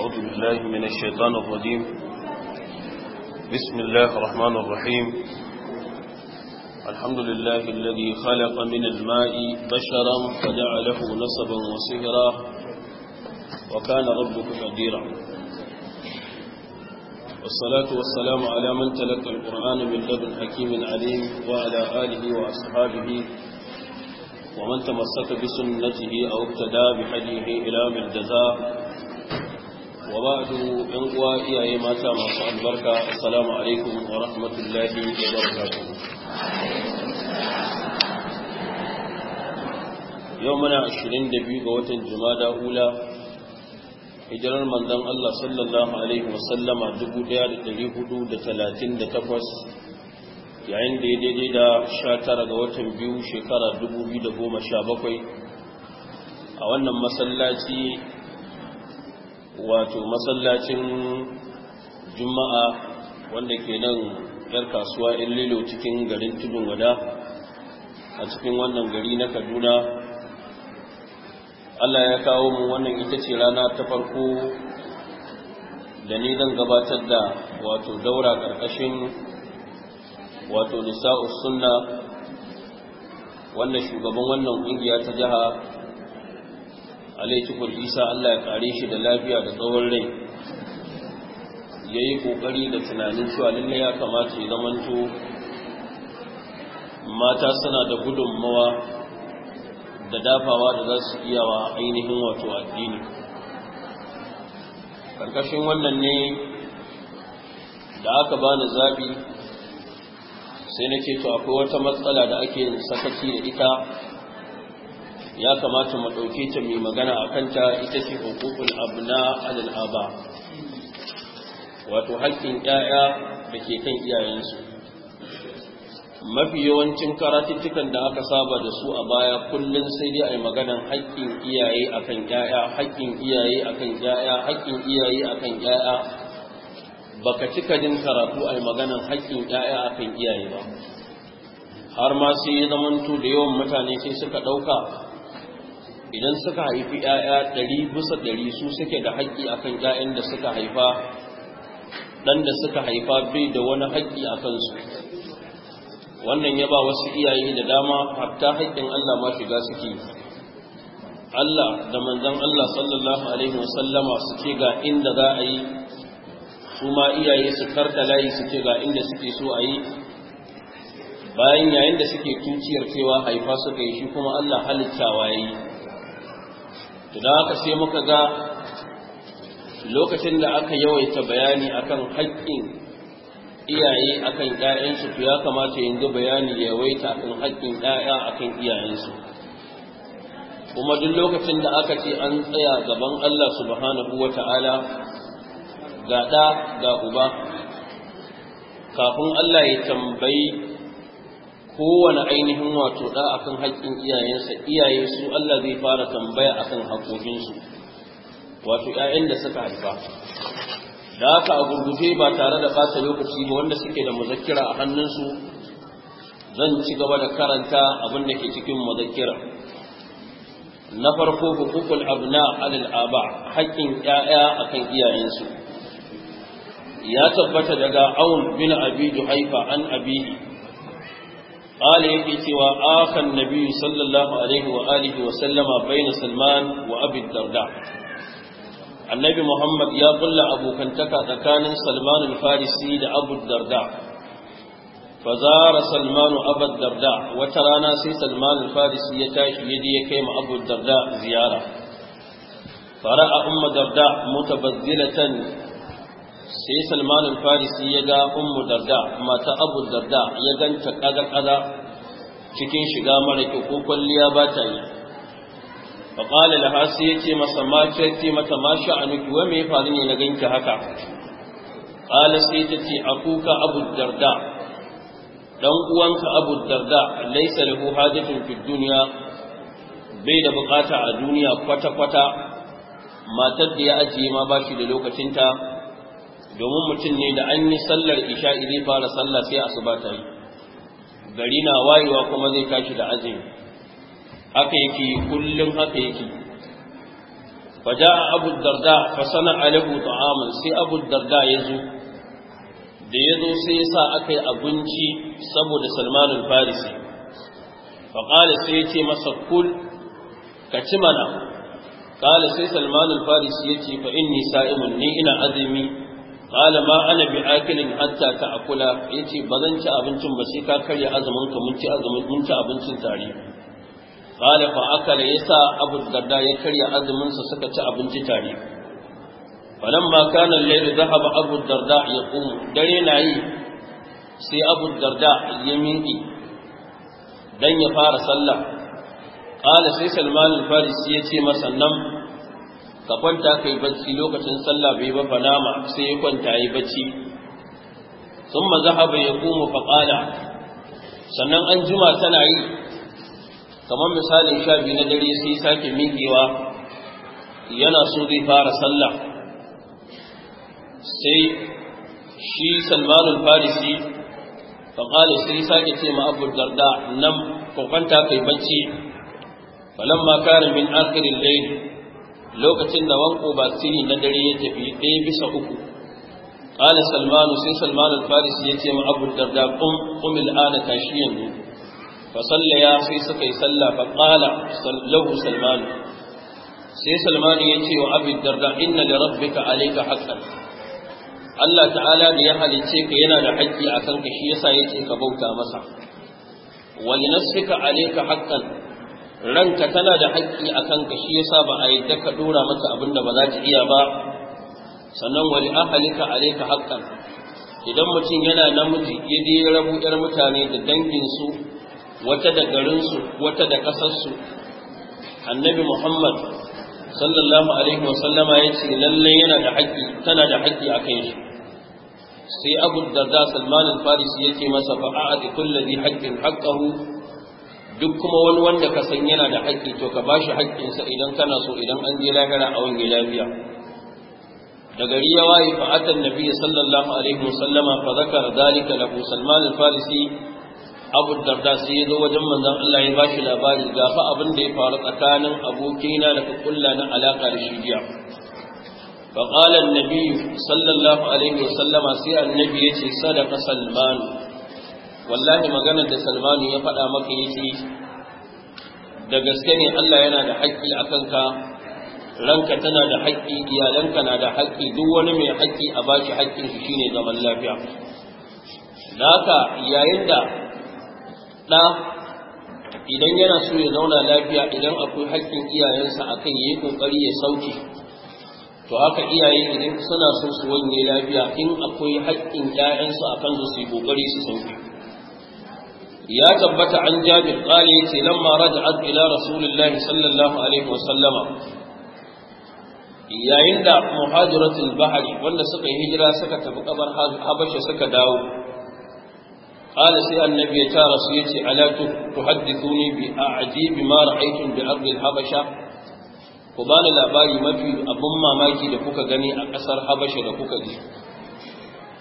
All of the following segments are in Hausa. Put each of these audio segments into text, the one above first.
أعوذ بالله من الشيطان الرجيم بسم الله الرحمن الرحيم الحمد لله الذي خلق من الماء بشرا فدع له نصبا وصهرا وكان ربك قديرا والصلاة والسلام على من تلك القرآن من لدن حكيم عليم وعلى آله وأصحابه ومن تمسك بسنته أو ابتدى بحديه إلى من وبعد ينقوى إياي ماتا مصر البركة السلام عليكم ورحمة الله وبركاته يومنا 22 دبيق وتن جمادى أولى hijirar manzon Allah sallallahu alaihi wasallama 1438 yayin da ya daidai da sha tara ga watan biyu shekara dubu biyu da a wannan masallaci wato masallacin juma'a wanda ke nan yar kasuwa in lilo cikin garin tudun wada a cikin wannan gari na kaduna allah ya kawo mu wannan ita ce rana ta farko da ni zan gabatar da wato daura ƙarƙashin wato nisa'us sunna wanda shugaban wannan ƙungiya ta jiha alai tukur isa allah ya kare shi da lafiya da tsawon rai ya yi kokari da tunanin cewa lalle ya kamata ya zamanto mata suna da gudunmawa da dafawa da za su iya wa ainihin wato addini ƙarƙashin wannan ne da aka bani zabi sai nake to akwai wata matsala da ake yin sakaci da ita ya kamata mu ɗauke ta mai magana a kanta ita ce hukukul abna alal aba wato haƙƙin 'ya'ya da ke kan iyayensu mafi yawancin karatuttukan da aka saba da su a baya kullum sai dai ai yi maganan haƙƙin iyaye akan ƴaƴa haƙƙin iyaye akan ƴaƴa haƙƙin iyaye akan ƴaƴa baka cika jin karatu ai yi maganan haƙƙin ƴaƴa akan iyaye ba har ma sai ya zamanto da yawan mutane sai suka ɗauka idan suka haifi ‘ya'ya dari bisa dari su suke da haƙƙi a kan ‘ya'yan da suka haifa ɗan da suka haifa bai da wani haƙƙi a kansu wannan ya ba wasu iyaye da dama hatta haƙƙin Allah ma shiga suke Allah da manzan Allah sallallahu alaihi wasallama su ce ga inda za a yi su ma iyaye su karta layi su ce ga inda suke so a yi bayan yayin da suke tuciyar cewa haifa suka yi shi kuma Allah halittawa ya yi da haka sai muka ga lokacin da aka yawaita bayani akan haƙƙin iyaye akan ƴaƴansu to ya kamata yanzu bayani ya yawaita akan haƙƙin ƴaƴa akan iyayensu kuma duk lokacin da aka ce an tsaya gaban Allah subhanahu wata'ala ga ɗa ga uba kafin Allah ya tambayi kowane ainihin wato da akan haƙƙin iyayensa iyaye su Allah zai fara tambaya akan haƙoƙinsu wato ƴaƴan da suka haifa da aka a gurguje ba tare da ɓata lokaci ba wanda suke da muzakkira a hannunsu zan ci gaba da karanta abin da ke cikin muzakkira na farko hukukul abna alil aba haƙƙin ƴaƴa akan iyayensu ya tabbata daga aun bin abi Haifa an abihi قال يكي سوى آخ النبي صلى الله عليه وآله وسلم بين سلمان وأبي الدرداء النبي محمد يا قل أبو كنتكا تكان سلمان الفارسي لأبو الدرداء فزار سلمان أبو الدرداء وترانا سي سلمان الفارسي يتاش يدي كيم أبو الدرداء زيارة فرأى أم الدرداء متبذلة sai salman farisi ya ga ummu darda mata abu darda ya ganta kada-kada cikin shiga mara kyau ko kwalliya ba ta yi fa qala hasi ya ce masa ma ce mata mata ma sha'anuki wa me faru ne na ganki haka qala sai ta ce akuka abu darda dan uwanka abu darda laysa lahu hajatun fi dunya bai da bukata a duniya kwata kwata matar da ya ajiye ma ba shi da lokacinta domin mutum ne da an yi sallar isha'i zai fara sallah sai asuba ta yi gari na wayewa kuma zai tashi da azumi haka yake kullum haka yake faja abu darda fa sana alahu ta'aman sai abu darda ya zo da yazo sai ya sa aka yi abinci saboda salmanul farisi faƙali sai ya ce masa kul ka ci mana ƙali sai salmanul farisi ya ce fa inni sa'imun ni ina azumi qala ma ana bi akilin hatta ta akula yace bazan ci abincin ba sai ka karya azumin ka mun ci azumin mun ci abincin tare qala fa akala yasa abu darda ya karya azumin sa suka ci abinci tare falamma kana al-layl dhahaba abu darda yaqum dare na yi, sai abu darda ya miƙi dan ya fara sallah Kala sai salman al-farisi yace masa nan ka kwanta kai bacci lokacin sallah bai ba fanama sai ya kwanta yi bacci thumma haɓe ya kuma faƙala sannan an juma tana yi kamar misalin sha biyu na dare sai sake miƙewa yana so zai fara sallah sai shi salmanul farisi faƙala sai sake ce ma abu darda nan kwanta kai bacci falamma kare min akirin laili lokacin da wanko baktiri na dare ya tafi ɗaya bisa uku ƙala salmanu sai salman faris ya ce ma abu darda ƙum ƙumil ana tashi yanzu fa sallaya sai suka yi salla fa ƙala lahu salmanu sai salmanu ya ce wa abu darda inna da rabbika alaika haqqan Allah ta'ala da ya halice ka yana da haƙƙi akan ka shi yasa yace ka bauta masa wa linasfika alaika haqqan ranka tana da haƙƙi a kanka shi ya sa ba a yi ka ɗora mata abin da ba za ta iya ba sannan wani wali a alaika haƙƙan. idan mutum yana namiji ya je rabu yar mutane da danginsu wata da garinsu wata da ƙasarsu annabi muhammad sallallahu alaihi wasallama ya ce lallai yana da haƙƙi tana da haƙƙi a kan shi sai abu za salman al-farisi ya ce masa fa'a'ati kulli haƙƙin haƙƙahu duk kuma wani wanda ka san yana da haƙƙi to ka bashi haƙƙinsa idan kana so idan an je lahira a wange lafiya da gari ya waye atan nabi sallallahu alaihi wasallama fa zakara dalika lahu salman al-farisi abu darda sai ya zo wajen manzon Allah ya bashi labari ga fa abin da ya faru tsakanin abokina da ka kulla na alaka da shi jiya fa qala an-nabi sallallahu alaihi wasallama sai annabi yace sadaqa salman wallahi maganar da salmanu ya faɗa maka ya ce da gaske ne allah yana da haƙƙi a kanka ranka tana da haƙƙi iyalanka na da haƙƙi duk wani mai haƙƙi a bashi haƙƙinsu shine zaman lafiya da haka yayin da ɗa idan yana so ya zauna lafiya idan akwai haƙƙin iyayensa a kan yi ƙoƙari ya sauke to haka iyaye idan suna so su wanye lafiya in akwai haƙƙin 'ya'yansu a kan su yi ƙoƙari su sauke ya tabbata an jabir qali yace lamma da ila rasulillahi sallallahu alaihi wasallama yayin da muhajiratul bahri wanda suka yi hijira suka tafi kabar habasha suka dawo sai سي النبي يا رسول يتي a تحدثوني باعجيب ما رايتم بارض habasha. ku bani labari mafi abun mamaki da kuka gani a ƙasar habasha da kuka ji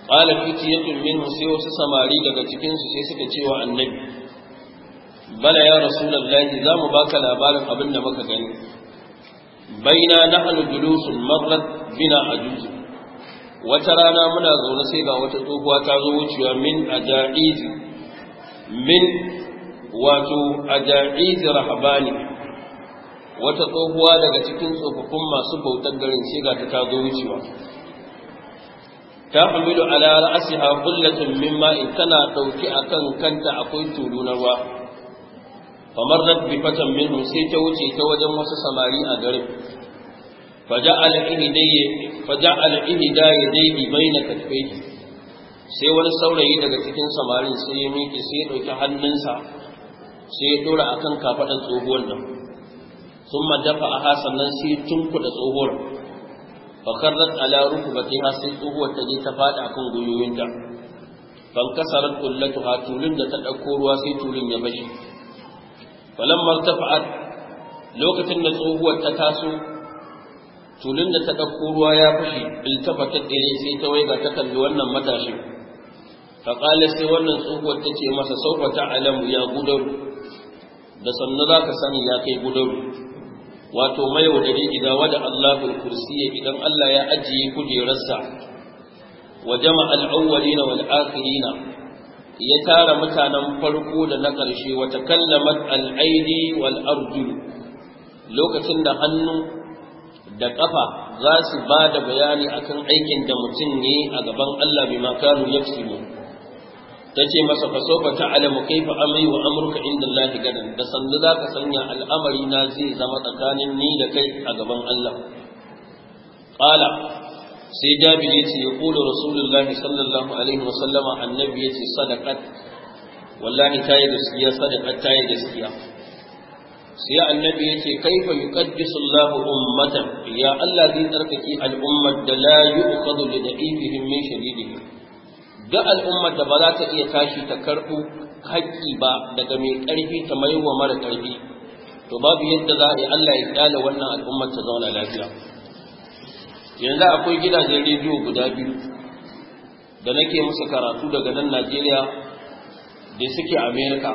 qala fitiyatun mu sai wasu samari daga cikinsu sai suka cewa annabi bala ya rasulullahi za mu baka labarin abin da muka gani baina nahnu julusun marrat bina ajuz wata rana muna zaune sai ga wata tsohuwa ta zo wucewa min ajaiz min wato ajaiz rahbani wata tsohuwa daga cikin tsofaffin masu bautar garin sai ga ta zo wucewa tahmilu ala ra'siha qullatun mimma in tana dauki akan kanta akwai tulu na ruwa fatan minhum sai ta wuce ta wajen wasu samari a garin faja'al ihidayya faja'al ihidayya dayyi baina katfayhi sai wani saurayi daga cikin samarin sai ya miki sai ya dauki hannunsa sai ya dora akan kafaɗar tsohuwar nan sun dafa a hasan nan sai tunkuda tsohuwar fakarrat ala har sai tsohuwar ta je ta fada akan guyoyinta fankasarat kullatuha tulun da ta dauko ruwa sai tulun ya bashi falamma tafa'at lokacin da tsohuwar ta taso tulun ta dauko ruwa ya bashi iltafatat ilai sai ta waiga ta kalli wannan matashin faqala sai wannan tsohuwar ta ce masa saufa ta alamu ya gudaru da sanna zaka sani ya kai gudaru wato mayaudari idan wada Allahul kursiya idan Allah ya ajiye kujerarsa wa jama'a al-awwalina wal akhirina ya tara mutanen farko da na ƙarshe wa takallamat al-aidi wal arjul lokacin da hannu da ƙafa za su ba da bayani akan aikin da mutum ne a gaban Allah bi makaru yafsimu ta ce masa faso ba ta alamu kai fa amai wa amurka inda Allah gadan da sandu za ka sanya al'amari na zai zama tsakanin ni da kai a gaban Allah Ƙala, sai jabir ya ce ya kula rasulullahi sallallahu alaihi wa sallama annabi ya ce sadaqat wallahi yi gaskiya ta yi gaskiya sai annabi ya ce kai kaifa yuqaddisu Allah ummatan ya Allah zai tsarkake al'ummar da la yuqadu li da'ifihim min shadidihim duk al'ummar da ba za ta iya tashi ta karɓo haƙƙi ba daga mai ƙarfi ta wa mara ƙarfi to babu yadda za a yi Allah ya kyale wannan al'ummar ta zauna lafiya yanzu akwai gidajen rediyo guda biyu da nake musu karatu daga nan Najeriya da suke Amerika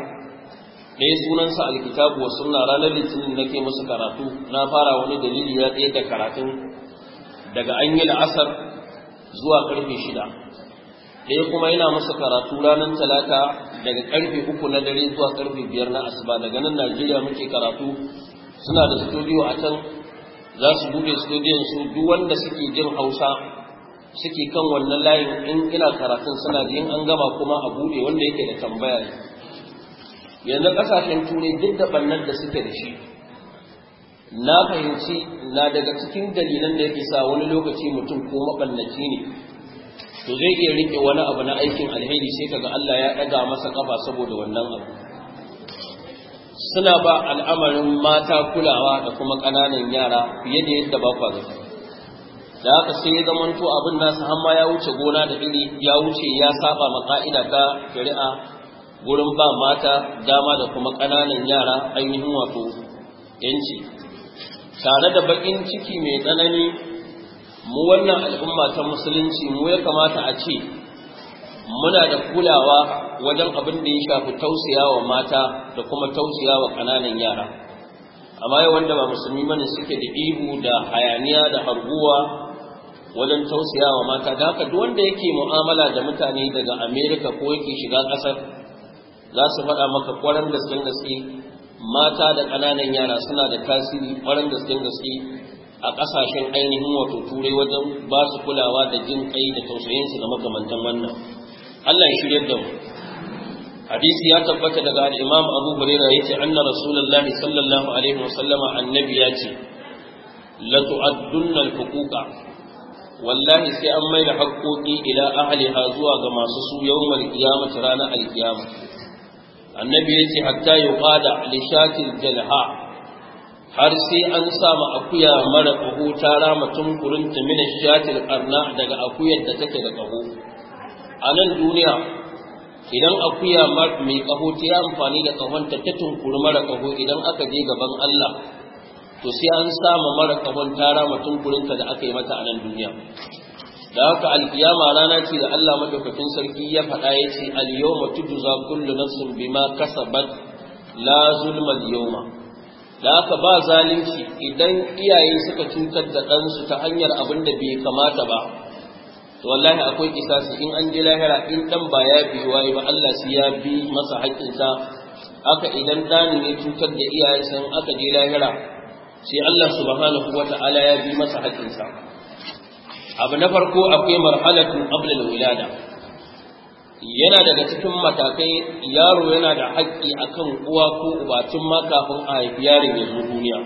ɗaya sunansa alkitabu wa sunna ranar litinin nake musu karatu na fara wani dalili ya tsaye da karatun daga an yi la'asar zuwa karfe shida da ya kuma yana masa karatu ranar talata daga karfe uku na dare zuwa karfe biyar na asuba daga nan najeriya muke karatu suna da studio a can za su bude studio su duk wanda suke jin hausa suke kan wannan layin in ina karatun suna da yin an gama kuma a bude wanda yake da tambaya yanzu ƙasashen turai duk da bannan da suke da shi na fahimci na daga cikin dalilan da ya yake sa wani lokaci mutum ko maɓallaci ne to zai iya rike wani abu na aikin alheri sai kaga Allah ya ɗaga masa ƙafa saboda wannan abu suna ba al'amarin mata kulawa da kuma kananan yara fiye da yadda ba kwa da haka sai ya zamanto abin nasu hamma ya wuce gona da iri ya wuce ya saba ma ka'ida ta shari'a gurin ba mata dama da kuma ƙananan yara ainihin wato yanci tare da bakin ciki mai tsanani mu wannan al'umma ta musulunci mu ya kamata a ce muna da kulawa wajen abin da ya shafi tausaya wa mata da kuma tausaya wa ƙananan yara amma yau wanda ba musulmi mana suke da ihu da hayaniya da harguwa wajen tausaya wa mata da haka duk wanda yake mu'amala da mutane daga Amerika ko yake shiga ƙasar za su faɗa maka ƙwarar gaske gaske mata da ƙananan yara suna da tasiri ƙwarar gaske gaske a ƙasashen ainihin wato turai wajen ba su kulawa da jin kai da tausayinsu da makamantan wannan Allah ya shirya da mu hadisi ya tabbata daga al-Imam Abu Hurairah yace anna Rasulullahi sallallahu alaihi wasallama annabi ya ce la tu'addunna al-huquqa wallahi sai an mai da haƙoƙi ila ahliha zuwa ga masu su yawmal qiyamah ranar al-qiyamah annabi yace hatta yuqada li shatil jalha har sai an ma akuya mara ƙaho ta rama tunkurinta mina shatil ƙarna daga akuyar da take da ƙaho a nan duniya idan akuya mai ƙaho ta yi amfani da kahonta ta tunkuri mara ƙaho idan aka je gaban Allah to sai an sama mara ƙahon ta rama kurinta da aka yi mata a nan duniya da haka alkiyama rana ce da Allah madaukakin sarki ya faɗa ya ce al-yawma tujza kullu nafsin bima kasabat la zulma yawma da haka ba zalunci idan iyaye suka cutar da ɗansu ta hanyar abin da bai kamata ba to wallahi akwai kisasi in an je lahira in ɗan ba ya bi waye ba Allah sai ya bi masa haƙƙinsa haka idan ɗanin ne cutar da iyaye sun aka je lahira sai Allah subhanahu ta'ala ya bi masa haƙƙinsa abu na farko akwai marhalatu qabla al-wilada yana daga cikin matakai yaro yana da haƙƙi kan uwa ko ubacin ma kafin a haifi yaron ya zo duniya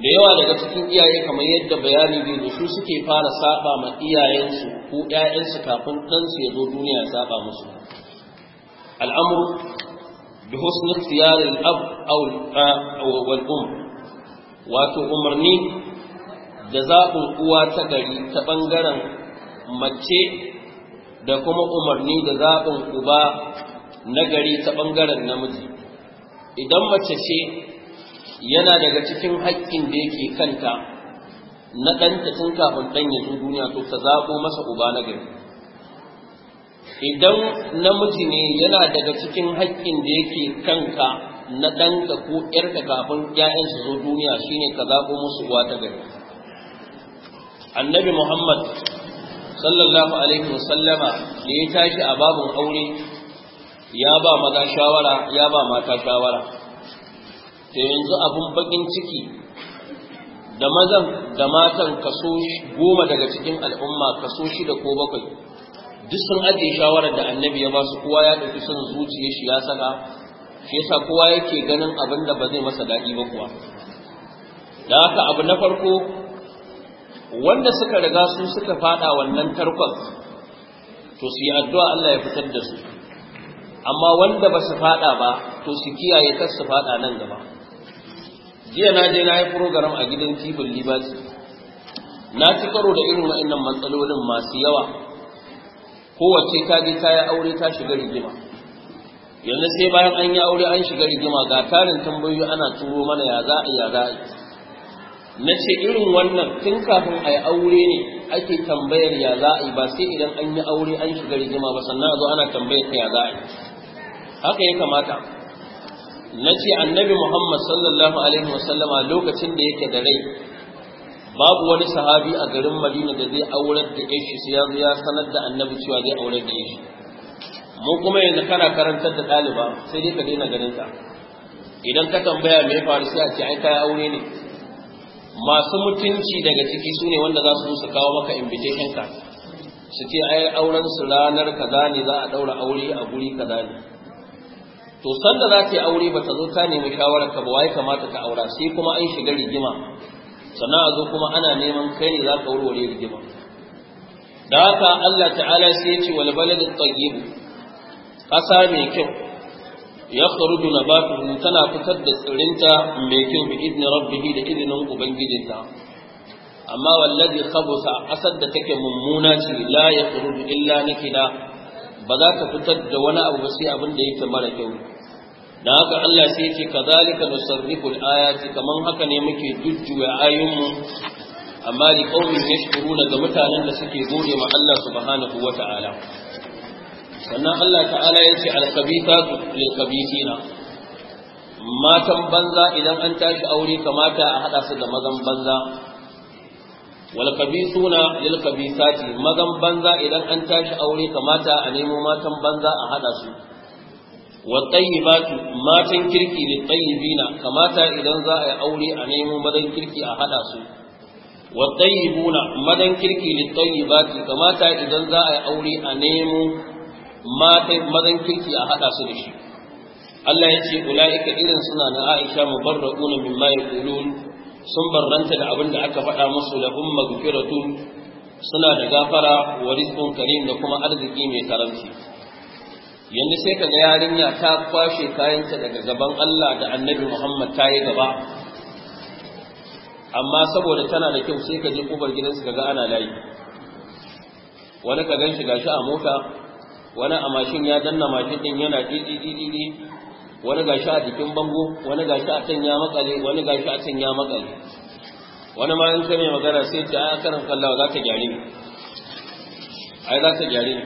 da yawa daga cikin iyaye kamar yadda bayani bai da su suke fara saba ma iyayensu ko ƴaƴansu kafin ɗansu ya zo duniya ya saba musu al'amuru bi husn ikhtiyar ab aw wal um wato umarni da zaɓin uwa ta gari ta ɓangaren mace da kuma umarni da zaɓin uba nagari gari ta ɓangaren namiji idan mace ce yana daga cikin haƙƙin da yake kanta na ɗanta tun kafin ɗan ya zo duniya to ta zaɓo masa uba na idan namiji ne yana daga cikin haƙƙin da yake kanka na ɗanka ko ‘yarka kafin 'ya'yansa zo duniya shine ka zaɓo masu uwa ta gari annabi muhammad sallallahu alaihi wasallama da ya tashi a babun aure ya ba maza shawara ya ba mata shawara da yanzu abun bakin ciki da mazan da matan kaso goma daga cikin al'umma kaso shida ko bakwai duk sun ajiye shawarar da annabi ya ba su kowa ya ɗauki son zuciya shi ya saka shi yasa kowa yake ganin abin da ba zai masa daɗi ba kuwa da haka abu na farko wanda suka riga su suka fada wannan tarkon to su yi addu'a Allah ya fitar da su amma wanda ba su fada ba to su kiyaye kar su fada nan gaba jiya na je na yi program a gidan tibin libasi na ci karo da irin wa'annan matsalolin masu yawa kowace ta ji ta yi aure ta shiga rigima yanzu sai bayan an yi aure an shiga rigima ga tarin tambayoyi ana turo mana ya za ya za a na ce irin wannan tun kafin a yi aure ne ake tambayar ya za yi ba sai idan an yi aure an shiga rigima ba sannan a zo ana tambayar ya za yi haka ya kamata na ce annabi muhammad sallallahu alaihi wasallama lokacin da yake da rai babu wani sahabi a garin madina da zai aurar da ya shi ya zo ya sanar da annabi cewa zai aurar da shi mu kuma yanzu kana karantar da ɗaliba sai dai ka daina ganin ta idan ka tambaya me faru sai a ce ai kai aure ne masu mutunci daga ciki su ne wanda za su su kawo maka invitation ka su ce ai auren su ranar kaza ne za a daura aure a guri kaza ne to sanda za ta yi aure ba ta zo ta nemi shawarar ka ba wai kamata ka aura sai kuma an shiga rigima sannan a zo kuma ana neman kai ne za ka warware rigima da haka Allah ta'ala sai ya ce wal baladu tayyib ƙasa mai kyau ya kharuju nabatuhu tana fitar da tsirinta mai kyau bi idni rabbihi da izinin ubangijinta amma wallazi a asad da take mummuna ce la ya kharuju illa nakida ba za ta fitar da wani abu sai abin da yake mara kyau da haka Allah sai ce kazalika nusarrifu al-ayati kaman haka ne muke jujjuya ayoyinmu amma li qaumin yashkuruna ga mutanen da suke buɗe wa Allah subhanahu wata'ala sannan Allah ta'ala ya ce alkhabithatu lilkhabithina matan banza idan an tashi aure kamata a haɗa su da mazan banza wal khabithuna lilkhabithati mazan banza idan an tashi aure kamata a nemo matan banza a haɗa su wat tayyibatu matan kirki lit tayyibina kamata idan za a yi aure a nemo mazan kirki a haɗa su madan kirki والطيبون مدن kamata idan za a yi aure a nemo. mazan kirki a haɗa su da shi Allah ya ce ula'ika irin suna na Aisha mubarraquna mimma yaqulun sun barranta da abin da aka faɗa musu da umma gfiratun suna da gafara wa rizqun karim da kuma arziki mai karamci yanzu sai kaga yarinya ta kwashe kayanta daga gaban Allah da Annabi Muhammad ta yi gaba amma saboda tana da kyau sai ka je kofar gidansu kaga ana layi wani ka gan shi gashi a mota wani a mashin ya danna mashin din yana didididi wani gashi a jikin bango wani gashi a can ya makale wani gashi a can ya makale wani ma in kame magana sai ta a karan kallawa za ta gyare ni ai za ta gyare ni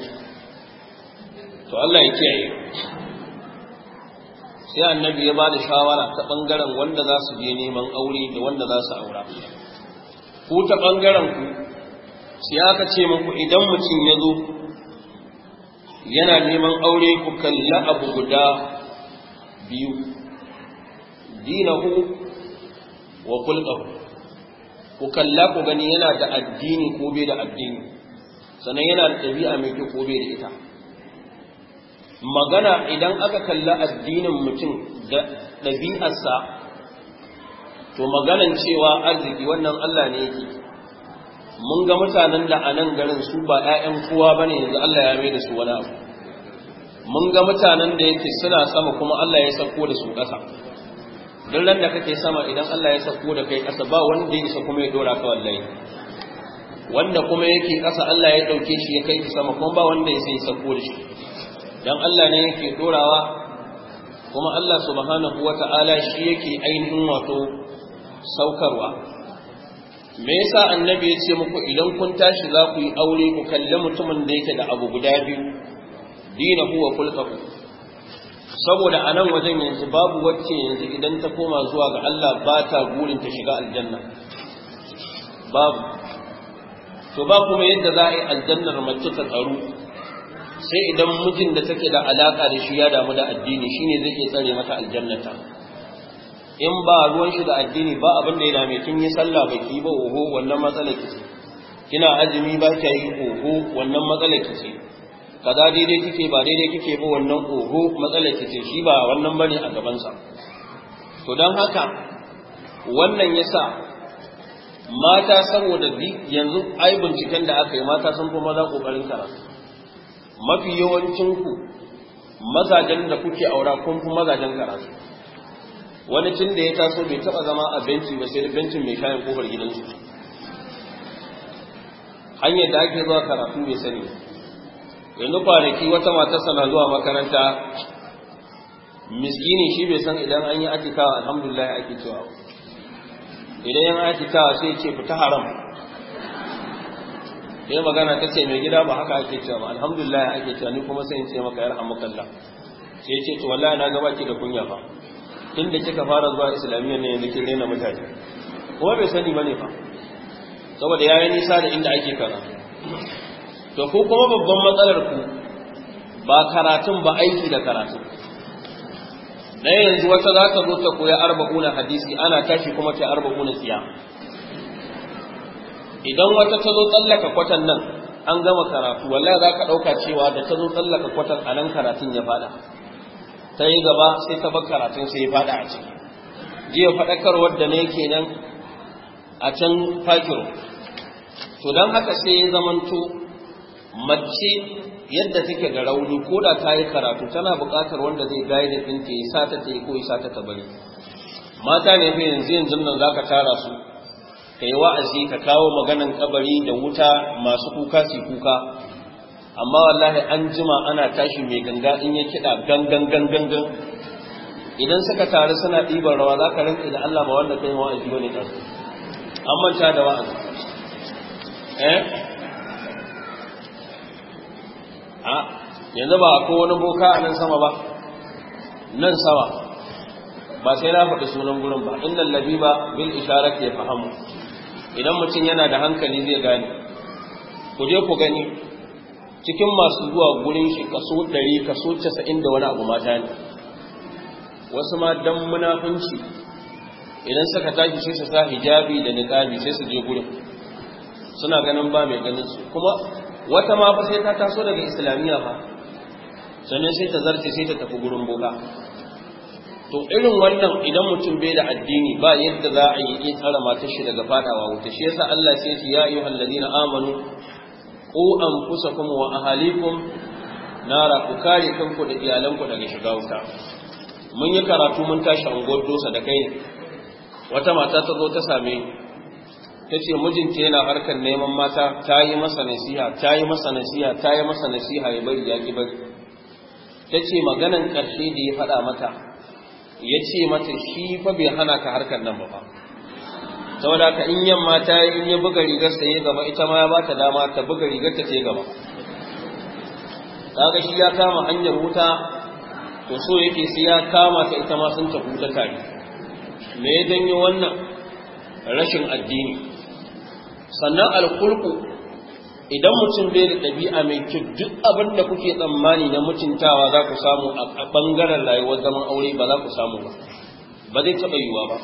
to Allah ya kiyaye sai annabi ya bada shawara ta bangaren wanda za su je neman aure da wanda za su aura ku ta bangaren ku sai aka ce muku idan mutum ya zo yana neman aure ku kalla abu guda biyu dinahu wa kulqahu ku kalla ku gani yana da addini ko bai da addini sannan yana da ɗabi'a mai kyau ko bai da ita magana idan aka kalla addinin mutum da ɗabi'arsa to maganan cewa arziki wannan Allah ne yake mun ga mutanen da a nan garin su ba 'ya'yan kowa ba ne yanzu Allah ya mai da su wani abu mun ga mutanen da yake suna sama kuma Allah ya sako da su ƙasa duk ran da kake sama idan Allah ya sako da kai ƙasa ba wanda ya sa kuma ya dora ka wallahi wanda kuma yake ƙasa Allah ya ɗauke shi ya kai sama kuma ba wanda ya sai sako da shi dan Allah ne yake dorawa kuma Allah subhanahu wata'ala shi yake ainihin wato saukarwa me yasa annabi ya ce muku idan kun tashi za ku yi aure ku kalli mutumin da yake da abu guda biyu dina huwa kulqaku saboda a nan wajen yanzu babu wacce yanzu idan ta koma zuwa ga Allah ba ta burin ta shiga aljanna babu to ba kuma yadda za a yi aljannar mace ta tsaro sai idan mijin da take da alaka da shi ya damu da addini shine zai iya tsare mata aljannata in ba ruwan shi da addini ba abin da ya dame kin yi sallah ba ki ba oho wannan matsalar ki ce kina azumi ba ki yi oho wannan matsalar ki ce kaza daidai kike ba daidai kike ba wannan oho matsalar ki ce shi ba wannan bane a gaban sa to dan haka wannan yasa mata saboda yanzu ai binciken da aka yi mata sun fi maza kokarin karatu mafi yawancin ku mazajen da kuke aura kun fi mazajen karatu wani tun da ya taso bai taba zama a benci ba sai da bencin mai kayan kofar gidansu hanyar da ake zuwa karatu bai sani yanzu kwanaki wata mata sana zuwa makaranta miskini shi bai san idan an yi atikawa alhamdulillah ake cewa idan yan atikawa sai ce fita haram sai magana ta ce mai gida ba haka ake cewa ba alhamdulillah ake cewa ni kuma sai in ce maka yarhamukallah sai ce to wallahi na gaba ki da kunya ba inda kika fara zuwa islamiyya ne yanzu kin rena mutane kuma bai sani bane fa saboda ya yi nisa da inda ake kara to ko kuma babban matsalar ku ba karatun ba aiki da karatu da yanzu wata za ka zo ta koya arba'una hadisi ana tashi kuma ta arba'una siya idan wata ta zo tsallaka kwatan nan an gama karatu wallahi za ka ɗauka cewa da ta zo tsallaka kwatan a nan karatun ya fada ta yi gaba sai ta bar karatun sai ya fada a ciki jiya fadakar wadda ne ke nan a can fakiro to don haka sai ya zamanto mace yadda take da rauni ko da ta yi karatu tana bukatar wanda zai da ɗinta ya sa ta yi ya sa ta ta bari mata ne fi yanzu yanzu nan za ka tara su ka yi wa'azi ka kawo maganan kabari da wuta masu kuka su kuka amma wallahi an jima ana tashi mai ganga in ya kiɗa gangan gangan idan suka taru suna ɗiban rawa za ka rinka da Allah ba wanda kai wa'azi wani ɗan an manta da wa'azi eh a yanzu ba ko wani boka a nan sama ba nan sama ba sai na faɗi sunan gurin ba innal ba, bil isharati ke fahamu idan mutum yana da hankali zai gane ku je ku gani cikin masu zuwa gurin shi kaso 100 kaso 90 da wani abu mata ne wasu ma dan munafunci idan suka tashi sai su sa hijabi da niqabi sai su je gurin suna ganin ba mai ganin su kuma wata ma fa sai ta taso daga islamiyya ba, sannan sai ta zarce sai ta tafi gurin boka to irin wannan idan mutum bai da addini ba yadda za a yi in tsara matar shi daga fadawa wuta shi yasa Allah sai ya yi ya ladina amanu ku anfusakum wa ahalikum nara ku kare kanku da iyalanku daga shiga wuta mun yi karatu mun tashi goddo sa da kai wata mata ta zo ta same ta ce mijinta yana harkar neman mata ta yi masa nasiha ta yi masa nasiha ta yi masa nasiha ya bari ya ki bari ta ce maganan ƙarshe da ya faɗa mata ya ce mata shi fa bai hana ka harkar nan ba saboda ka in yamma ta yi in ya buga rigar sa ya gaba ita ma ya ba ta dama ta buga rigar ta ce gaba kaga shi ya kama hanyar wuta to so yake sai ya kama ta ita ma sun tafi wuta tare me ya janyo wannan rashin addini sannan alkulku idan mutum bai da ɗabi'a mai kyau duk abin da kuke tsammani na mutuntawa za ku samu a ɓangaren rayuwar zaman aure ba za ku samu ba ba zai taɓa yiwuwa ba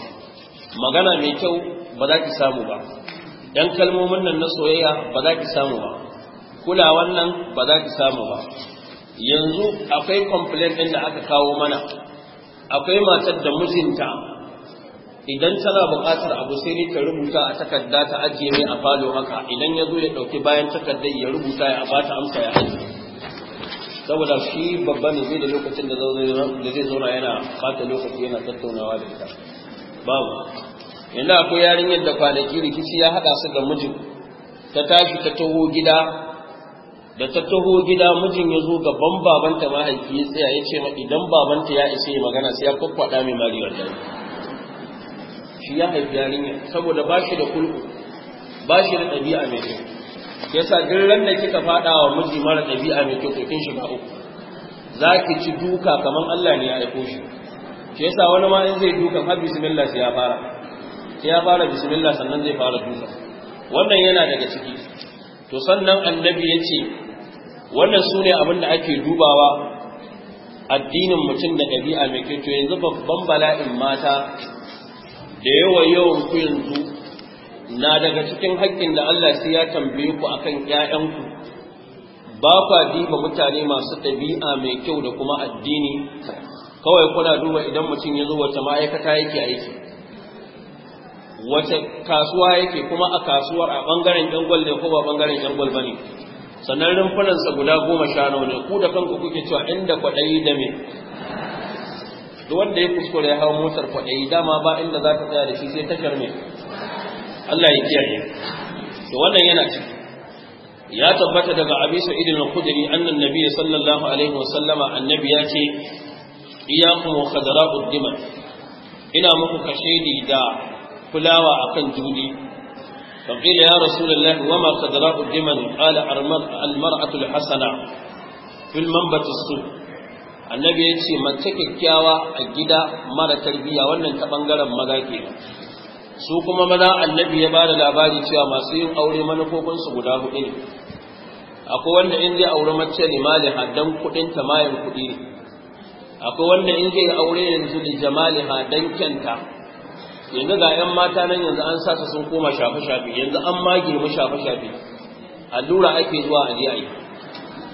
magana mai kyau ba za ki samu ba ‘yan kalmomin nan na soyayya ba za ki samu ba kulawan nan ba za ki samu ba yanzu akwai complaint ɗin da aka kawo mana akwai matar da mijinta idan tana buƙatar abu sai ne ta rubuta a takarda ta ajiye mai a falo haka idan ya zo ya ɗauki bayan takardar ya rubuta ya ba amsa ya ajiye saboda shi babba ne zai da lokacin da zai zauna yana fata lokaci yana tattaunawa da ita babu yanzu akwai yarinyar da kwanaki rikici ya haɗa su da mijin ta tashi ta taho gida da ta taho gida mijin ya zo gaban babanta mahaifi ya tsaya ya ce idan babanta ya isa yi magana sai ya kwakwada mai mari wannan shi ya haifi yarinyar, saboda ba shi da kulku ba shi da ɗabi'a mai kyau yasa duk ran da kika fada wa miji mara ɗabi'a mai kyau to shi shiga uku za ki ci duka kamar Allah ne ya aiko shi shi yasa wani ma in zai duka har bismillah sai ya fara sai ya fara bismillah sannan zai fara duka wannan yana daga ciki to sannan annabi ya ce wannan sune abin da ake dubawa addinin mutum da ɗabi'a mai kyau yanzu babban bala'in mata da yawa yawan ku yanzu na daga cikin haƙƙin da Allah sai ya tambaye ku akan ƴaƴanku ba kwa diba mutane masu ɗabi'a mai kyau da kuma addini kawai kuna duba idan mutum ya zo wata ma'aikata yake aiki wata kasuwa yake kuma a kasuwar a bangaren yan gwal ne ko ba bangaren yan gwal ne? sannan rumfunansa guda goma sha nawa ne ku da kanku kuke cewa inda kwaɗayi da me duk wanda ya kuskure ya hau motar kwaɗayi dama ba inda za ka tsaya da shi sai tashar me Allah ya kiyaye to wannan yana ciki ya tabbata daga abisa idin al-khudri annan nabiyyi sallallahu alaihi wa sallama annabi ya ce iyakun wa kadara'ud diman ina muku kashedi da kulawa akan juli فقيل يا رسول الله وما قدراء الدمن قال المرأة الحسنة في المنبت السوء annabi ya ce mace kyakkyawa a gida mara tarbiyya wannan ta bangaren maza ke su kuma maza annabi ya ba da labari cewa masu yin aure manufofin su guda hudu ne akwai wanda in zai aure mace ne mali haddan kudin ta mayan kudi akwai wanda in zai aure yanzu da jamaliha dan kyanta yanzu ga yan mata nan yanzu an sasa sun koma shafe shafe yanzu an ma girma shafe shafe allura ake zuwa a ji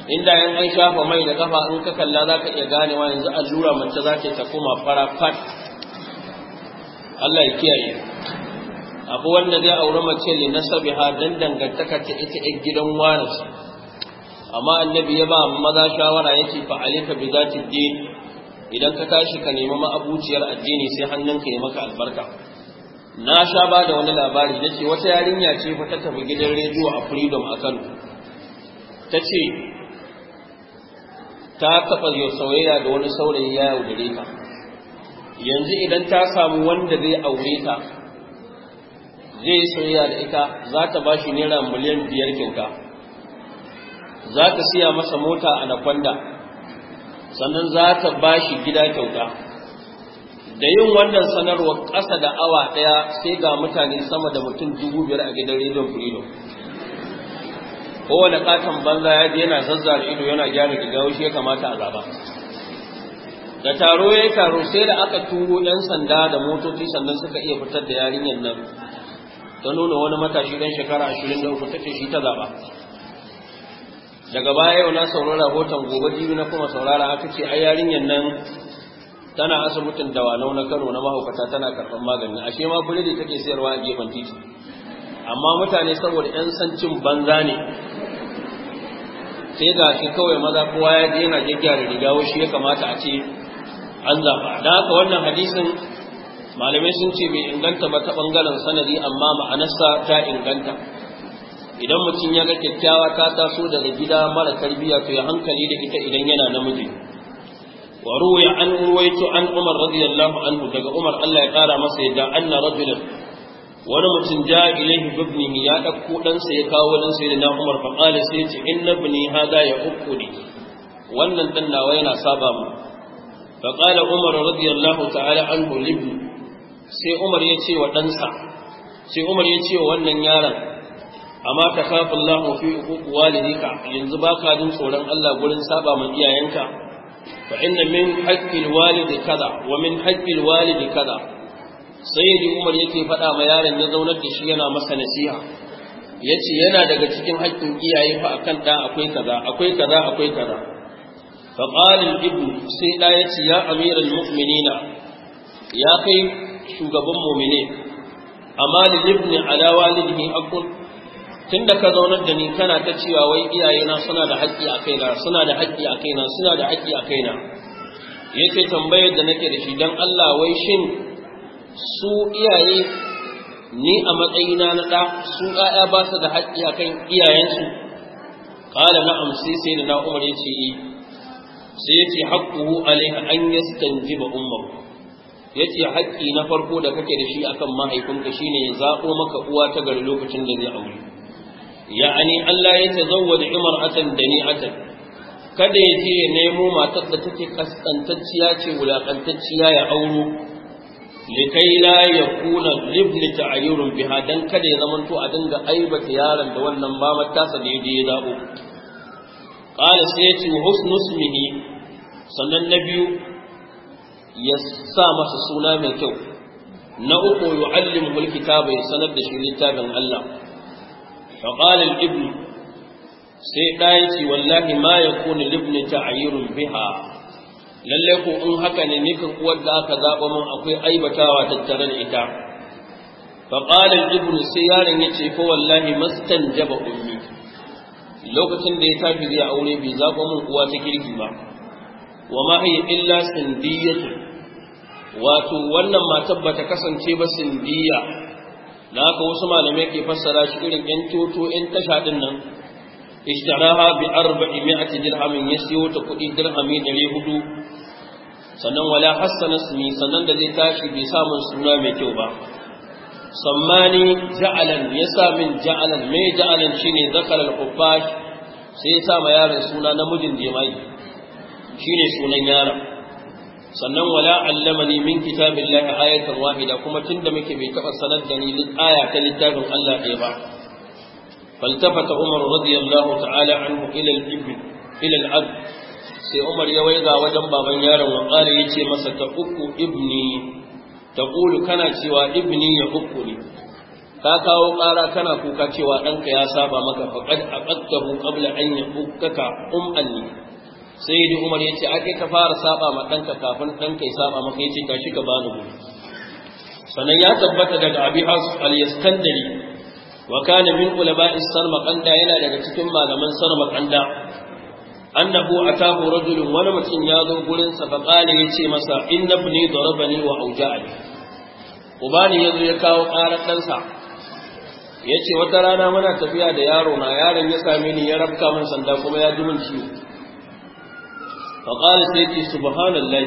inda yan an shafa mai da kafa in ka kalla za ka iya ganewa yanzu allura mace za ta koma fara fat Allah ya kiyaye Akwai wanda zai aure mace ne na sabiha dan dangantaka ta ita gidan wani amma annabi ya ba maza shawara yace fa alika bi zati din idan ka tashi ka nemi ma'abuciyar addini sai hannunka ya maka albarka na sha ba da wani labari na ce wata yarinya ce fa ta tafi gidan rediyo a freedom a kano ta ce ta taɓa yau da wani saurayi ya yaudare ta yanzu idan ta samu wanda zai aure ta zai soyayya da ita za ta ba shi naira miliyan biyar kyauta za ta siya masa mota a nakwanda sannan za ta ba shi gida kyauta da yin wannan sanarwa ƙasa da awa ɗaya sai ga mutane sama da mutum dubu biyar a gidan rediyon freedom kowane katon banza ya je yana zazzara ido yana gyara gida, shi ya kamata a zaba da taro ya yi taro sai da aka turo yan sanda da motoci sannan suka iya fitar da yarinyar nan ta nuna wani matashi dan shekara ashirin da uku ce shi ta zaba daga baya yau na saurara hoton gobe jibi na kuma saurara aka ce ai yarinyar nan tana asibitin dawanau na Kano na mahaukata tana karɓar magani ashe ma kuli da take sayarwa a gefen titi amma mutane saboda yan sancin banza ne sai ga shi kawai maza kowa ya je yana gyaggyara riga shi ya kamata a ce an zaɓa da haka wannan hadisin malamai sun ce bai inganta ba ta ɓangaren sanadi amma ma'anarsa ta inganta idan mutum ya ga kyakkyawa ta taso daga gida mara tarbiyya to ya hankali da ita idan yana namiji wa ruwaya an ruwaito an Umar radiyallahu anhu daga Umar Allah ya kara masa yadda anna rajulan wani mutum ja ilaihi bibnihi ya ɗauko ɗansa ya kawo dan sa da Umar fa qala sai ce inna ibni hada ya ukudi wannan dan nawa yana saba mu fa qala Umar radiyallahu ta'ala anhu libni sai Umar ya ce wa ɗansa sai Umar ya ce wa wannan yaron amma ta kafa Allah fi uku walidika yanzu ba ka jin tsoron Allah gurin saba ma iyayenka fa inna min haqqil walidi kaza wa min haqqil walidi kaza sayyidi Umar yake faɗa ma yaron ya zaunar da shi yana masa nasiha yace yana daga cikin haƙƙin iyaye fa akan da akwai kaza akwai kaza akwai kaza fa qala al-ibn sai da yace ya amiral mu'minina ya kai shugaban mu'mine amma li ibn ala walidihi aqul tun da ka zaunar da ni kana ta cewa wai iyayena suna da haƙƙi a kaina suna da haƙƙi a kaina suna da haƙƙi a kaina yace tambayar da nake da shi don Allah wai shin su iyaye ni a matsayina na ɗa su ƴaƴa ba su da haƙƙi a kan iyayensu ƙala na amsi sai da na umar ya ce eh. sai ya ce alaiha an yastanjiba ba yace ya ce haƙƙi na farko da kake da shi akan mahaifinka shine ya zaɓo maka uwa ta gari lokacin da zai aure ya'ani Allah ya tazawwada ni atan. kada ya je ya nemo matar da take kaskantacciya ce wulakantacciya ya auro likai la yakuna libn ta'ayyurun biha dan kada ya zamanto a dinga aibata yaron da wannan mamar tasa da yaje ya zabo qala sai ya ce husnu ismihi sannan na biyu ya sa masa suna mai kyau na uku yu'allimu alkitaba ya sanar da shi littafin Allah فقال الابن sai ɗaya ce wallahi ma ya kone libni ta biha lalle ko in haka ne nika uwar da aka zaba min akwai aibatawa tattare da ita faƙalar ibnu sai yaron ya ce fa wallahi mastan ummi lokacin da ya tafi zai aure bai zaɓa min uwa ta kirki ba wa ma hiya illa sindiyatu wato wannan matar bata kasance ba sindiya da haka wasu malamai ke fassara shi irin yan toto yan tasha din nan ishtaraha bi arba'i mi'ati dirhamin ya siyo ta kuɗi dirhami ɗari hudu sannan wala hassana sumi sannan da zai tashi bai samun suna mai kyau ba sammani ja'alan ya sa min ja'alan mai ja'alan shine zakar al-quffash sai ya sa ma yaron suna namijin jema'i shine sunan yaron sannan wala allamani min kitabillahi ayatan wahida kuma tunda muke bai taba sanar da ni aya ta littafin Allah ɗaya ba faltafata umar radiyallahu ta'ala anhu ila al-ibn ila al sai umar ya waiga wajen baban yaron wa qala yace masa ta uku ibni taqulu kana cewa ibni ya uku ne ka kawo ƙara kana kuka cewa ɗanka ya saba maka faqad aqadtahu qabla an yaqukkaka um anni sai yi umar ya ce ake ka fara saba ma ɗanka kafin ɗanka ya saba maka ya ce ka shi ka bani gudu sannan ya tabbata daga abi al-yaskandari wa kana min ulama makanda yana daga cikin malaman sarmaqanda annahu atahu rajulun wani mutum ya zo gurin sa faqala ya ce masa inna ibni darabani wa auja'ani ubani ya zo ya kawo ƙarar ɗansa ya ce wata rana muna tafiya da yaro na yaron ya same ni ya rabka min sanda kuma ya ji ciwo فقال سيدي سبحان الله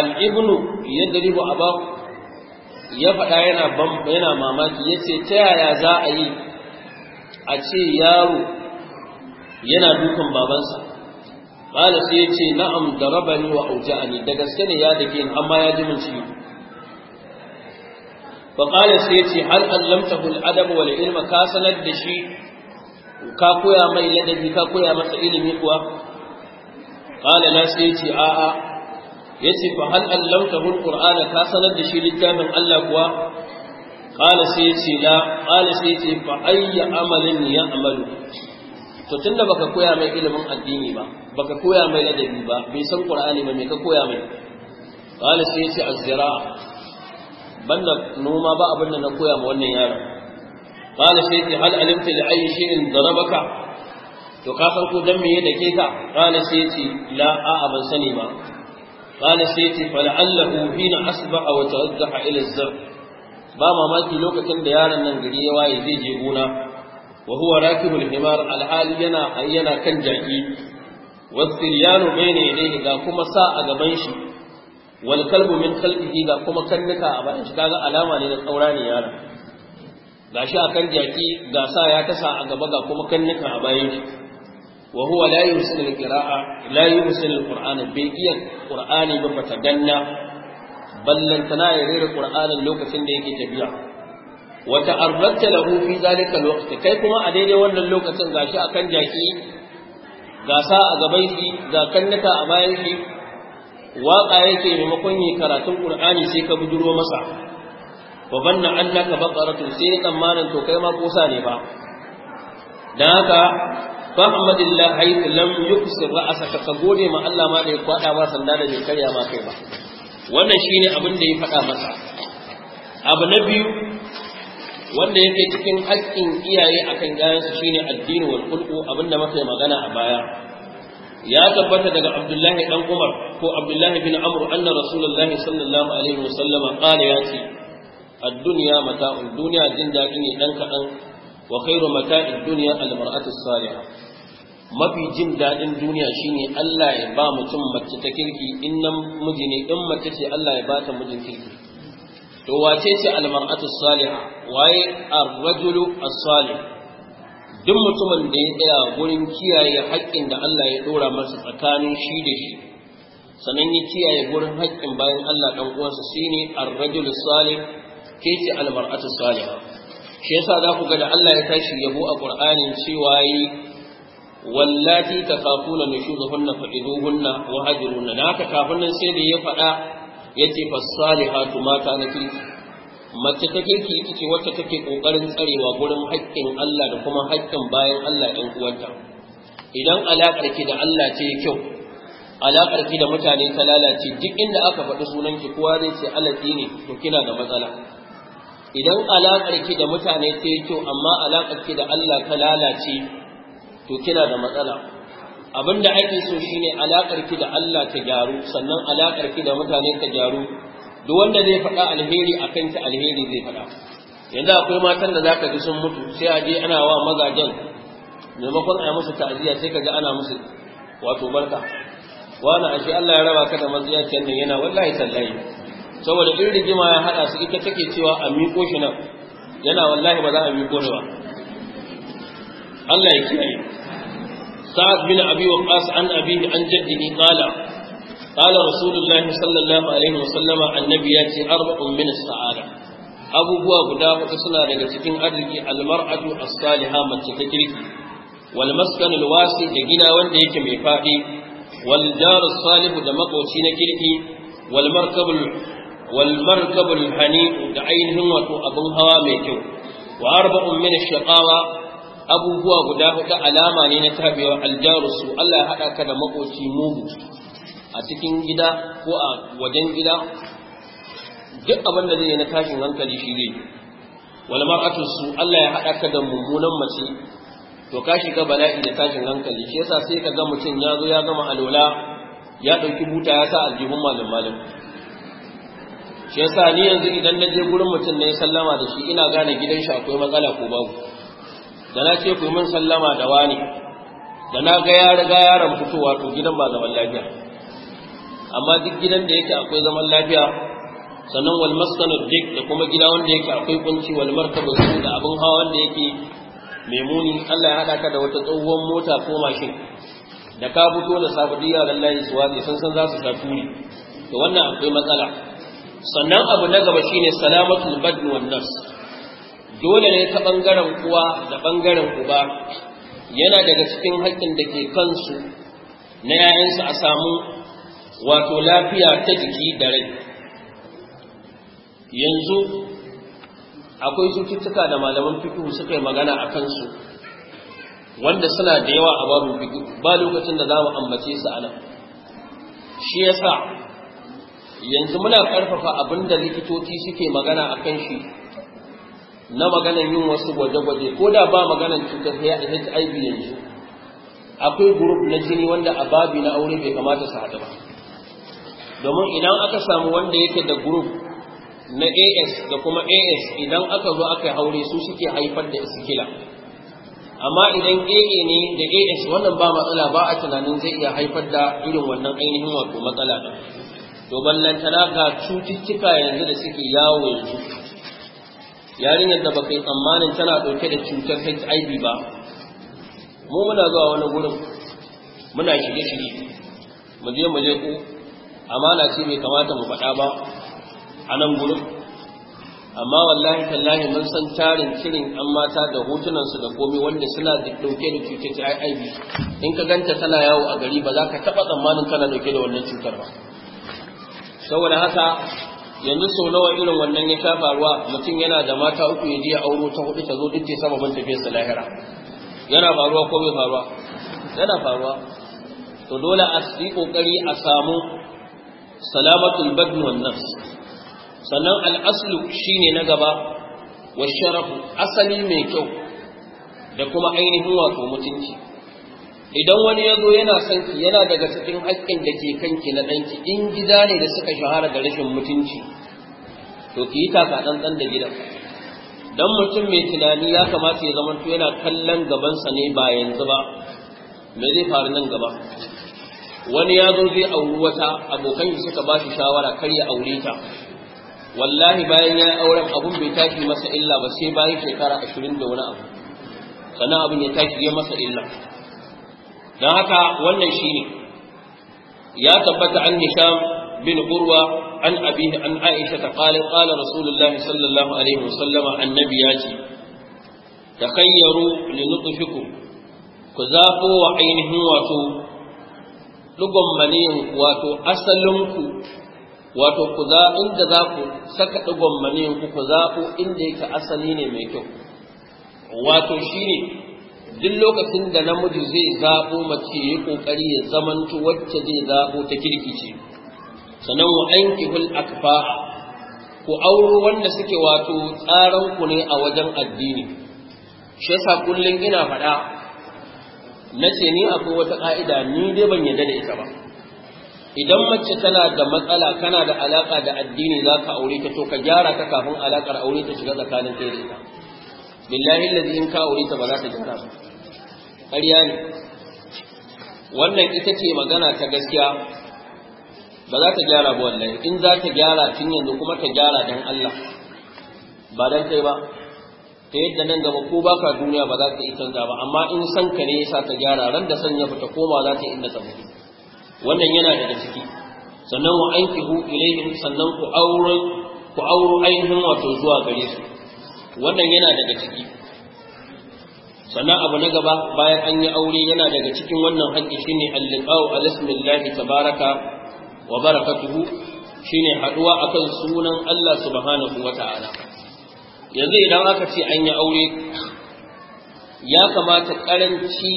الابن يضرب أباه ya faɗa yana mamaki ya ce ta yaya za a yi a ce yaro yana dukan babansa ƙala sai ya na'am da wa auja'ani da gaske ne ya dake ni amma ya ji min ciwo fa ƙala sai ya ce hal allamtahu wal ilma ka sanar da shi ka koya mai ladabi ka koya masa ilimi kuwa qala la sai ce a a yace fa hal allamtahu alqur'ana ka sanar da shi littafin Allah kuwa qala sai ce la qala sai ce fa ayya amalin ya amalu to tunda baka koya mai ilimin addini ba baka koya mai ladabi ba bai san qur'ani ba me ka koya mai qala sai ya ce az-zira'a banda noma ba abin da na koya ma wannan yaron qala sai ce hal darabaka to ka san ko dan meye da ke ka qala sai ce la a ban sani ba qala sai ce fa la'allahu hina asbaha wa tawajjaha ila az-zar ba mamaki lokacin da yaron nan gari ya waye zai je gona wa huwa rakibul himar alhali yana yana kan jaki wasiriyanu bayna yadayhi ga kuma sa a gaban shi wal kalbu min khalqihi ga kuma kannuka a bayan shi kaga alama ne na tsaurani ne yaron gashi akan jaki ga sa ya kasa a gaba ga kuma kannuka a bayan shi wa huwa la yuhsinu al-qira'a la yuhsinu al-qur'ana bai iya qur'ani ba fata ganna ballan tana ya rera qur'anin lokacin da yake tafiya wa ta'arradta lahu fi zalika al-waqt kai kuma a daidai wannan lokacin gashi akan jaki gasa a gaban shi ga kannata a bayan shi waƙa yake maimakon yi karatun qur'ani sai ka bi buduro masa wa banna annaka baqaratun sai tsammanin to kai ma kosa ne ba dan haka fahmadillah haythu lam yuksir ra'saka ka gode ma Allah ma da ya kwada ma sanda da bai karya ma kai ba wannan shine abin da ya faɗa masa abu na biyu wanda yake cikin haƙƙin iyaye akan yayansu shine addini wal khulqu abinda muka magana a baya ya tabbata daga Abdullahi dan Umar ko Abdullahi bin Amr anna Rasulullahi sallallahu alaihi wasallam qala yace ad-dunya mata'un dunya jin dadi ne dan kadan wa khairu mata'i dunya al-mar'atu mafi jin daɗin duniya shine Allah ya ba mutum mace ta kirki in nan miji ne in mace ce Allah ya ba ta mijin kirki to wace ce almar'atu salihah waye ar-rajulu as-salih duk mutumin da ya tsaya gurin kiyaye haƙƙin da Allah ya dora masa tsakanin shi da shi sanan ya kiyaye gurin haƙƙin bayan Allah dan uwansa shine ar-rajulu salih ke ce almar'atu salihah shi yasa za ku ga da Allah ya tashi yabo a Qur'anin cewa yi wallati takafuna nushuzuhunna fa'iduhunna wa hajirunna na ka kafin nan sai da ya faɗa yace hatu mata na kirki mace ta kirki ita ce wacce take ƙoƙarin tsarewa gurin haƙƙin Allah da kuma haƙƙin bayan Allah ɗan uwanta idan alaƙar ki da Allah ce kyau alaƙar ki da mutane ta lalace duk inda aka faɗi sunan ki kowa zai ce alaƙi ne to kina da matsala idan alaƙar ki da mutane ta yi kyau amma alaƙar ki da Allah ta lalace to kina da matsala abin da ake so shine alaƙar ki da Allah ta gyaru sannan alaƙar ki da mutane ta gyaru duk wanda zai faɗa alheri a kanki alheri zai faɗa yanzu akwai matan da zaka ji sun mutu sai a je ana wa mazajen maimakon a yi musu ta'aziyya sai ka ga ana musu wato barka wani ashe Allah ya raba ka da maziyaciyar nan yana wallahi sallahi saboda irin rigima ya haɗa su ita take cewa a miƙo shi nan yana wallahi ba za a miƙo shi ba Allah ya kiyaye sa'ad bin abi waqas an abihi an jaddihi qala qala rasulullahi sallallahu alaihi wasallam annabi ya ce arba'un min as-sa'ada abubuwa guda huɗu suna daga cikin arziki almar'atu as-salihah mace ta kirki wal maskan al-wasi da gida wanda yake mai fadi wal jar as-salihu da makoci na kirki wal markabul wal markabul hani da ainihin wato abun hawa mai kyau wa arba'un min ash-shaqawa abubuwa guda hudu alama ne na tabewar aljarusu Allah ya haɗa ka da makoci mugu a cikin gida ko a wajen gida duk abin da zai yi na tashin hankali shi zai wani mar'atu Allah ya haɗa ka da mummunan mace to ka shiga bala'i da tashin hankali shi yasa sai ka ga mutum ya zo ya gama alola ya ɗauki buta ya sa aljihun malam malam shi yasa ni yanzu idan na je gurin mutum na yi sallama da shi ina gane gidan shi akwai matsala ko babu da na ce ku mun sallama da wani da na ga ya riga yaron fitowa to gidan ba zaman lafiya amma duk gidan da yake akwai zaman lafiya sannan wal maskanu dik da kuma gida wanda yake akwai kunci wal markabu da abin hawa wanda yake mai muni Allah ya hada ka da wata tsohuwar mota ko mashin da ka fito da sabudi yaran layi su waje sun san za su shafi ni, to wannan akwai matsala sannan abu na gaba shine salamatul badn wan nafs dole ne ta ɓangaren kuwa da ɓangaren uba yana daga cikin haƙƙin da ke kansu na ‘ya'yansu a samu wato lafiya ta jiki da rai yanzu akwai cututtuka da malaman fikihu suka yi magana a kansu wanda suna da yawa a babu fikihu ba lokacin da za mu ambace su a nan shi sa yanzu muna ƙarfafa abin da likitoci suke magana a kan shi na maganan yin wasu gwaje-gwaje ko da ba maganan cutar HIV yanzu akwai grup na jini wanda a babi na aure bai kamata su haɗu ba domin idan aka samu wanda yake da group na AS da kuma AS idan aka zo aka yi haure su suke haifar da iskila amma idan AA ne da AS wannan ba matsala ba a tunanin zai iya haifar da irin wannan ainihin wato matsala da to ballantana ga cututtuka yanzu da suke yawo yanzu yarinyar da baka yi tsammanin tana ɗauke da cutar HIV ba mu muna zuwa wani gurin muna shige-shige. mu je mu je ku amana ce bai kamata mu faɗa ba a nan gurin amma wallahi tallahi mun san tarin kirin an mata da hotunansu da komai wanda suna dauke da cutar HIV in ka ganta tana yawo a gari ba za ka taɓa tsammanin tana dauke da wannan cutar ba saboda haka yanzu sau nawa irin wannan ya sha faruwa mutum yana da mata uku ya je auro ta hudu ta zo duk sai sama ban sa lahira yana faruwa ko bai faruwa yana faruwa to dole a yi kokari a samu salamatul badn wan nafs sannan al-aslu shine na gaba wa sharafu asali mai kyau da kuma ainihin wato mutunci idan wani ya zo yana son ki yana daga cikin haƙƙin da ke kanki na ɗanki in gida ne da suka shahara da rashin mutunci to ki yi taka ɗanɗan da gidan dan mutum mai tunani ya kamata ya zama to yana kallon gabansa ne ba yanzu ba me zai faru nan gaba wani ya zo zai auri wata abokan suka ba shi shawara kar ya aure ta wallahi bayan ya auren abun bai tashi masa illa ba sai bayan shekara ashirin da wani abu sannan abin ya tashi ya masa illa don haka wannan shi ne. ya tabbata an hisham bin urwa an abi an aisha ta qala qala rasulullah sallallahu alaihi wasallama annabi ya ce takhayyaru li nutfikum ku zabo wa ainihin wato dugon maniyin wato asalinku wato ku za inda za ku saka dugon maniyin ku ku zabo inda yake asali ne mai kyau wato shi ne. duk lokacin da namiji zai zaɓo mace ya ƙoƙari ya zamanto wacce zai zaɓo ta kirki ce sannan wa an kihul akfa ku auro wanda suke wato tsaranku ne a wajen addini shi yasa kullum ina faɗa na ce ni akwai wata ƙa'ida ni dai ban yarda da ita ba idan mace tana da matsala kana da alaƙa da addini za ka aure ta to ka gyara ta kafin alaƙar aure ta shiga tsakanin kai da ita billahi in ka aure ta ba za ta gyara ba ƙarya ne wannan ita ce magana ta gaskiya ba za ta gyara ba wallahi in za ta gyara tun yanzu kuma ta gyara don Allah ba don kai ba ta yadda nan gaba ko baka duniya ba za ta yi canza ba amma in san ka ne ya sa ta gyara ran da san ya fita koma za ta yi inda ta mutu wannan yana daga ciki sannan wa hu ilaihim sannan ku aure ku auro ainihin wato zuwa gare su wannan yana daga ciki sannan abu na gaba bayan an yi aure yana daga cikin wannan haƙƙi shine al-liqa'u al-ismillahi tabaraka wa barakatuhu shine haduwa akan sunan Allah subhanahu wata'ala yanzu idan aka ce an yi aure ya kamata karanci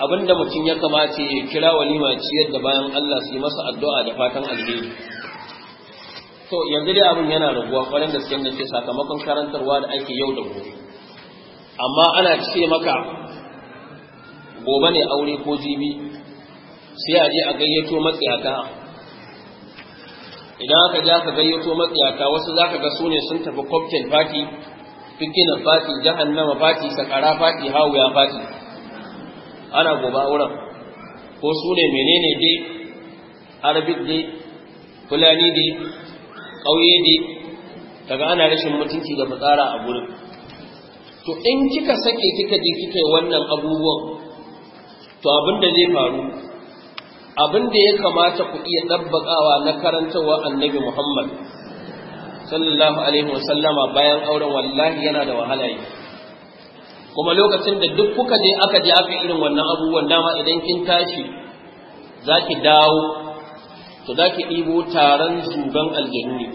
abinda mutum ya kamata ya kira walima ciyar da bayan Allah su yi masa addu'a da fatan alheri to yanzu dai abin yana raguwa kwarin da suke sakamakon karantarwa da ake yau da gobe amma ana ce maka gobe ne aure ko jibi sai a je a gayyato matsiyata idan aka ja ka gayyato matsiyata wasu za ka ga su ne sun tafi cocktail party fikina party jahannama fati, sakara fati, hawuya fati. ana gobe auren ko su ne menene dai arabic dai fulani dai ƙauye dai daga ana rashin mutunci ga fitsara a gurin to in kika sake kika je kika yi wannan abubuwan to abin da zai faru abin da ya kamata ku iya ɗabbaƙawa na karantarwa annabi muhammad sallallahu alaihi wasallama bayan auren wallahi yana da wahala yi kuma lokacin da duk kuka je aka je aka irin wannan abubuwan dama idan kin tashi za ki dawo to za ki ɗibo taron zuban aljanu ne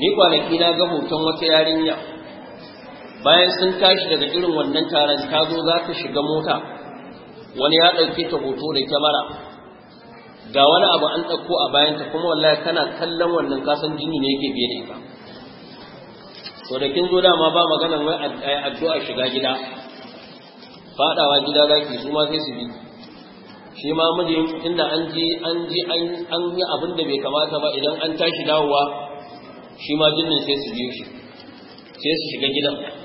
ni kwanaki na ga hoton wata yarinya bayan sun tashi daga irin wannan taron ta zo za ta shiga mota wani ya ɗauke ta hoto da kyamara ga wani abu an ɗauko a bayan ta, kuma wallahi kana kallon wannan kasan jini ne yake biye da ita to da kin zo dama ba magana wai addu'a shiga gida faɗawa gida zaki su ma sai su bi shi ma miji inda an ji an ji an yi abin da bai kamata ba idan an tashi dawowa shi ma jinin sai su biyo shi sai su shiga gidan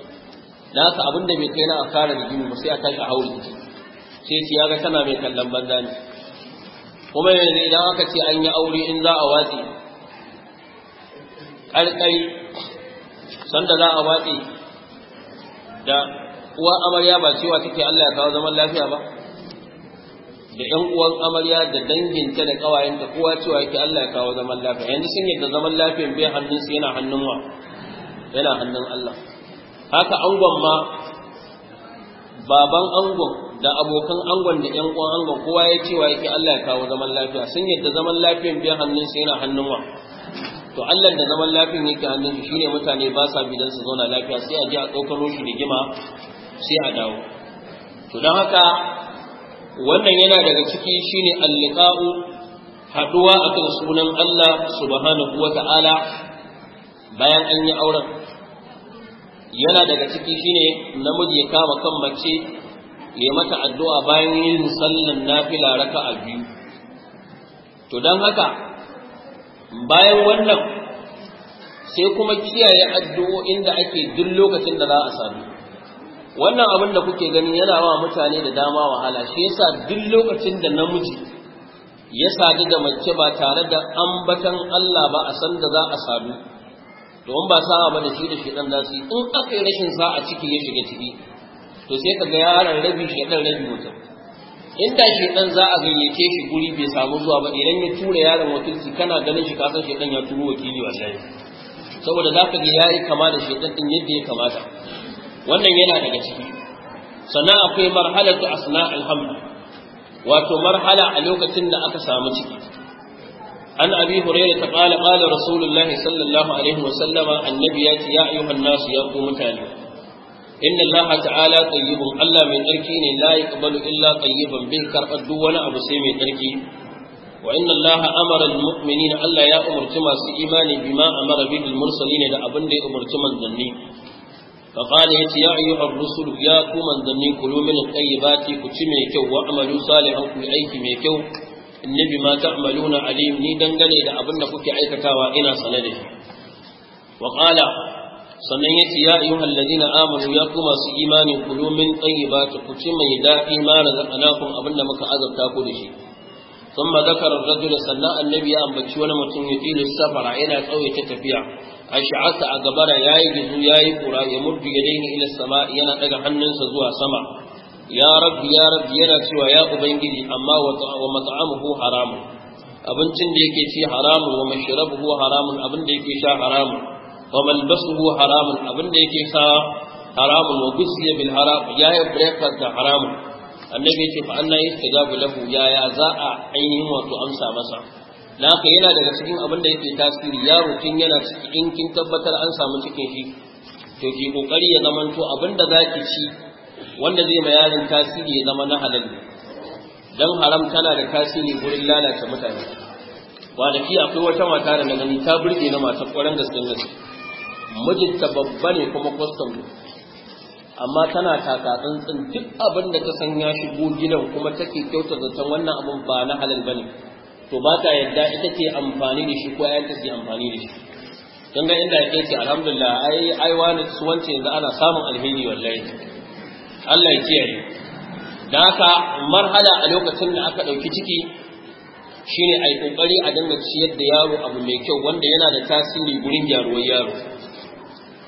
da haka abin da bai kai na a fara rigimi sai a tashi a haure sai ce ya ga tana mai kallon banza ne kuma yanzu idan aka ce an yi aure in za a watsi ƙarƙari sanda za a watsi da uwa amarya ba cewa take Allah ya kawo zaman lafiya ba da ƴan uwan amarya da danginta da ƙawayenta kowa cewa yake Allah ya kawo zaman lafiya yanzu sun yadda zaman lafiyan bai hannunsu yana hannun wa yana hannun Allah haka angon ma baban angon da abokan angon da yan uwan angon kowa ya ce wa yake Allah ya kawo zaman lafiya sun yadda zaman lafiyan biyan hannunsa yana hannun wa to Allah da zaman lafiyan yake hannun shi shine mutane ba sa bidan su zauna lafiya sai a je a ɗaukar shi gima sai a dawo to dan haka wannan yana daga ciki shine al-liqa'u haduwa akan sunan Allah subhanahu wata'ala bayan an yi auren yana daga ciki shine namiji ya kama kan mace ya mata addu'a bayan yin sallan nafila raka'a biyu to dan haka bayan wannan sai kuma kiyaye addu'o'in da ake duk lokacin da za a sami wannan abin da kuke gani yana wa mutane da dama wahala shi yasa duk lokacin da namiji ya sadu da mace ba tare da ambatan Allah ba a san da za a sadu domin ba sa'a bane shi da shedan za su in aka yi rashin sa'a ciki ya shiga ciki to sai ka ga yaron rabi shedan rabi mutum in da shedan za a gayyace shi guri bai samu zuwa ba idan ya tura yaron wakilci kana ganin shi kasan shedan ya turo wakili ba sai saboda za ka ga ya yi kama da shedan din yadda ya kamata wannan yana daga ciki sannan akwai marhalatu asna alhamdu wato marhala a lokacin da aka samu ciki an abi hurairah ta qala qala rasulullahi sallallahu alaihi wa sallama annabi ya ce ya ayyuhan nas ya ku mutane inna allaha ta'ala tayyibun allah mai tsarki ne la yaqbalu illa tayyiban bin karbar duk wani abu sai mai tsarki wa inna allaha amara almu'minina allah ya umarci masu imani bima amara bihi almursalin da abin da ya umarci manzanni فقال يتي يا أيها الرسل يا كومن ذني كلوا من الطيبات كتمي كو وعملوا صالحا aiki mai kyau. inni bi ta'maluna alim ni dangane da abinda kuke aikatawa ina sane da wa qala sanan yace ya ayyuha alladhina amanu ya kuma su imani kulu min tayyibat ku ci mai da imani da anakum abinda muka azabta ku da shi Sun dhakara ar-rajul annabi ya ambaci wani mutum ya fili safara yana tsauye ta tafiya a asa a gabara yayi gizu yayi kura ya ya daina ila sama yana daga hannunsa zuwa sama ya rabbi ya rabbi yana cewa ya ubangiji amma wa mat'amuhu haramun abincin da yake ci haramun wa mashrabuhu haramun abin da yake sha haramun wa malbasuhu haramun abin da yake sa haramun wa gusiya bil haram ya yi breakfast da haramun annabi ya ce fa anna yastajabu lahu ya ya za a ainihin wato amsa masa na haka yana daga cikin abin da yake tasiri yaro tun yana ciki kin tabbatar an samu cikin shi to ki kokari ya zamanto abin da zaki ci wanda zai ma tasiri ya zama na halalli don haram tana da tasiri wurin lalata mutane kwanaki akwai wata mata da na gani ta burge na mata kwaran da gaske mijinta babba ne kuma kwastam ne amma tana taka tsantsin duk abin da ta san ya shigo gidan kuma take kyauta zaton wannan abun ba na halal bane to ba ta yadda ita ce amfani da shi ko ta ce amfani da shi don ga inda ya ce alhamdulillah ai ai wani su yanzu ana samun alheri wallahi Allah ya kiyaye da haka marhala a lokacin da aka ɗauki ciki shine ai kokari a dinga ciyar da yaro abu mai kyau wanda yana da tasiri gurin gyaruwar yaro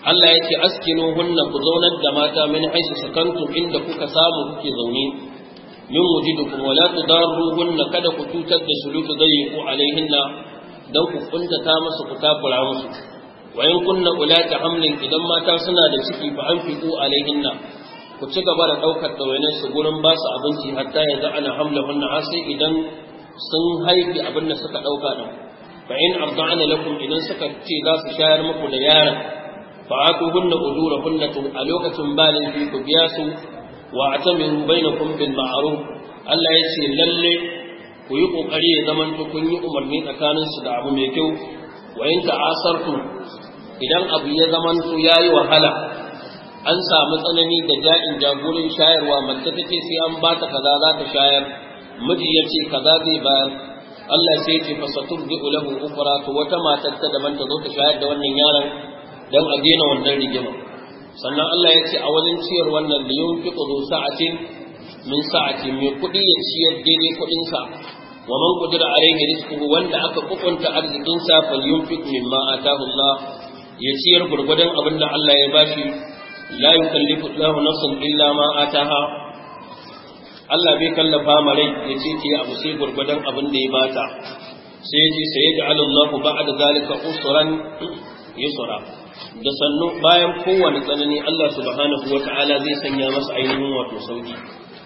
Allah yake askinu hunna ku zaunar da mata min aisha sakantu inda kuka samu kuke zaune min wujidukum wala tudarru hunna kada ku cutar da su lutu ku alaihinna dan ku kuntata ta ku takura musu wa in kunna ulata hamlin idan mata suna da ciki ba fa anfiqu alaihinna ku ci gaba da ɗaukar ɗawainin su gurin ba su abinci hatta yanzu ana hamla hunna har sai idan sun haifi abin da suka ɗauka ɗin fa in abda'ana lakum idan suka ce za su shayar muku da yaron fa atuhunna ujurahunna a lokacin ba laifi ku biya su wa atamiru bainakum bil ma'ruf Allah ya ce lalle ku yi kokari ya zaman kun yi umarni tsakanin su da abu mai kyau wa in idan abu ya zaman ya yayi wahala an samu tsanani da ja'in jagorin shayarwa mace ta ce sai an ba ta kaza za ta shayar miji ya ce kaza zai bayar Allah sai ya ce fasatur bi ulahu ukra to wata matar ta daban ta zo ta shayar da wannan yaron dan a daina wannan rigima sannan Allah ya ce a wajen ciyar wannan da yunfi qudu sa'atin min sa'ati mai kudi ya ciyar daidai kudin sa wa man qadara alayhi rizquhu wanda aka kukunta arzikin sa falyunfiq mimma atahu Allah ya ciyar gurgudan abin da Allah ya bashi la yukallifu Allahu nafsan illa ma ataha Allah bai kallafa ma rai ya ce ki abu sai abin da ya bata sai ya ce sayaj'alu Allahu ba'da zalika usran yusra da sannu bayan kowane tsanani Allah subhanahu wata'ala zai sanya masa ainihin wato sauki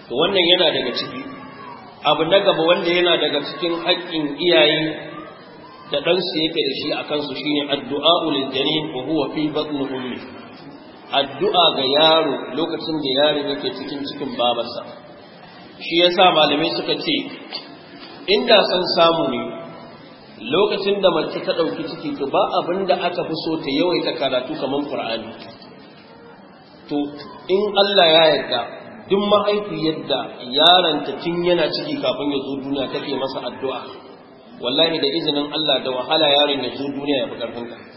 to wannan yana daga ciki abu na gaba wanda yana daga cikin haƙƙin iyaye da ɗansu yake da shi a kansu shine addu'a ulil janin wa huwa fi addu'a ga yaro lokacin da yaro yake cikin cikin babarsa shi ya sa malamai suka ce inda san samu ne lokacin da mace ta ɗauki ciki to ba abin da aka fi so ta yawaita karatu kamar ƙur'ani to in Allah ya yarda duk mahaifi yadda yaranta tun yana ciki kafin ya zo duniya take masa addu'a wallahi da izinin Allah da wahala yaron ya zo duniya ya fi ƙarfinka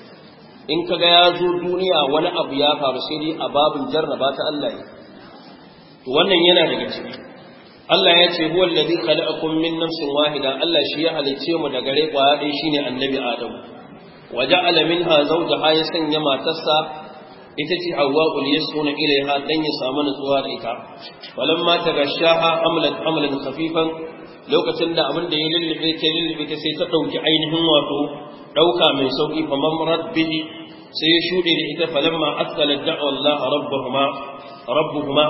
in ka ga ya zo duniya wani abu ya faru sai dai a babin jarraba ta Allah ne wannan yana daga ciki Allah ya ce huwa allazi khalaqakum min nafsin wahida Allah shi ya halice mu daga rai kwaya dai shine annabi Adam wa ja'ala minha zawjaha ya sanya matarsa ita ce Hawwa ulyasuna ilaiha dan ya samu nutsuwa da ita falamma tagashaha amlat amlan khafifan lokacin da abin da ya lullube ta lullube ta sai ta dauki ainihin wato ɗauka mai sauƙi fa mamrat bihi sai ya shuɗe da ita falamma asqalat da'wa Allah rabbuhuma rabbuhuma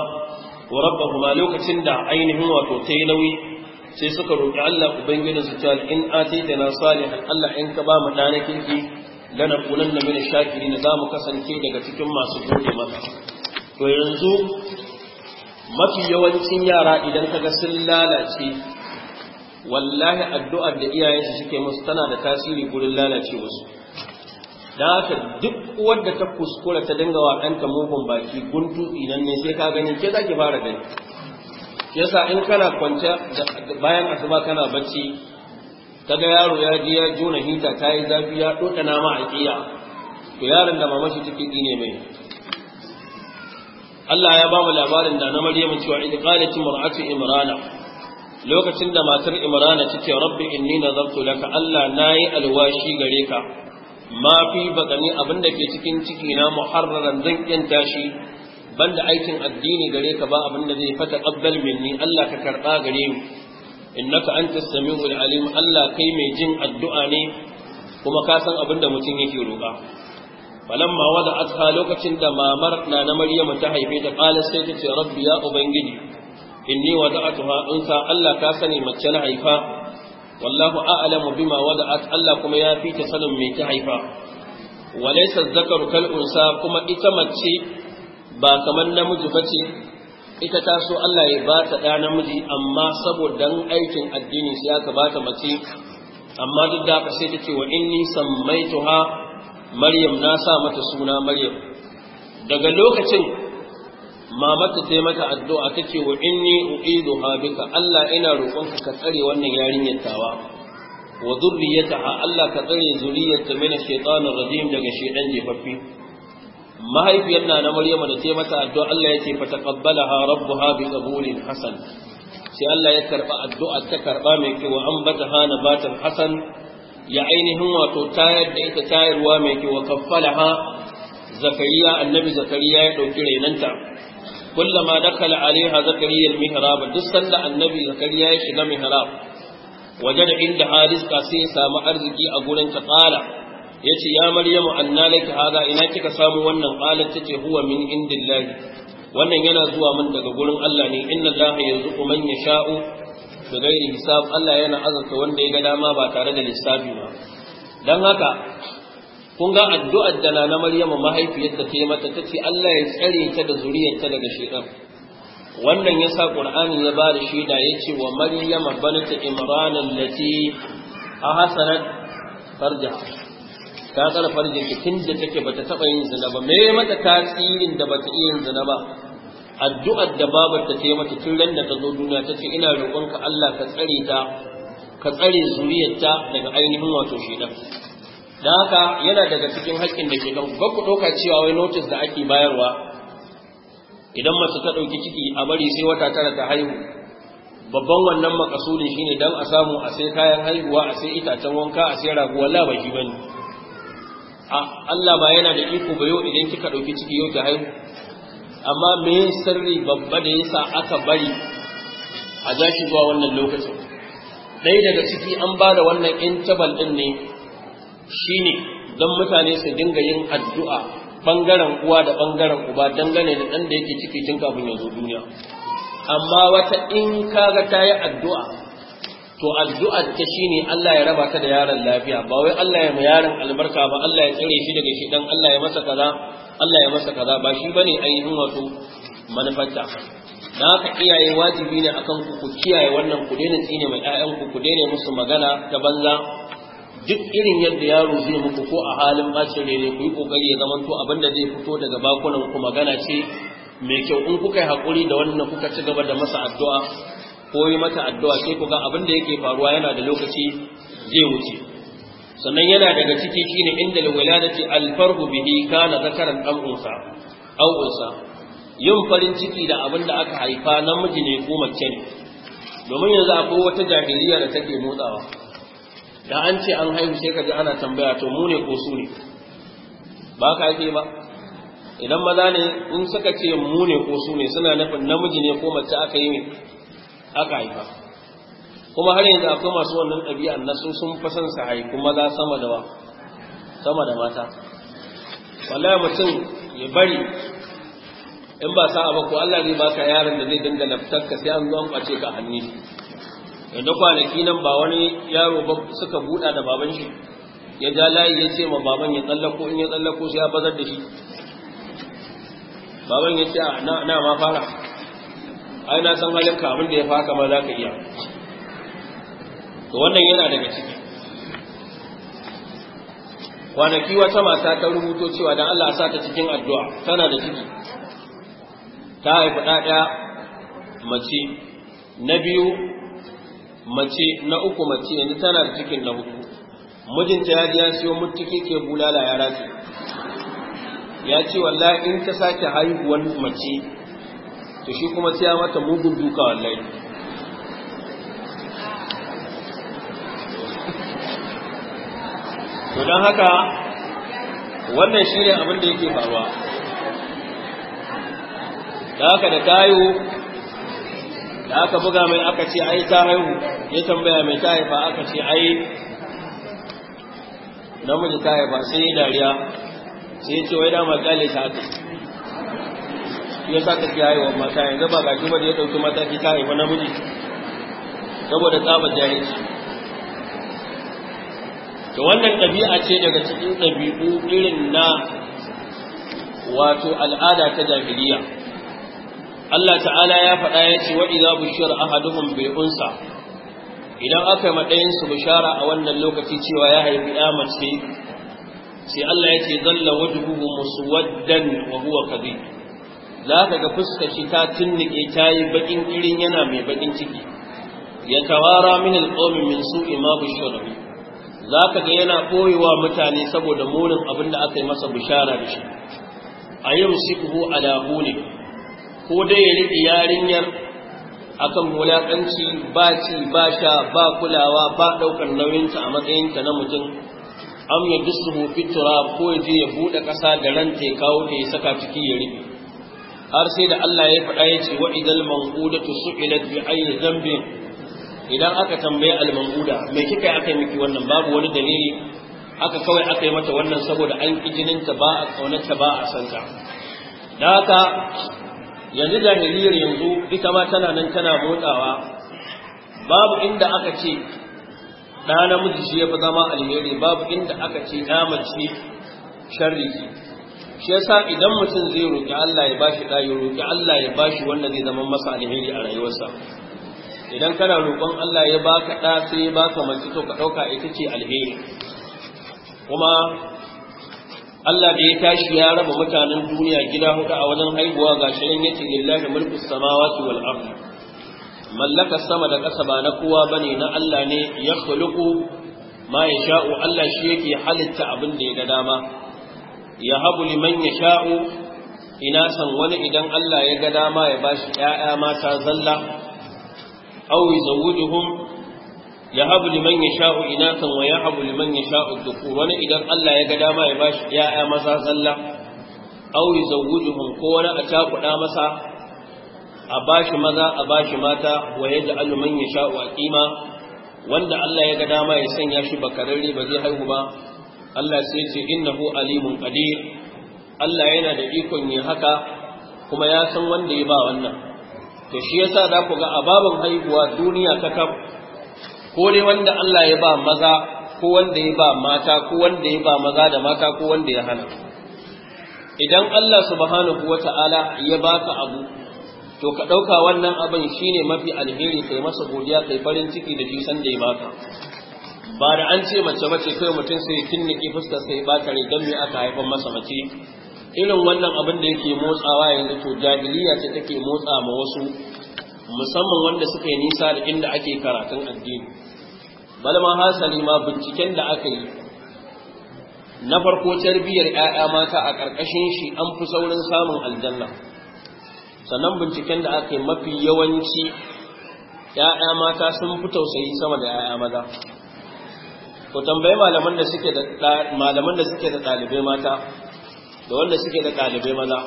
wa rabbuhuma lokacin da ainihin wato tayi nauyi sai suka roƙi Allah ubangijin su ta in atitana salihan Allah in ka ba mu dana kirki lana kunan da shakirin za mu kasance daga cikin masu gode maka to yanzu mafi yawancin yara idan kaga sun lalace wallahi addu'ar da iyayensu suke musu tana da tasiri gurin lalace wasu. don haka duk wadda ta kuskura ta dinga wa ɗanta mugun baki guntu idan ne sai ka gani ke za ki fara gani yasa in kana kwanciya bayan asuba kana bacci kaga yaro ya ji ya jona hita ta yi zafi ya nama ma to yaron da mamashi take ne mai Allah ya ba mu labarin da na Maryamu cewa idan qalat imra'atu imrana lokacin da matar imrana take rabbi inni nazartu laka Allah nayi alwashi gare ka ma fi bakani abinda ke cikin ciki na muharraran zan yanta shi banda aikin addini gare ka ba abinda zai fata qabbal minni Allah ka karba gare mu innaka antas samiul alim Allah kai mai jin addu'a ne kuma ka san abinda mutum yake roƙa falamma wada'atha lokacin da mamar na na Maryamu ta haife ta qala sai ta ce rabbi ya ubangiji inni wada'atuha unsa Allah ka sani mace na haifa wallahu a'lamu bima wada'at Allah kuma ya fi ta sanin me ta haifa walaysa dhakaru kal unsa kuma ita mace ba kaman namiji bace ita ta so Allah ya ba ta da namiji amma saboda aikin addini sai aka ba ta mace amma duk da haka sai ta ce wa inni sammaituha Maryam na sa mata suna Maryam daga lokacin mamata sai mata addu'a take wa inni u'iduha bika Allah ina roƙonka ka tsare wannan yarinyar tawa wa dhurriyyataha Allah ka tsare zuriyarta min shaytanir rajim daga shaydan jefaffi mahaifiyar na na Maryama da sai mata addu'a Allah ce fa taqabbalaha rabbuha bi qabulin hasan sai Allah ya karba addu'a ta karba mai an bata hana nabatan hasan ya ainihin wato tayar da ita tayarwa mai kyau wa kaffalaha zakariya annabi zakariya ya ɗauki rainonta. kullama dakala alaiha zakariya al-mihrab duk sanda annabi zakariya ya shiga mihrab da inda hariska sai ya samu arziki a gurin ta qala yace ya maryamu anna laki hada ina kika samu wannan qalat tace huwa min indillahi wannan yana zuwa min daga gurin Allah ne inna allaha yarzuqu man yasha'u bighairi hisab Allah yana azurta wanda ya ga dama ba tare da lissafi ba dan haka kun ga addu'ar da na Maryama mahaifiyarta ta yi mata tace Allah ya tsare ta da zuriyarta daga shaytan wannan yasa Qur'ani ya ba da shaida yace wa Maryama banat Imran allati ahsanat farja ta tsara farjin ta tunda take bata taba yin zina ba me mata tasirin da bata yin zina ba addu'ar da babar ta yi mata tun ran da ta zo duniya tace ina roƙonka Allah ka tsare ta ka tsare zuriyarta daga ainihin wato shaytan da haka yana daga cikin haƙƙin da ke kanku ku ɗauka cewa wai notis da ake bayarwa idan mace ta ɗauki ciki a bari sai wata tara ta haihu babban wannan makasudin shine dan a samu a sai kayan haihuwa a sai itacen wanka a sai rago wallahi ba bane a Allah ba yana da iko ba yau idan kika ɗauki ciki yau ki haihu amma me sirri babba da yasa aka bari a gashi zuwa wannan lokacin ɗaya daga ciki an ba da wannan intabal ɗin ne Shi ne don mutane su dinga yin addu'a ɓangaren uwa da ɓangaren uba dangane da ɗan da yake ciki tun kafin ya zo duniya amma wata in kaga ta yi addu'a to addu’a ta ne Allah ya raba ta da yaron lafiya ba wai Allah ya ma yaron albarka ba Allah ya tsare shi daga shi dan Allah ya masa kaza Allah ya masa kaza ba shi ba ne ainihin wato manufarta Na ka iyaye wajibi ne akan ku ku kiyaye wannan ku daina tsine mai yayan ku ku daina musu magana ta banza duk irin yadda yaro zai muku ko a halin bacin rene ku yi kokari ya zamanto abin da zai fito daga bakunan ku magana ce mai kyau in kuka yi hakuri da wannan kuka ci gaba da masa addu'a ko yi mata addu'a sai ku ga abin da yake faruwa yana da lokaci zai wuce sannan yana daga ciki shine inda alwiladati alfarhu bihi kana zakaran am unsa aw unsa yin farin ciki da abin da aka haifa namiji ne ko mace ne domin yanzu akwai wata jahiliya da take motsawa da an ce an haihu sai ka ana tambaya to mu ne ko su ne ba ka ake ba idan maza ne in suka ce mu ne ko su ne suna nufin namiji ne ko mace aka yi aka haifa kuma har yanzu akwai masu wannan ɗabi'an na su sun fi son su haifi maza sama da sama da mata wallahi mutum ya bari in ba sa'a ba ko Allah zai baka yaron da zai dinga naftar sai an zo an kwace ka hannu yadda kwanaki nan ba wani yaro ba suka buɗa da baban shi ya ja layi ya ce ma baban ya tsallako in ya tsallako sai ya bazar da shi baban ya ce na ma fara ai na san halin kamun da ya fara kamar za ka iya to wannan yana daga ciki kwanaki wata mata ta rubuto cewa don Allah sa ta cikin addu'a tana da ciki ta haifi ɗaɗa mace na biyu mace na uku mace yanzu tana da cikin na hudu mijinta ya ji ya siyo mutuki ke bulala ya rasu. ya ce wallahi in ta sake haihuwar mace to shi kuma sai mata mugun duka wallahi to don haka wannan shi abin da yake faruwa da haka da tayo da aka buga mai aka ce ai ta haihu ya tambaya mai ta haifa aka ce ai namiji ta haifa sai ya dariya sai ya ce wai dama kyale ta haka ya sa take haihuwar mata yanzu ba gashi ba da ya ɗauki mataki ta haifa namiji saboda tsabar jahilci to wannan ɗabi'a ce daga cikin ɗabi'u irin na wato al'ada ta jahiliya Allah ta'ala ya faɗa ya ce wa'iza bushiyar ahaduhum bai unsa idan aka yi su bishara a wannan lokaci cewa ya haifi ya mace sai Allah ya ce zalla wajhuhu muswaddan wa huwa kazi. za ka ga fuskar shi ta tunnike ta yi baƙin irin yana mai baƙin ciki ya tawara min alqawmi min su'i bushiyar. za ka ga yana koyewa mutane saboda munin abin da aka yi masa bishara da shi a yau sikuhu ala ne. ko dai ya riƙe yarinyar akan wulaƙanci ba ci ba sha ba kulawa ba ɗaukar nauyinta a ta na mutum am ya dusuhu fitura ko ya je ya buɗe ƙasa da ranta ya kawo ta ya saka ciki ya riƙe har sai da Allah ya faɗa ya ce wa idal manqudatu su'ilat bi ayyi dhanbin idan aka tambaye al-manquda me kika aka miki wannan babu wani dalili aka kawai aka yi mata wannan saboda an ki jininta ba a kaunarta ba a santa da haka yanzu jahiliyar yanzu ita ma tana nan tana motsawa babu inda aka ce ɗa namiji shi ya fi zama alheri babu inda aka ce ɗa mace sharri shi yasa idan mutum zai roƙi Allah ya bashi ɗa ya roƙi Allah ya bashi wanda zai zama masa alheri a rayuwarsa idan kana roƙon Allah ya baka ɗa sai baka mace to ka ɗauka ita ce alheri kuma Allah da ya tashi ya raba mutanen duniya gida hudu a wajen haihuwa ga shirin yace lillahi mulku samawati wal ard mallaka sama da ƙasa ba na kowa bane na Allah ne ya khuluqu ma yasha'u Allah shi yake halitta abin da ya ga dama ya habu liman sha'u, ina san wani idan Allah ya ga dama ya bashi ƴaƴa mata zalla aw yuzawwijuhum ya habu liman ya sha'u inakan wa ya habu liman ya sha'u duku wani idan Allah ya ga dama ya bashi ya'ya masa zalla aw yuzawwijuhum ko wani a cakuɗa masa a bashi maza a bashi mata wa yaj'alu man ya sha'u aqima wanda Allah ya ga dama ya sanya shi bakararre ba zai haihu ba Allah sai ce innahu alimun qadir Allah yana da ikon yin haka kuma ya san wanda ya ba wannan to shi yasa za ku ga ababan haihuwa duniya ta kaf ko dai wanda Allah ya ba maza ko wanda ya ba mata ko wanda ya ba maza da mata ko wanda ya hana idan Allah subhanahu wata'ala ya baka abu to ka ɗauka wannan abin shine mafi alheri kai masa godiya kai farin ciki da jisan da ya baka ba da an ce mace mace kai mutum sai kinniki fuskar sai ba ta rigar me aka haifar masa mace irin wannan abin da yake motsawa yanzu to jahiliya ce take motsa ma wasu musamman wanda suka yi nisa da inda ake karatun addini balma hasali ma binciken da aka yi na farko tarbiyyar 'ya'ya mata a ƙarƙashin shi an fi saurin samun aljanna sannan binciken da aka yi mafi yawanci 'ya'ya mata sun fi tausayi sama da 'ya'ya maza ku tambayi malaman da suke da malaman da suke da ɗalibai mata da wanda suke da ɗalibai maza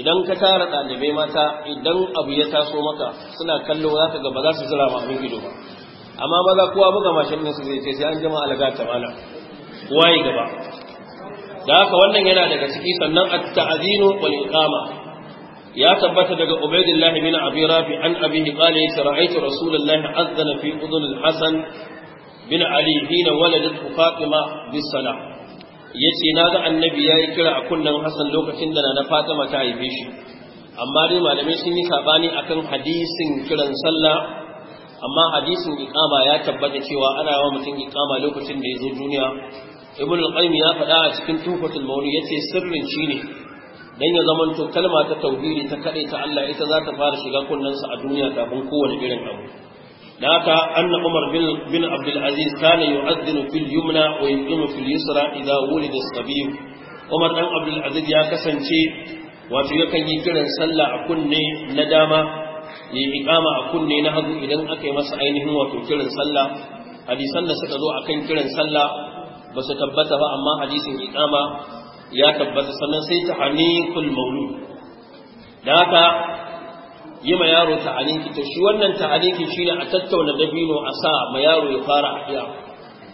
idan ka tara ɗalibai mata idan abu ya taso maka suna kallo za ka ga ba za su zira ma abin gido ba amma maza kowa buga mashin din su zai ce sai an jama alaga ta mala kowa yi gaba da haka wannan yana daga ciki sannan at-ta'zinu wal iqama ya tabbata daga Ubaydillah bin Abi Rafi an abihi qala ya ra'aytu Rasulullahi azzana fi udhun hasan bin Ali hina waladat Fatima bis-salah ya ce na ga annabi ya yi kira a kunnen hassan lokacin da na fatima ta haife shi amma dai malamai sun yi sabani akan hadisin kiran sallah amma hadisin iqama ya tabbata cewa ana yawa mutum iqama lokacin da ya zo duniya ibn al-qayyim ya faɗa a cikin tufatul mawli yace sirrin shine dan ya to kalma ta tauhidi ta kade ta Allah ita za ta fara shiga kunnensa a duniya kafin kowane irin abu ذاك أن عمر بن, بن عبد العزيز كان يؤذن في اليمنى ويقيم في اليسرى ya ولد الصبي yi kiran sallah a kunne na dama ya iqama a kunne na hagu idan aka yi masa ainihin wato kiran sallah hadisan da suka zo akan kiran sallah basu tabbata ba amma hadisin ikama ya tabbata sannan sai ta hanikul maulud da haka yi ma yaro ta'aliki to shi wannan ta'aliki shine a tattauna dabino a sa ma yaro ya fara haɗiya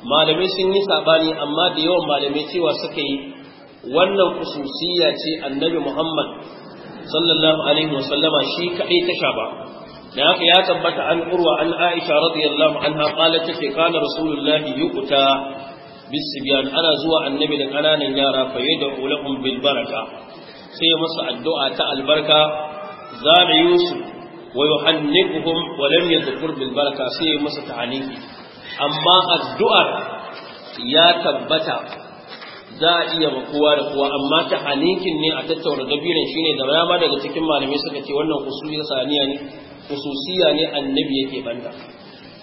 malamai sun yi sabani amma da yawan malamai cewa suka yi wannan kususiya ce annabi muhammad sallallahu alaihi sallama, shi kaɗai ta sha ba da haka ya tabbata an urwa an aisha radiyallahu anha qalat ta ce kana rasulullahi yuqta bisibyan ana zuwa annabi da ƙananan yara fa yad'u lahum bil baraka sai masa addu'a ta albarka zana yusuf wa yuhannikuhum wa lam yadhkur bil baraka sai masa ta'aniki amma addu'ar ya tabbata za a iya ma da kuwa. amma ta'anikin ne a tattauna dabirin shine da ma daga cikin malamai suka ce wannan usuliyya saniya ne hususiya ne annabi yake banda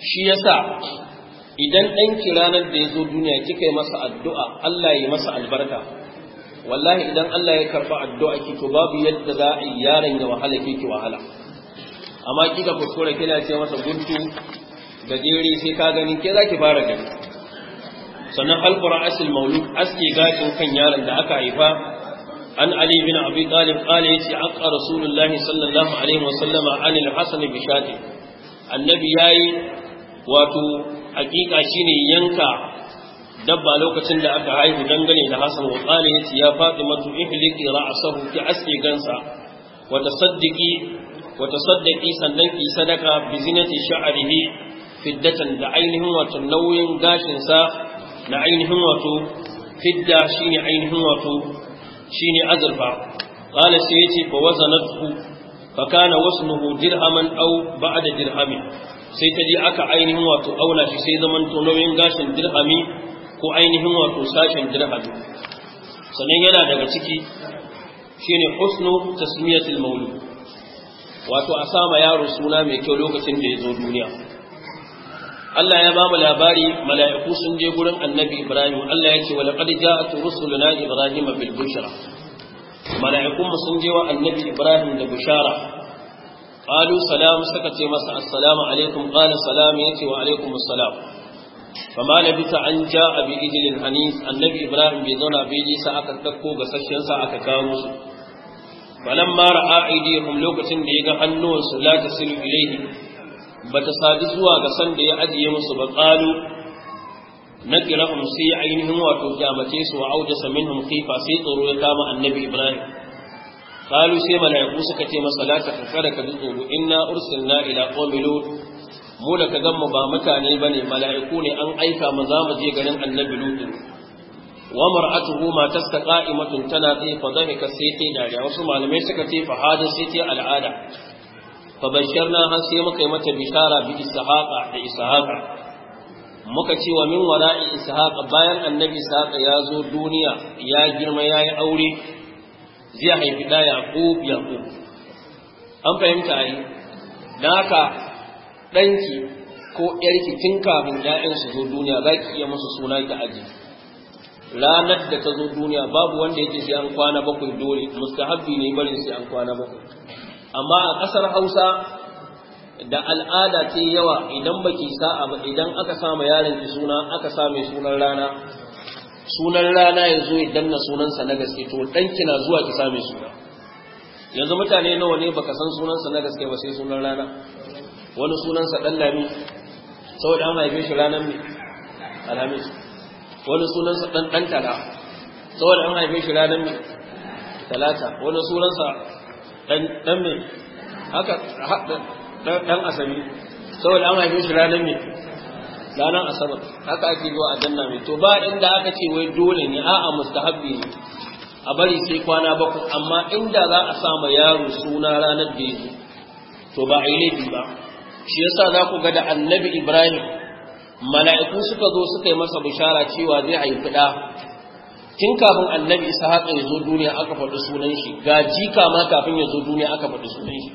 shi yasa idan ɗanki ranar da ya zo duniya kika yi masa addu'a Allah ya yi masa albarka wallahi idan Allah ya karba addu'a ki to babu yadda za a yi yaron ya wahala ki ki wahala amma ki da kuskure kina ce masa guntu da jere sai ka gani ke za ki fara gani sannan alqura asil maulud aski gashin kan yaron da aka haifa an ali bin abi talib qala yace aqa rasulullahi sallallahu alaihi wasallama anil hasan bi shati annabi yayi wato hakika shine yanka dabba lokacin da aka haihu dangane da Hassan wa ya yace ya faɗi Fatimatu ihliqi ra'asahu, ki aske gansa wata tasaddiqi wa tasaddaqi sannan ki sadaka bi zinati sha'rihi fiddatan da ainihin wato nauyin gashin sa na ainihin wato fidda shine ainihin wato shine azurfa qala sai yace fa wazanatu fa kana wasnuhu dirhaman aw ba'da dirhamin sai ta je aka ainihin wato auna shi sai zaman to nauyin gashin dirhami ko ainihin wato sashen dirhami sannan yana daga ciki shine husnu tasmiyatul maulud wato a sama yaro suna mai kyau lokacin da ya zo duniya Allah ya bamu labari mala'iku sun je gurin annabi Ibrahim Allah ya ce wa laqad ja'at rusuluna Ibrahim bil bushra mala'ikun sun je wa annabi Ibrahim da bushara qalu salam suka ce masa assalamu alaikum qala salam yace wa fama na bisa an ja a bijilin Hanis, annabi ibrahim bai zauna bai ji sa aka ɗauko ga sa aka kawo su falan mara aidihum lokacin da ya ga hannuwansu la tasilu ilaihi bata sadu zuwa ga san da ya ajiye musu ba qalu nakirahum sai ainihin wato kyamace su wa aujasa minhum khifa sai tsoro ya kama annabi ibrahim qalu sai mala'iku suka ce masa la takfara ka bi tsoro inna ursilna ila qaumin mu da ka gan mu ba mutane ne mala'iku ne an aika mu za mu je ganin annabi lutu wa mar'atuhu ma tastaqimatun tana tsaye fa zalika sai ta dariya wasu malamai suka ce fa hada sai ta al'ada fa basharna har sai muka yi mata bishara bi ishaqa da ishaqa muka ce wa min wara'i ishaqa bayan annabi ishaqa ya zo duniya ya girma ya yi aure zai haifi da yaqub yaqub an fahimta ai dan haka ɗanki ko ‘yarki tun kafin ‘ya'yan su zo duniya za ki iya musu suna ki aji ranar da ta zo duniya babu wanda yake sai an kwana bakwai dole mustahabbi ne barin sai an kwana bakwai amma a ƙasar hausa da al'ada ce yawa idan baki sa'a ba idan aka sama yaron ki suna aka sa sunan rana sunan rana ya zo ya danna sunansa na gaske to ɗanki na zuwa ki same suna yanzu mutane nawa ne baka san sunansa na gaske ba sai sunan rana wani sunansa ɗan lami saboda an mai shi ranar ne alhamis wani sunansa ɗan ɗan tala saboda an mai shi ranar ne talata wani sunansa ɗan mai haka ɗan asami saboda an mai shi ranar ne ranar asabar haka ake zuwa a danna mai to ba inda aka ce wai dole ne a'a mustahabbi ne a bari sai kwana bakwai amma inda za a sa ma yaro suna ranar da ya to ba a yi laifi ba shi yasa za ku ga da annabi ibrahim mala'iku suka zo suka yi masa bishara cewa zai haifi ɗa tun kafin annabi isa haka ya zo duniya aka faɗi sunan shi ga jika ma kafin ya zo duniya aka faɗi sunan shi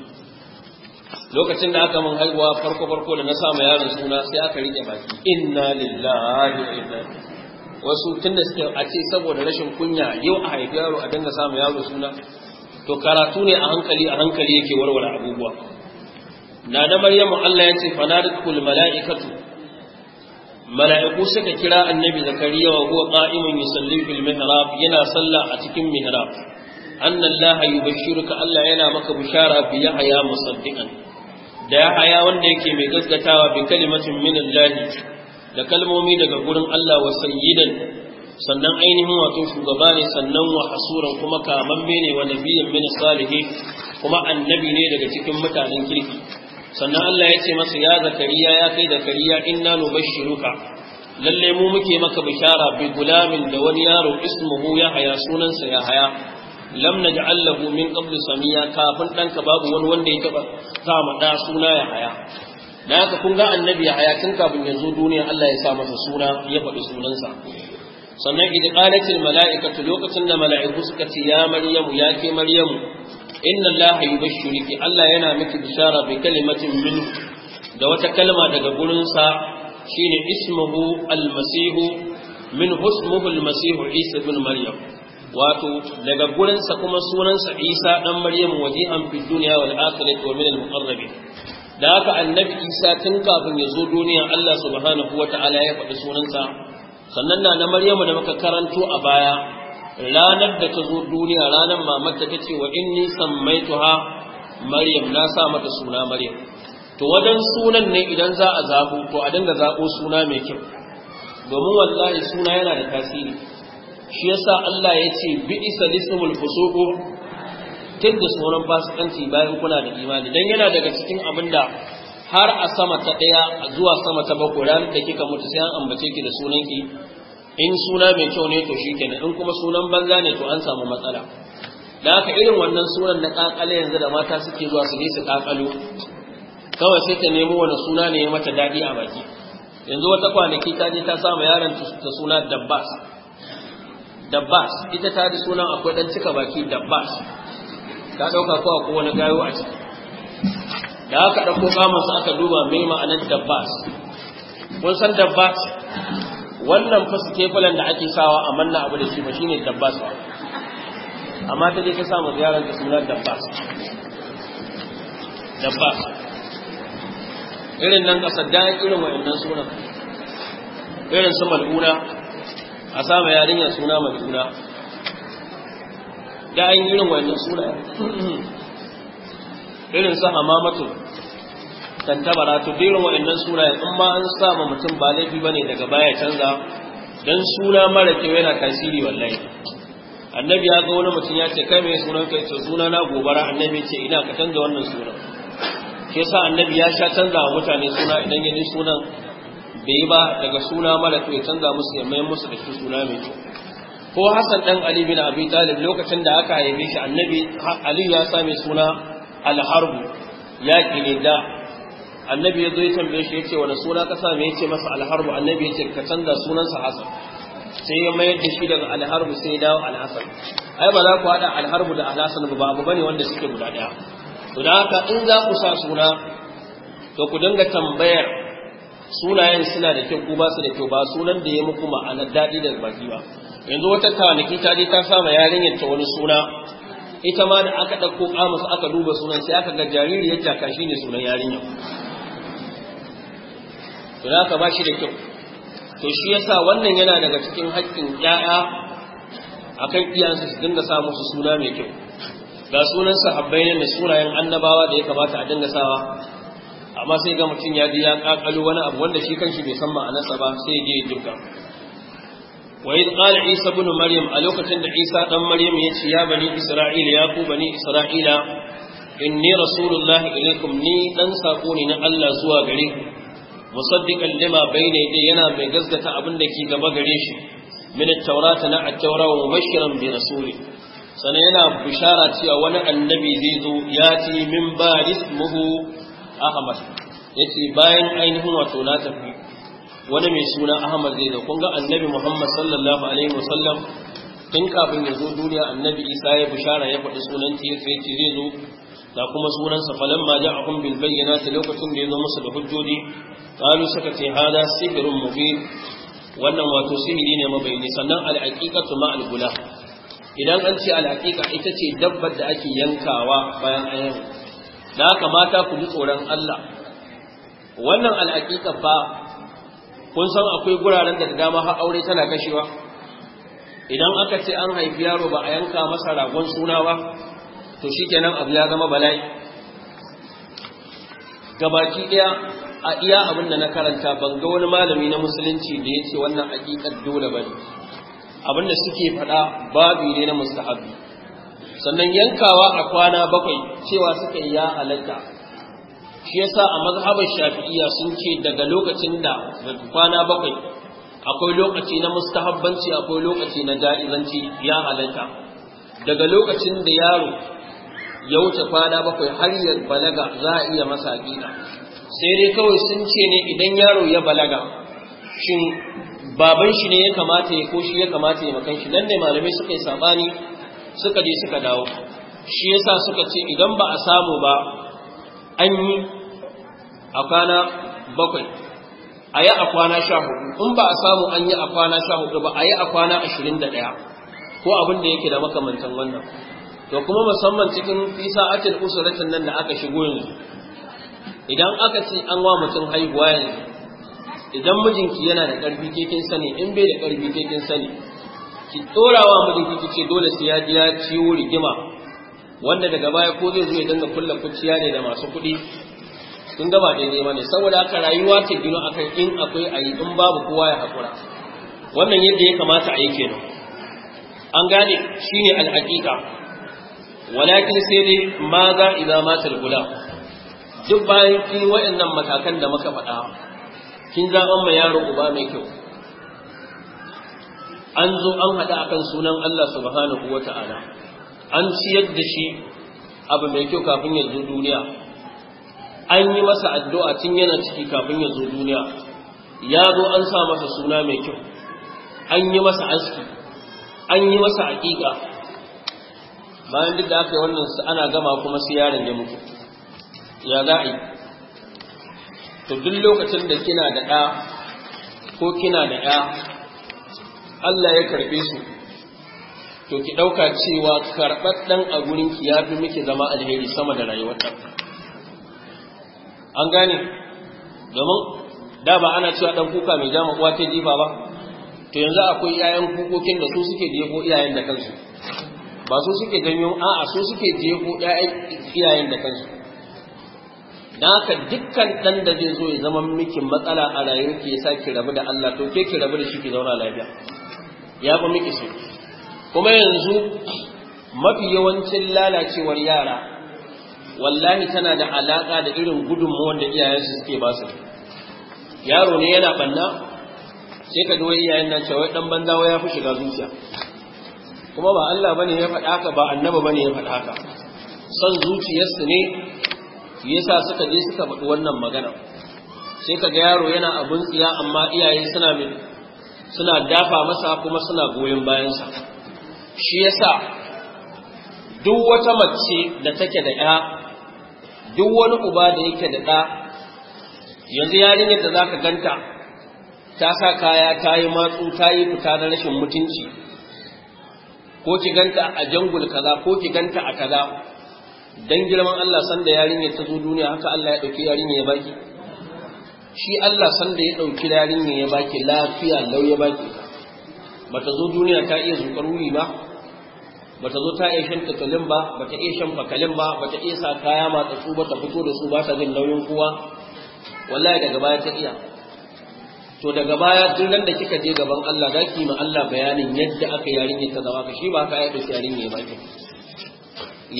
lokacin da aka mun haihuwa farko farko da na samu yaron suna sai aka rike baki inna lillahi wa inna wasu tunda suke a ce saboda rashin kunya yau a haifi yaro a dinga samu yaro suna to karatu ne a hankali a hankali yake warware abubuwa na na maryamu Allah ya ce fanadatul mala'ikatu mala'iku suka kira annabi zakariya wa huwa qa'imun yusalli fil mihrab yana sallah a cikin mihrab anna Allah yubashshiruka Allah yana maka bishara bi yahya musaddiqan da yahya wanda yake mai gaskatawa bi kalimatin min Allah da kalmomi daga gurin Allah wa sayyidan sannan ainihin wato shugaba ne sannan wa hasuran kuma kamamme ne wa nabiyyin min salihi kuma annabi ne daga cikin mutanen kirki sannan Allah ya ce masa ya zakariya ya kai zakariya inna shiruka. lalle mu muke maka bishara bi gulamin da wani yaro ismuhu ya haya sunansa ya haya lam naj'al lahu min qabl samiya kafin danka babu wani wanda ya taba sa ma da suna ya haya da haka kun ga annabi ya haya tun kafin ya zo duniya Allah ya sa masa suna ya faɗi sunansa sannan idqalatil mala'ikatu lokacin da mala'iku suka ce ya maryamu ya ke maryamu inna allaha yubashshiruki Allah yana miki bishara bi kalimatin min da wata kalma daga gurin sa shine ismuhu almasih min husmuhu almasih isa ibn maryam wato daga gurin sa kuma sunan sa isa dan maryam wajihan fid dunya wal akhirati wa min al muqarrabin da haka annabi isa tun kafin ya zo duniya Allah subhanahu wataala ya faɗi sunansa sannan na na maryamu da muka karanto a baya ranar da ta zo duniya ranar mamata ta ce wa inni ha maryam na sa mata suna maryam to wajen sunan ne idan za a zabo to a dinga zabo suna mai kyau domin wallahi suna yana da tasiri shi yasa Allah ya ce bi isa lismul fusuqu tunda sauran fasikanci bayan kuna da imani dan yana daga cikin abinda har a sama ta ɗaya zuwa sama ta bakwai ran da kika mutu sai an ambace ki da sunan ki in suna mai kyau ne to shikenan in kuma sunan banza ne to an samu matsala da haka irin wannan sunan na kakale yanzu da mata suke zuwa su yi su kakalo kawai sai ta nemo wani suna ne mata daɗi a baki yanzu wata kwanaki ta je ta samu yaron ta suna dabbas dabbas ita ta da sunan akwai ɗan cika baki dabbas ta ɗauka ko akwai wani gayo a ciki da aka ɗauko kamansa aka duba mai ma'anar dabbas kun san dabbas wannan fa stefalan da ake sawa a manna abu da shi ba shine dabbas ba amma ta je ka samu ziyarar da sunan dabbas dabbas irin nan ƙasar da irin wa'annan sunan irin su mal'una a sama yarinya suna mal'una da an irin wa'annan sunan irin su hamamatu tantabara to birin waɗannan sunayen in ma an sa ma mutum ba laifi bane daga baya canza dan suna mara kyau yana tasiri wallahi annabi ya ga wani mutum ya ce kai mai sunan kai ce suna na gobara annabi ce ina ka canza wannan sunan ke sa annabi ya sha canza wa mutane suna idan ya sunan bai yi ba daga suna mara kyau ya canza musu ya mayar musu da shi suna mai kyau ko Hassan dan Ali bin Abi Talib lokacin da aka haife shi annabi Ali ya sa mai suna alharbu yaƙi ne da annabi ya zo ya tambaye shi ya ce wani suna ƙasa mai ya ce masa alharbu annabi ya ce ka canza sunansa hasan sai ya mayar da shi daga alharbu sai ya dawo alhasan ai ba za ku haɗa alharbu da alhasan ba abu bane wanda suke guda ɗaya to da haka in za ku sa suna to ku dinga tambayar sunayen suna da kyau ko ba su da kyau ba sunan da ya muku ma'anar daɗi da baki ba yanzu wata kwanaki ta je ta sama yarinyar ta wani suna ita ma da aka ɗauko ƙamus aka duba sunan sai aka ga jaririyar jaka shi ne sunan yarinya to da aka ba shi da kyau to shi ya sa wannan yana daga cikin haƙƙin ƴaƴa akan iyansu su dinga sa musu suna mai kyau ga sunan sahabbai ne sunayen annabawa da ya kamata a dinga sawa amma sai ga mutum ya ji ya ƙaƙalo wani abu wanda shi kanshi bai san ma'anarsa ba sai ya je ya jirga. Wai idh qala isa ibn maryam a lokacin da isa ɗan maryam ya ce ya bani isra'ila ya ku bani isra'ila inni rasulullahi ilaikum ni ɗan saƙo ne na Allah zuwa gare ku musaddiqan lima bayna yadayya yana mai gaskata abin da ke gaba gare shi min taurata na at-taura wa mubashiran bi rasuli sanan yana bishara cewa wani annabi zai zo ya ci min ba ismuhu ahmad yace bayan ainihin wato na tafi wani mai suna Ahmad zai da kun ga Annabi Muhammad sallallahu alaihi wasallam tun kafin ya zo duniya Annabi Isa ya bishara ya faɗi sunan ta yace zai zo da kuma sunansa falamma ja'ahum bayyana ta lokacin da ya zo musu da hujjoji qalu suka ce hada sihrun mubin wannan wato sihiri ne mabayani sannan al-haqiqatu ma al idan an ce al'aƙiƙa ita ce dabbar da ake yankawa bayan ayyan da haka ku ji tsoron Allah wannan al'aƙiƙa fa? kun san akwai guraren da dama har aure tana kashewa idan aka ce an haifi yaro ba a yanka masa ragon suna ba to shikenan abu ya zama bala'i gabaki ɗaya, a iya abin da na karanta ban ga wani malami na musulunci da ya ce wannan aƙiƙar dole ba ne abin da suke faɗa babu ne na mustahabi sannan yankawa a kwana bakwai cewa suka yi ya halatta shi yasa a mazhabar shafi'iyya sun ce daga lokacin da kwana bakwai akwai lokaci na mustahabbanci akwai lokaci na ja'izanci ya halatta daga lokacin da yaro ya wuce kwana bakwai har ya balaga za a iya masa aƙida sai dai kawai sun ce ne idan yaro ya balaga shin baban shi ne ya kamata ya ko shi ya kamata ya makan shi nan ne malamai suka yi sabani suka je suka dawo shi yasa suka ce idan ba a samu ba an yi a kwana bakwai a yi a kwana sha hudu in ba a samu an yi a kwana sha hudu ba a yi a kwana ashirin da ɗaya ko abin da yake da makamantan wannan to kuma musamman cikin fisa da usulatin nan da aka shigo yanzu idan aka ce an wa mutum haihuwa yanzu idan mijinki yana da ƙarfi ke sani in bai da ƙarfi ke sani ki tsorawa mijinki ki ce dole sai ya ji ya ciwo rigima wanda daga baya ko zai zo ya dinga kulla kuciya ne da masu kuɗi Kin gaba daidai ba ne saboda aka rayuwa ta gino akan in akwai a yi in babu kowa ya haƙura wannan yadda ya kamata a yi kenan an gane shi ne al'aƙiƙa walakin sai dai ma za a iza matar guda duk bayan kin wa'annan matakan da muka faɗa kin zaɓan ma yaro uba mai kyau an zo an haɗa akan sunan Allah subhanahu wa ta'ala an ciyar da shi abu mai kyau kafin ya zo duniya an yi masa addu'a tun yana ciki kafin ya zo duniya ya zo an sa masa suna mai kyau an yi masa aski an yi masa aƙiƙa bayan duk da aka yi wannan ana gama kuma sai yaron ya mutu ya za a yi to duk lokacin da kina da ɗa ko kina da ɗa Allah ya karɓe su to ki ɗauka cewa karɓar ɗan a gurinki ya fi miki zama alheri sama da rayuwar ɗan an gane domin da ba ana cewa dan kuka mai jama uwa ta jifa ba to yanzu akwai iyayen kukokin da su suke jefo iyayen da kansu ba su suke janyo a'a su suke jefo iyayen da kansu dan haka dukkan dan da zai zo ya zama miki matsala a rayuwarki sa ki rabu da Allah to ke ki rabu da shi ki zauna lafiya ya ba miki so kuma yanzu mafi yawancin lalacewar yara wallahi tana da alaka da irin gudunmuwan da iyayensu suke ba su yaro ne yana banna sai ka duwa iyayen nan cewa dan banza ya fi shiga zuciya kuma ba Allah bane ya faɗa ka ba annaba bane ya faɗa ka son zuciyarsu ne yasa suka je suka faɗi wannan magana sai ka ga yaro yana abun tsiya amma iyaye suna suna dafa masa kuma suna goyon bayansa shi yasa duk wata mace da take da 'ya duk wani uba da yake da ɗa yanzu yarinyar da za ka ganta ta sa kaya ta yi matsu ta yi fita na rashin mutunci ko ki ganta a jangul kaza ko ki ganta a kaza dan girman Allah sanda yarinyar ta zo duniya haka Allah ya ɗauki yarinyar ya baki shi Allah sanda ya ɗauki yarinyar ya baki lafiya lau ya baki bata zo duniya ta iya zukar wuri ba Ba ta zo ta iya shan takalin ba ba ta iya shan fakalin ba ba ta iya sa kaya su ba ta fito da su ba ta jin nauyin kowa wallahi daga baya ta iya to daga baya duk nan da kika je gaban Allah za ki ma Allah bayanin yadda aka yarinya ta zama ka shi ba ka yadda ta yarinya ba ki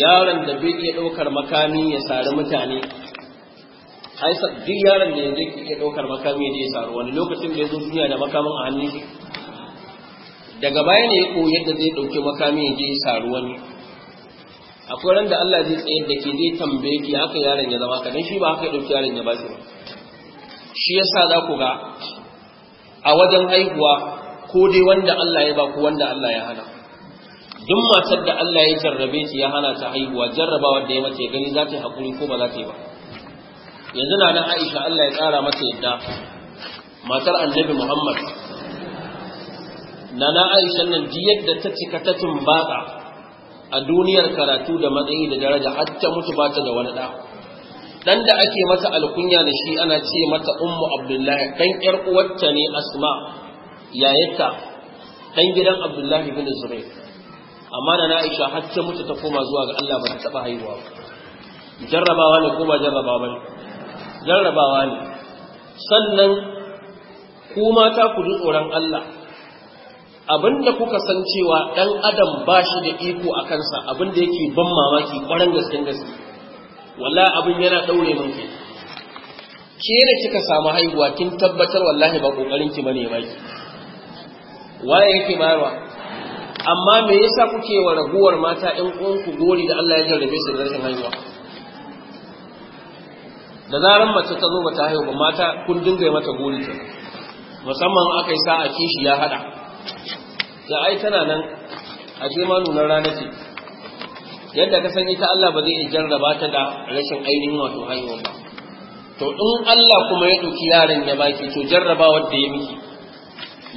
yaron da bai iya daukar makami ya sari mutane ai duk yaron da yanzu ke iya daukar makami ya je ya sari wani lokacin da ya zo duniya da makamin a hannun shi daga baya ne ya koyi yadda zai ɗauki makami ya je ya saru wani akwai ran da Allah zai tsayar da ke zai tambaye ki haka yaron ya zama kadan shi ba haka ya ɗauki yaron ya ba shi ba shi sa za ku ga a wajen haihuwa ko dai wanda Allah ya ba ku wanda Allah ya hana duk matar da Allah ya jarrabe ta ya hana ta haihuwa jarrabawa da ya mace gani za ta yi hakuri ko ba za ta yi ba yanzu na nan Aisha Allah ya tsara mata yadda matar Annabi Muhammad nana aisha nan ji yadda ta cika ta tumbatsa a duniyar karatu da matsayi da daraja har ta mutu ba ta da wani ɗa dan da ake mata alkunya da shi ana ce mata ummu abdullahi dan yar uwarta ne asma Yayata dan gidan abdullahi bin zubair amma nana aisha har ta mutu ta koma zuwa ga Allah ba ta taba haihuwa jarrabawa ne ko jarrabawa ne. jarrabawa ne sannan ku mata ku ji tsoron Allah Abin da kuka san cewa ɗan adam ba shi da iko a kansa abin da yake ban mamaki ƙwarar gaskin gaske wallahi abin yana ɗaure min ke da kika samu haihuwa kin tabbatar wallahi ba ƙoƙarin ki bane baki waye yake bayarwa amma me yasa kuke wa raguwar mata ƴan uwanku gori da Allah ya jarrabe su da rashin haihuwa da zaran mace ta zo bata haihu ba mata kun dinga mata gori musamman aka yi sa'a kishi ya hada da ai tana nan a ce ma nunar rana ce yadda ka san ita Allah ba zai jarraba ta da rashin ainihin wato haihuwa ba to in Allah kuma ya ɗauki yaran ya baki to jarraba wanda ya miki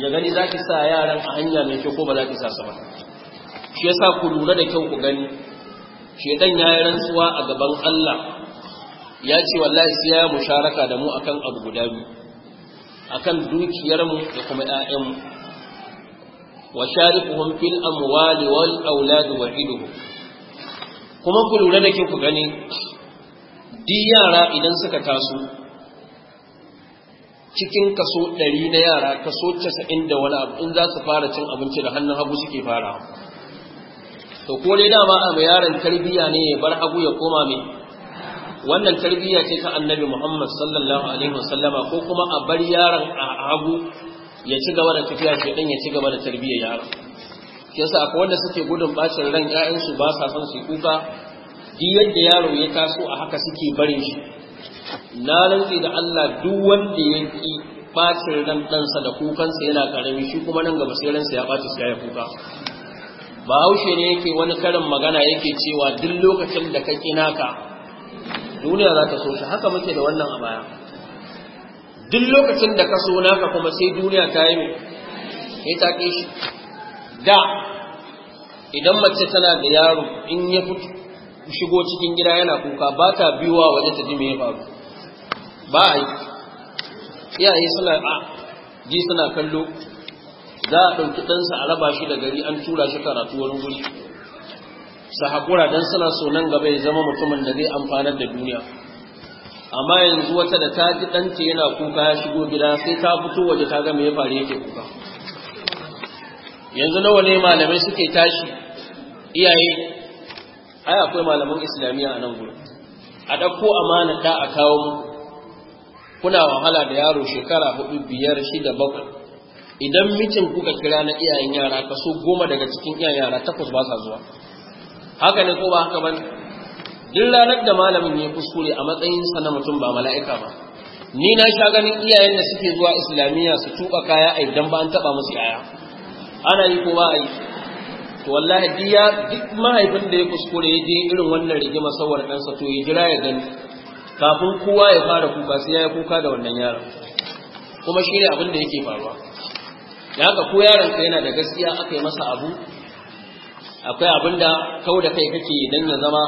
ya gani za ki sa yaran a hanya mai kyau ko ba za ki sa su ba shi yasa ku lura da kyau ku gani shi ya yi rantsuwa a gaban Allah ya ce wallahi sai ya musharaka da mu akan abu guda biyu akan dukiyarmu da kuma 'ya'yanmu wa sharikuhum fil amwali wal aulad wa'iduhum kuma ku lura da kin ku gani di yara idan suka taso cikin kaso 100 na yara kaso casa'in da wani abu in za su fara cin abinci da hannun hagu suke fara to ko dai dama a yaron tarbiyya ne ya bar hagu ya koma mai wannan tarbiyya ce ta annabi Muhammad sallallahu alaihi wasallama ko kuma a bar yaron a hagu ya ci gaba da tafiya shi shedan ya ci gaba da tarbiyyar yaro yasa akwai wanda suke gudun bacin ran ƴaƴansu ba sa son su kuka duk yadda yaro ya taso a haka suke barin shi na rantsi da Allah duk wanda ya ki bacin ran ɗansa da kukansa yana karami shi kuma nan gaba sai ransa ya ɓaci sai ya kuka Ba bahaushe ne yake wani karin magana yake cewa duk lokacin da ka kina naka duniya za ta so shi haka muke da wannan a baya duk lokacin da ka so naka kuma sai duniya ta yi mai ta ke shi da idan mace tana da yaro in ya fito shigo cikin gida yana kuka ba ta biyuwa waje ta ji mai faru ba a yi iyaye suna a ji suna kallo za a ɗauki ɗansa a raba shi da gari an tura shi karatu wani guri su haƙura don suna so nan gaba ya zama mutumin da zai amfanar da duniya amma yanzu wata da ta ji ɗanta yana kuka ya shigo gida sai ta fito waje ta gama ya fare yake kuka yanzu nawa ne malamai suke tashi iyaye ai akwai malaman islamiyya a nan gurin a ɗauko amana ta a kawo mu kuna wahala da yaro shekara hudu biyar shida bakwai idan mitin kuka kira na iyayen yara kaso goma daga cikin iyayen yara takwas ba sa zuwa haka ne ko ba haka ba duk ranar da malamin ya kuskure a matsayinsa na mutum ba mala'ika ba ni na sha ganin iyayen da suke zuwa islamiyya su tuka kaya a idan ba an taba musu yaya ana yi ko ba a to wallahi diya duk mahaifin da ya kuskure ya je irin wannan rigima saboda ɗansa to ya jira ya gani kafin kowa ya fara kuka sai ya yi kuka da wannan yaron kuma shi ne abin da yake faruwa da haka ko yaron ka yana da gaskiya aka yi masa abu akwai abinda da kau da kai kake dan ya zama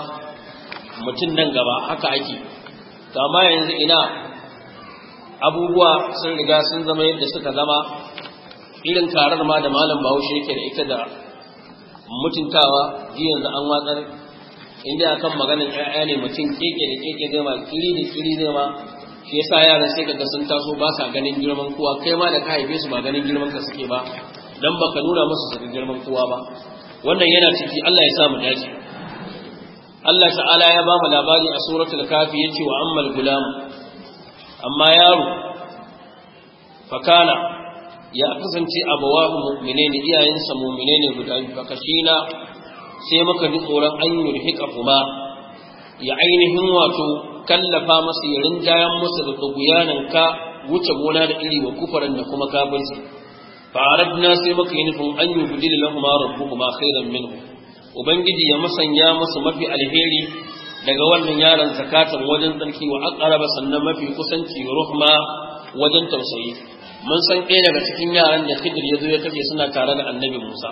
mutum nan gaba haka ake ma yanzu ina abubuwa sun riga sun zama yadda suka zama irin karar ma da malam bahaushe yake da ita da mutuntawa ji yanzu an watsar inda akan maganin 'ya'ya ne mutum keke da keke zai ma kiri da kiri zai ma shi yasa yaran sai kaga sun taso ba sa ganin girman kowa kai ma da ka haife su ba ganin girman ka suke ba dan baka nuna musu su girman kowa ba wannan yana ciki Allah ya sa mu dace Allah ta'ala ya ba mu labari a suratul kafi yace wa ammal gulam amma yaro fakana ya kasance abawahu mu'minai iyayensa mu'minai ne guda biyu fakashina sai muka ji tsoron an yurhika kuma ya ainihin wato kallafa masa ya rinjayen masa da tsuguyanan ka wuce gona da iri wa kufarin da kuma kafirci fa aradna sai muka yi nufin an yubdil lahum rabbuhuma khairan minhu ubangiji ya musanya musu mafi alheri daga wannan yaron zakatan wajen tsarki wa aqraba sannan mafi kusanci ruhma wajen tausayi mun san ɗaya daga cikin yaran da Khidir ya zo ya kace suna tare da Annabi Musa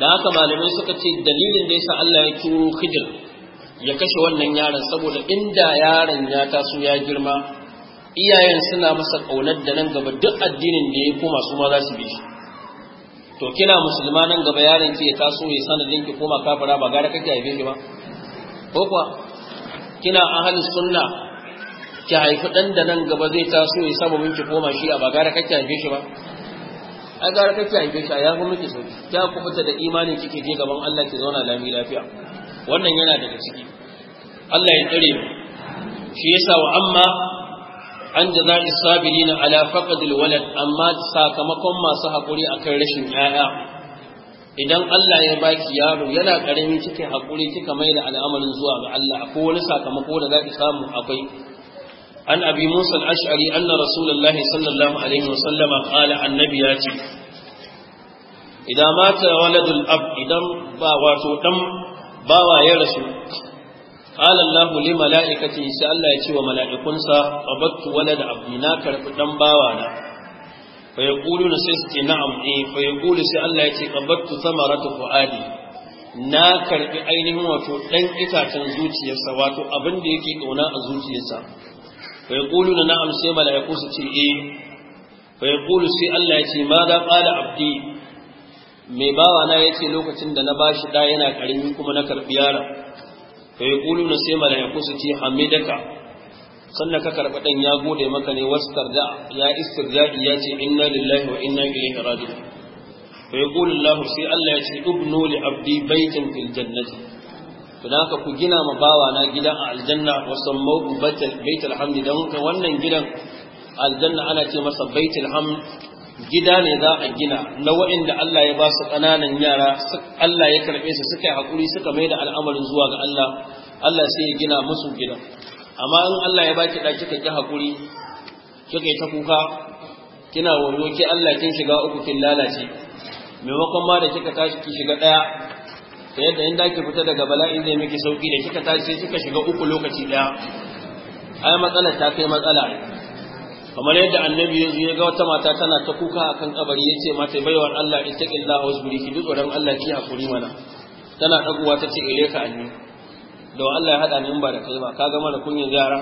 da haka malamai suka ce dalilin da yasa Allah ya turo Khidir ya kashe wannan yaron saboda inda yaron ya taso ya girma iyayen suna masa ƙaunar da nan gaba duk addinin da ya koma su ma za su bi shi to kina musulma nan gaba yaron ki ya taso ya sanadin ki koma kafira ba gara kake haife shi ba ko kuwa kina ahli sunna ki haifi dan da nan gaba zai taso ya saba miki koma shi ba gara kake haife shi ba ai gara kake haife shi ya kuma miki sauki ta kubuta da imani kike je gaban Allah ki zauna lami lafiya wannan yana daga ciki Allah ya tsare shi yasa wa amma an jaza isabirina na faqadil walad amma sakamakon masu haƙuri akan rashin 'ya'ya idan Allah ya baki yaro yana ƙaramin cikin haƙuri kika mai da al'amarin zuwa ga Allah akwai wani sakamako da za ki samu akwai an abi musa al-ash'ari anna rasulullahi sallallahu alaihi wasallam qala annabi ya ce idan mata waladul ab idan ba wato dan bawa ya rasu qala Allah li mala'ikati sai Allah ya ce wa mala'ikunsa qabattu walada abdi na karbi dan bawa na fa yaquluna sai su ce na'am eh fa yaqulu sai Allah ya ce qabattu thamaratu fuadi na karbi ainihin wato dan itacen zuciyarsa wato abin da yake kauna a zuciyarsa fa yaquluna na'am sai mala'iku ce eh fa yaqulu sai Allah ya ce ma da qala abdi mai bawa na yace lokacin da na bashi da yana karimi kuma na karbi yaron fa yaquluna sai malaiku su ce hamidaka sannan ka karɓi ɗan ya gode maka ne wastarda ya istirja'i ya ce inna lillahi wa inna ilaihi raji'un fa yaqulu Allah sai Allah ya ce ibnu li abdi baitan fil jannati to dan haka ku gina ma bawa na gidan a aljanna wasammu baital baital hamdi dan wannan gidan aljanna ana ce masa baitul hamd gida ne za a gina na waɗanda Allah ya ba su ƙananan yara Allah ya karɓe su suka haƙuri suka mai da al'amarin zuwa ga Allah Allah sai ya gina musu gida amma in Allah ya baki ɗaki ka ki haƙuri kika yi ta kuka kina wayo ki Allah kin shiga uku kin lalace maimakon ma da kika tashi ki shiga ɗaya ta yadda in daki fita daga bala'in zai miki sauki da kika tashi sai kika shiga uku lokaci ɗaya ai matsalar ta kai matsala kamar yadda annabi ya ya ga wata mata tana ta kuka a kan kabari ya ce mata baiwar Allah wasu riki ki tsoron Allah ki hakuri mana tana daguwa ta ce ile ka anni da Allah ya hada ni ba da kai ba kaga da kunyan yara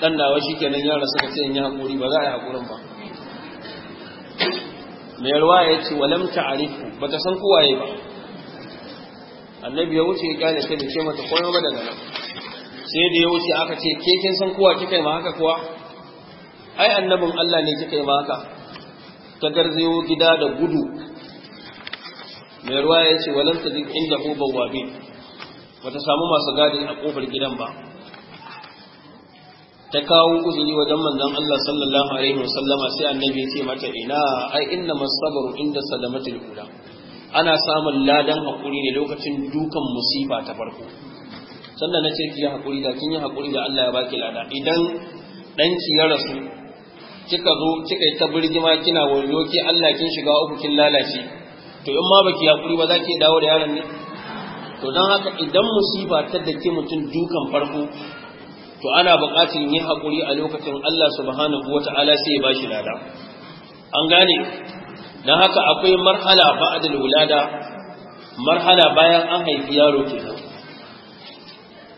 dan dawa kenan yara suka ce in yi hakuri ba za a yi hakurin ba mai ruwa ya ce walam ta'arifu ta san kowaye ba annabi ya wuce ya kyale kai da ce mata koyo ba daga nan sai da ya wuce aka ce ke kin san kowa kika ma haka kuwa ai annabin Allah ne kika yi maka ta garzayo gida da gudu mai ruwa ya ce walan ta jin inda ko bawabe samu masu gadi a kofar gidan ba ta kawo kuzuri wajen manzon Allah sallallahu alaihi wasallama sai annabi ya ce mata ina ai inna masabaru inda salamatul kuda. ana samun ladan hakuri ne lokacin dukan musifa ta farko sannan na ce ki hakuri da kin yi hakuri da Allah ya baki lada idan ɗanci ya rasu kika zo kika yi ta birgima kina wayo ki Allah kin shiga uku kin lalace to in ma baki hakuri ba za ki dawo da yaron ne to dan haka idan musiba ta dake mutum dukan farko to ana buƙatar yin hakuri a lokacin Allah subhanahu wata'ala sai ya bashi lada an gane dan haka akwai marhala ba'adul wulada marhala bayan an haifi yaro kenan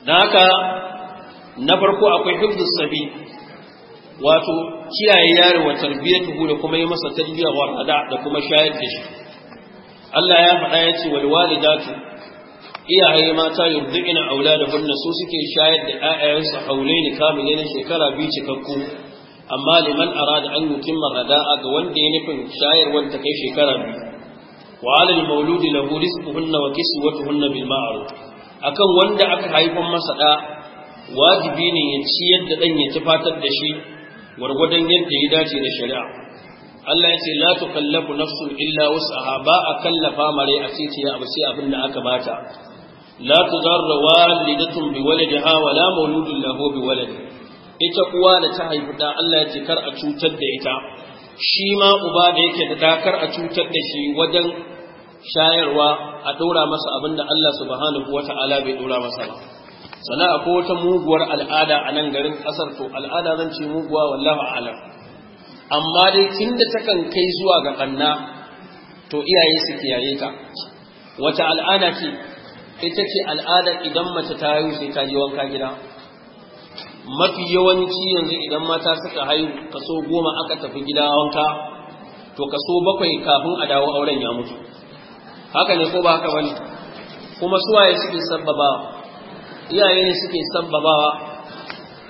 dan haka na farko akwai hifdus sabi wato kiyaye yaro wa tarbiyatuhu da kuma yi masa tarbiyya wa da kuma shayar da shi Allah ya faɗa ya ce wal walidatu iyaye mata yurdina auladahunna su suke shayar da ƴaƴayensu haulaini kamile na shekara biyu cikakku amma liman arada an yutimma rada'a ga wanda ya nufin shayarwar ta kai shekara biyu wa alal mauludi lahu rizquhunna wa kiswatuhunna bil ma'ruf akan wanda aka haifan masa da wajibi ne ya ciyar da dan ya fatar da shi gwargwadon yadda ya dace da shari'a Allah ya ce la tukallafu nafsun illa wus'aha ba a kallafa mare a ce ya abu sai abin da aka bata la tudarra walidatun bi waladiha wa la mawludun lahu bi waladi ita uwa da ta haifi da Allah ya ce kar a cutar da ita shi ma uba da yake da dakar a cutar da shi wajen shayarwa a ɗora masa abin da Allah subhanahu wata'ala bai ɗora masa ba. sannan akwai wata muguwar al'ada a nan garin ƙasar to al'ada zan ce muguwa wallahu a'lam amma dai ta takan kai zuwa ga ƙanna, to iyaye su kiyaye ta wata al'ada ce ita ce al'ada idan mace ta haihu sai ta je wanka gida mafi yawanci yanzu idan mata suka haihu kaso goma aka tafi gida wanka to kaso bakwai kafin a dawo auren ya mutu haka ne ko ba haka bane kuma suwaye suke sabbaba iyaye ne suke sabbabawa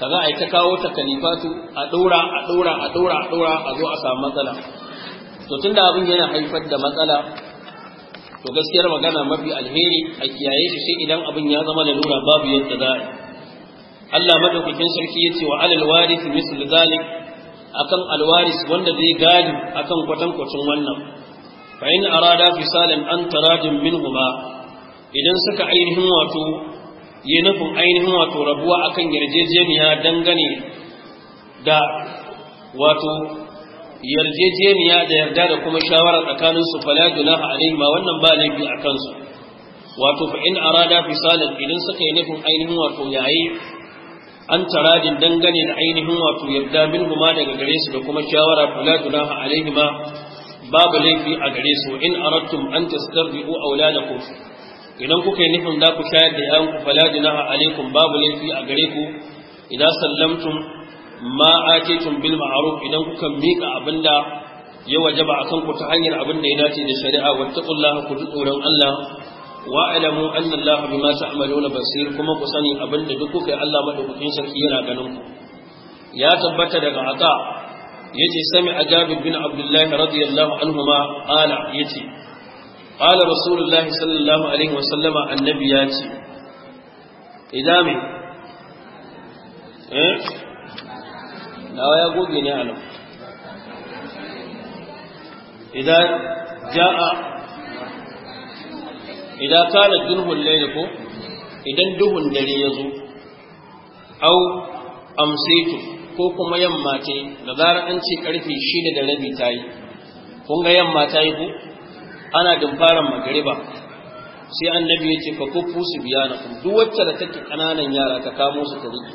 a yi ta kawo ta kalifatu a ɗora, a ɗora, a ɗora, a ɗora, a zo a samu matsala to tun da abin yana haifar da matsala to gaskiyar magana mafi alheri a kiyaye shi sai idan abin ya zama da lalura babu yadda za a Allah madaukakin sarki ya ce wa alal waris misl zalik akan alwaris wanda zai gadi akan kwatankwacin wannan fa in arada fisalan an taradin minhuma idan suka ainihin wato ya nufin ainihin wato rabuwa akan yarjejeniya dangane da wato yarjejeniya da yarda da kuma shawara tsakanin su fala gunaha alaihim wannan ba laifi a kansu wato fa in arada fisalan idan suka yi nufin ainihin wato yayi an taradin dangane da ainihin wato yarda minhuma daga gare su da kuma shawara fala gunaha alaihim babu laifi a gare su in aradtum an tastarbi'u auladakum idan kuka yi nufin za ku shayar da yayanku fala junaha alaikum babu laifi a gare ku idan sallamtum ma atitum bil ma'ruf idan kuka mika abinda ya wajaba akan ku ta hanyar abinda ya dace da shari'a wattaqullaha ku ji tsoron Allah wa alamu anna Allah bima ta'maluna basir kuma ku sani abinda duk kuka yi Allah madaukakin sarki yana ganin ku ya tabbata daga ata yace sami ajabir bin abdullahi radiyallahu ma ala yace قال رسول الله صلى الله عليه وسلم النبي ياتي إذا من إيه لا يقول لي أعلم إذا جاء إذا كان الدنه الليل إذا دهن الليل يزو أو أمسيته ko kuma yamma ce da zarar an ce karfe shida da rabi ta yi kun ga yamma ta yi ku ana dumfaran magariba sai annabi ya ce fa kuffu su biya na duk wacce da take kananan yara ta kamo su ta riƙe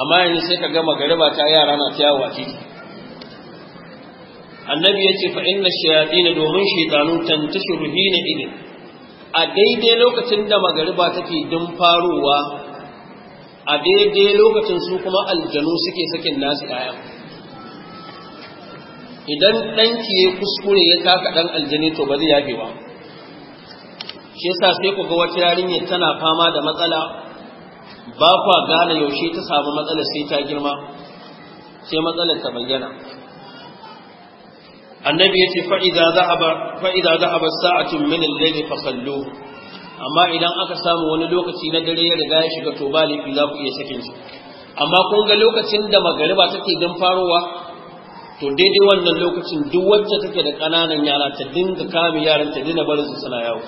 amma yanzu sai ka ga magariba ta yara na ta yawa ce annabi ya ce fa inna shayatin domin shaytanu tantashiru hina idin a daidai lokacin da magariba take dumfarowa a daidai lokacin su kuma aljanu suke sakin nasu ayyuka idan ɗanki ya kuskure ya taka ɗan aljini to ba zai yafe ba shi yasa sai ku ga wata yarinya tana fama da matsala ba kwa gane yaushe ta samu matsala sai ta girma sai matsalar ta bayyana annabi yace fa idza za fa idza dhahaba sa'atun minin lalle fa amma idan aka samu wani lokaci na dare ya riga ya shiga to ba laifi za ku iya sakin shi amma kun ga lokacin da magariba take dan farowa to daidai wannan lokacin duk wacce take da ƙananan yara ta dinga kame yaran ta dina barin su suna yawo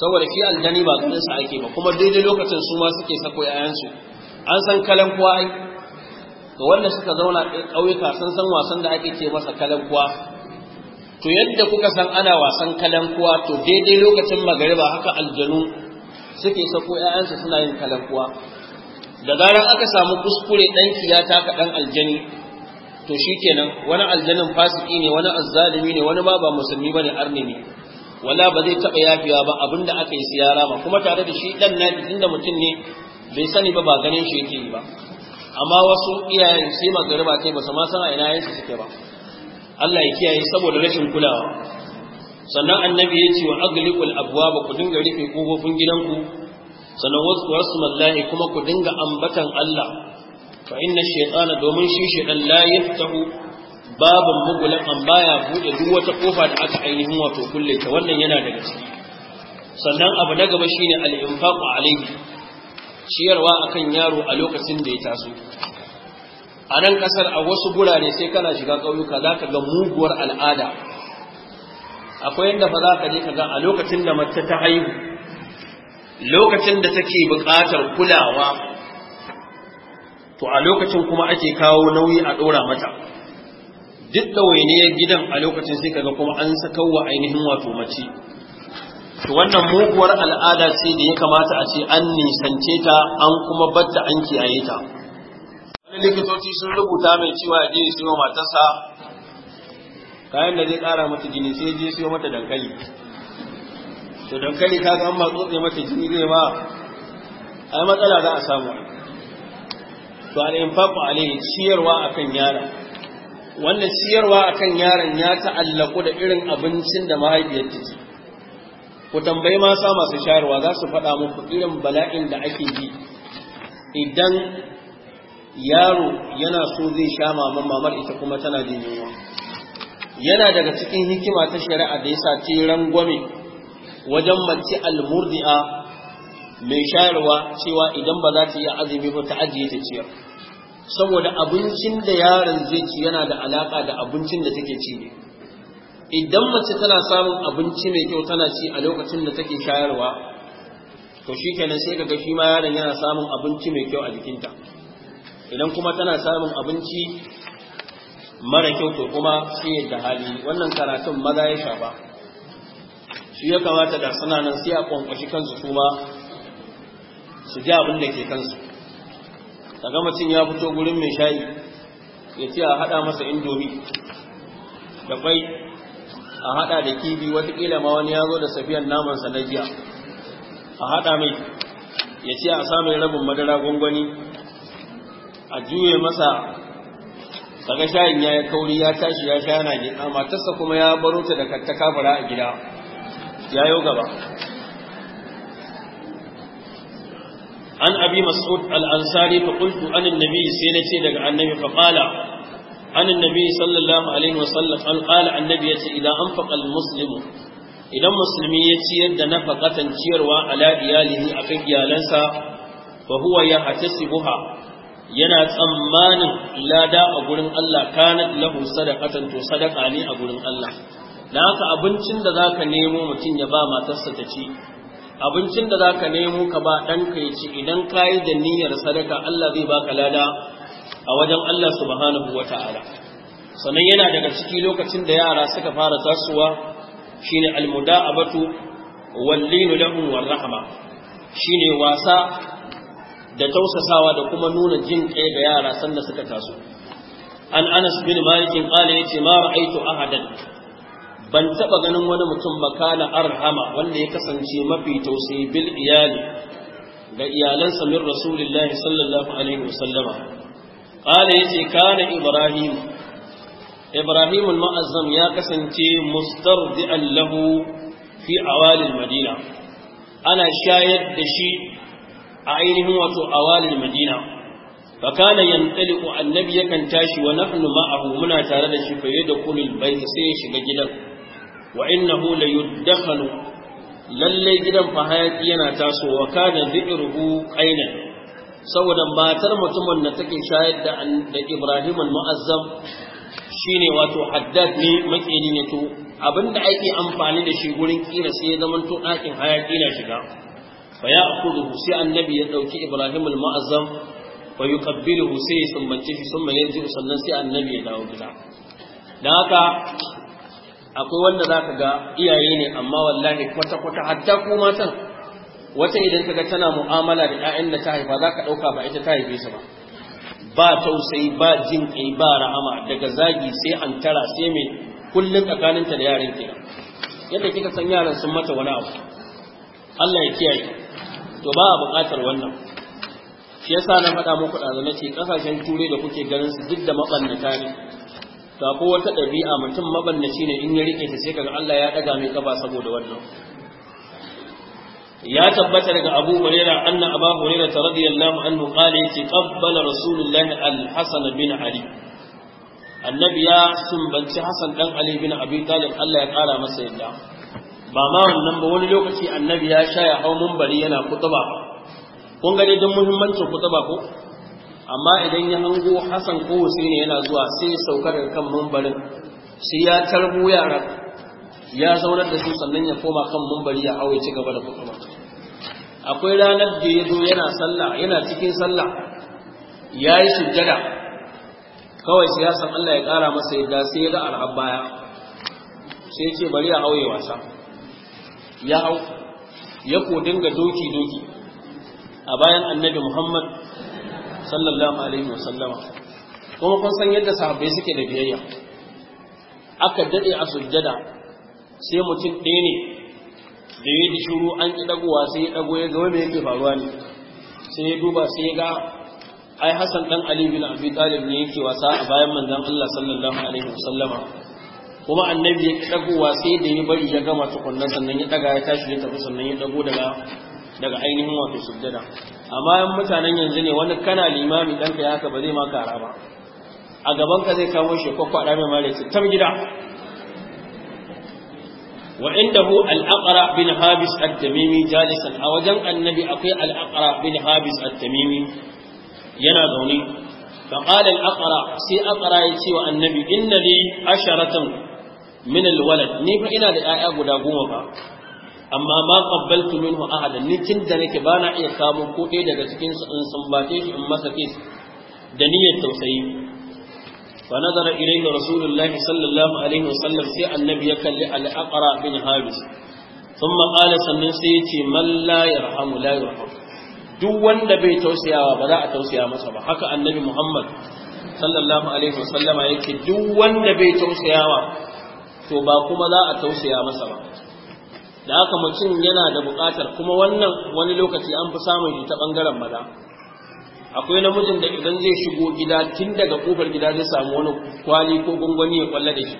saboda shi aljani ba ganin sa ake ba kuma daidai lokacin su ma suke sako su an san kalan kuwa ai ga wanda suka zauna ƙauyuka sun san wasan da ake ce masa kalan kuwa to yadda kuka san ana wasan kalan kuwa to daidai lokacin magariba haka aljanu suke sako su suna yin kalan kuwa da zarar aka samu kuskure ɗanki ya taka ɗan aljani to shi kenan, wani aljanin fasiki ne wani azzalimi ne wani ma ba musulmi bane arni ne wala ba zai taba yafiya ba abinda aka yi siyara ba kuma tare da shi dan na inda mutum ne bai sani ba ba ganin shi yake ba amma wasu iyayen sai magariba kai ba su ma san a ina yansu suke ba Allah ya kiyaye saboda rashin kulawa sannan annabi ya ce wa aglikul abwaba ku dinga rufe kofofin gidanku sannan wasu mallahi kuma ku dinga ambatan Allah fa inna shaytana domin shi shaytan la yaftahu baban mugulan an baya bude duk wata kofa da aka ainihin wato kulle ta wannan yana daga ciki sannan abu na gaba shine al-infaqu alayhi ciyarwa akan yaro a lokacin da ya taso a nan kasar a wasu gurare sai kana shiga kauyuka za ka ga muguwar al'ada akwai yadda fa za ka je ka ga a lokacin da mace ta haihu lokacin da take buƙatar kulawa to a lokacin kuma ake kawo nauyi a ɗora mata duk ɗawainiyar gidan a lokacin sai kaga kuma an saka wa ainihin wato mace to wannan muguwar al'ada ce da ya kamata a ce an nisance ta an kuma batta an kiyaye ta wani likitoci sun rubuta mai cewa ya je ya siyo matarsa kayan da zai ƙara mata jini sai ya je siyo mata dankali to dankali ka ga an ma tsotse mata jini zai ma ai matsala za a samu to al-infaqu alayhi ciyarwa akan yaron wannan ciyarwa akan yaron ya ta'allaku da irin abincin da mahaifiyar ta ci ku tambayi masa masu shayarwa za su faɗa muku irin bala'in da ake ji idan yaro yana so zai sha maman mamar ita kuma tana jin yunwa yana daga cikin hikima ta shari'a da yasa ta rangwame wajen mace almurdi'a mai shayarwa cewa idan ba za ta yi azumi ba ta ajiye ta ciyar saboda abincin da yaron zai ci yana da alaka da abincin da take ci ne idan mace tana samun abinci mai kyau tana ci a lokacin da take shayarwa to shi kenan sai ga shi ma yaron yana samun abinci mai kyau a jikinta idan kuma tana samun abinci mara kyau to kuma sai da hali wannan karatun maza ya shafa shi ya kamata da suna nan sai a kwankwashi kansu su su ji abin da ke kansu gama mutum ya fito gurin mai shayi ya ce a haɗa masa indomi da kwai a haɗa da kibi watakila ma wani ya zo da safiyan namansa na jiya a haɗa mai ya ce a samun rabin madara gwangwani a juye masa daga shayin ya yi kauri ya tashi ya sha yana gina matarsa kuma ya baro ta da katta kafara a gida ya yau gaba an abi mas'ud al-ansari fa qultu an annabi sai nace daga annabi fa qala an annabi sallallahu alaihi wa sallam an qala annabi yace idan anfaqa al-muslimu idan musulmi ya ciyar da nafaqatan ciyarwa ala iyalihi akan iyalansa fa huwa yahtasibuha yana tsammanin lada a gurin Allah kanat lahu sadaqatan to sadaqa ne a gurin Allah dan haka abincin da zaka nemo mutum ya ba matarsa ta ci abincin da zaka nemo ka ba ɗanka ya ci idan ka yi da niyyar sadaka Allah zai baka lada a wajen Allah subhanahu wa ta'ala sannan yana daga ciki lokacin da yara suka fara tasowa shine batu, wallinu rahama shi shine wasa da tausasawa da kuma nuna jin kai ga yara sanda suka taso an Anas bin Malik ya mara mara a ahadan ban taɓa ganin wani mutum makana arhama wanda ya kasance mafi tausayi bil iyali ga iyalansa min rasulillahi sallallahu alaihi wasallama qala yace kana ibrahim ibrahim al-mu'azzam ya kasance mustardi'an lahu fi awalil madina ana shayar da shi a ainihin wato awalil madina fa kana yantaliqu annabi yakan tashi wa nahnu ma'ahu muna tare da shi fa yadkhulul bayt sai ya shiga gidan wa innahu la yuddakhalu lalle gidan fa hayaki yana tasowa kana dhikruhu qaina saboda matar mutumin da take shayar da da Ibrahim al-Mu'azzam shine wato Haddad ne makeni ne to abinda ake amfani da shi gurin kira sai ya zama to ɗakin hayaki na shiga fa ya sai annabi ya dauki Ibrahim al-Mu'azzam fa yuqabbiluhu sai ya sumbace shi summa yanzu sannan sai annabi ya dawo gida dan haka akwai wanda za ka ga iyaye ne amma wallahi kwata-kwata hatta ku matan wata idan ka ga tana mu'amala da 'ya'yan da ta haifa za ka ɗauka ba ita ta haife su ba ba tausayi ba jin kai ba rahama daga zagi sai an tara sai mai kullum ta da yaran kenan yadda kika san yaran sun mata wani abu Allah ya kiyaye to ba a buƙatar wannan shi yasa na faɗa muku ɗazu na ce ƙasashen turai da kuke ganin su duk da maɓannata ne ga ko wata ɗabi'a mutum mabannaci ne in ya rike ta sai kaga Allah ya ɗaga mai kaba saboda wannan ya tabbata daga Abu Hurairah anna Abu Hurairah radiyallahu anhu qala yace qabbala Rasulullah al-Hasan bin Ali annabi ya sumbanci Hasan dan Ali bin Abi Talib Allah ya kara masa yadda ba ma wannan ba wani lokaci annabi ya sha ya hau munbari yana kutuba kun ga dai don muhimmancin kutuba ko amma idan ya hango Hassan ko ne yana zuwa sai saukar kan mumbarin sai ya tarbu yara ya zaunar da su sannan ya koma kan mumbari ya hawa ci gaba da kuma akwai ranar da ya zo yana sallah yana cikin sallah ya yi sujjada kawai san Allah ya kara masa yadda sai ya ga alhabbaya sai ce bari ya hawa wasa ya hau ya ko dinga doki doki a bayan annabi Muhammad sallallahu alaihi sallama. kuma kun san yadda sahabbai suke da biyayya aka dade a sujjada sai mutum ɗaya ne da yayi shiru shuru an ki dagowa sai ya dago ya ga me yake faruwa ne sai ya duba sai ya ga ai Hassan dan Ali bin Abi Talib ne yake wasa a bayan manzon Allah sallallahu alaihi sallama. kuma annabi ya dagowa sai da ya bari ya gama tukunnan sannan ya daga ya tashi ya tafi sannan ya dago daga daga ainihin wato sujjada amma yan mutanen yanzu ne wani kana limami dan ya yaka ba zai maka hara ba a gaban ka zai kawo shi kwakwaɗa mai mare su tam gida wa indahu al-aqra bin habis at-tamimi jalisan a wajen annabi akwai al-aqra bin habis at-tamimi yana zaune فقال الأقرع سي أقرع يتي والنبي إن لي Ni fa ina da إنا guda goma ba. amma ma qabbaltu minhu ahadan ni tun da nake ba na iya samun ko ɗaya daga cikin su in sumbace shi in masa kis da niyyar tausayi fa nazara ilayhi rasulullahi sallallahu alaihi wasallam sai annabi ya kalli al-aqra bin habis thumma qala sannan sai yace man la yarhamu la yarham duk wanda bai tausayawa ba za a tausaya masa ba haka annabi muhammad sallallahu alaihi wasallama yake duk wanda bai tausayawa to ba kuma za a tausaya masa ba da haka mutum yana da buƙatar kuma wannan wani lokaci an fi samun shi ta ɓangaren maza akwai namijin da idan zai shigo gida tun daga ƙofar gida zai samu wani kwali ko gwangwani ya kwalla da shi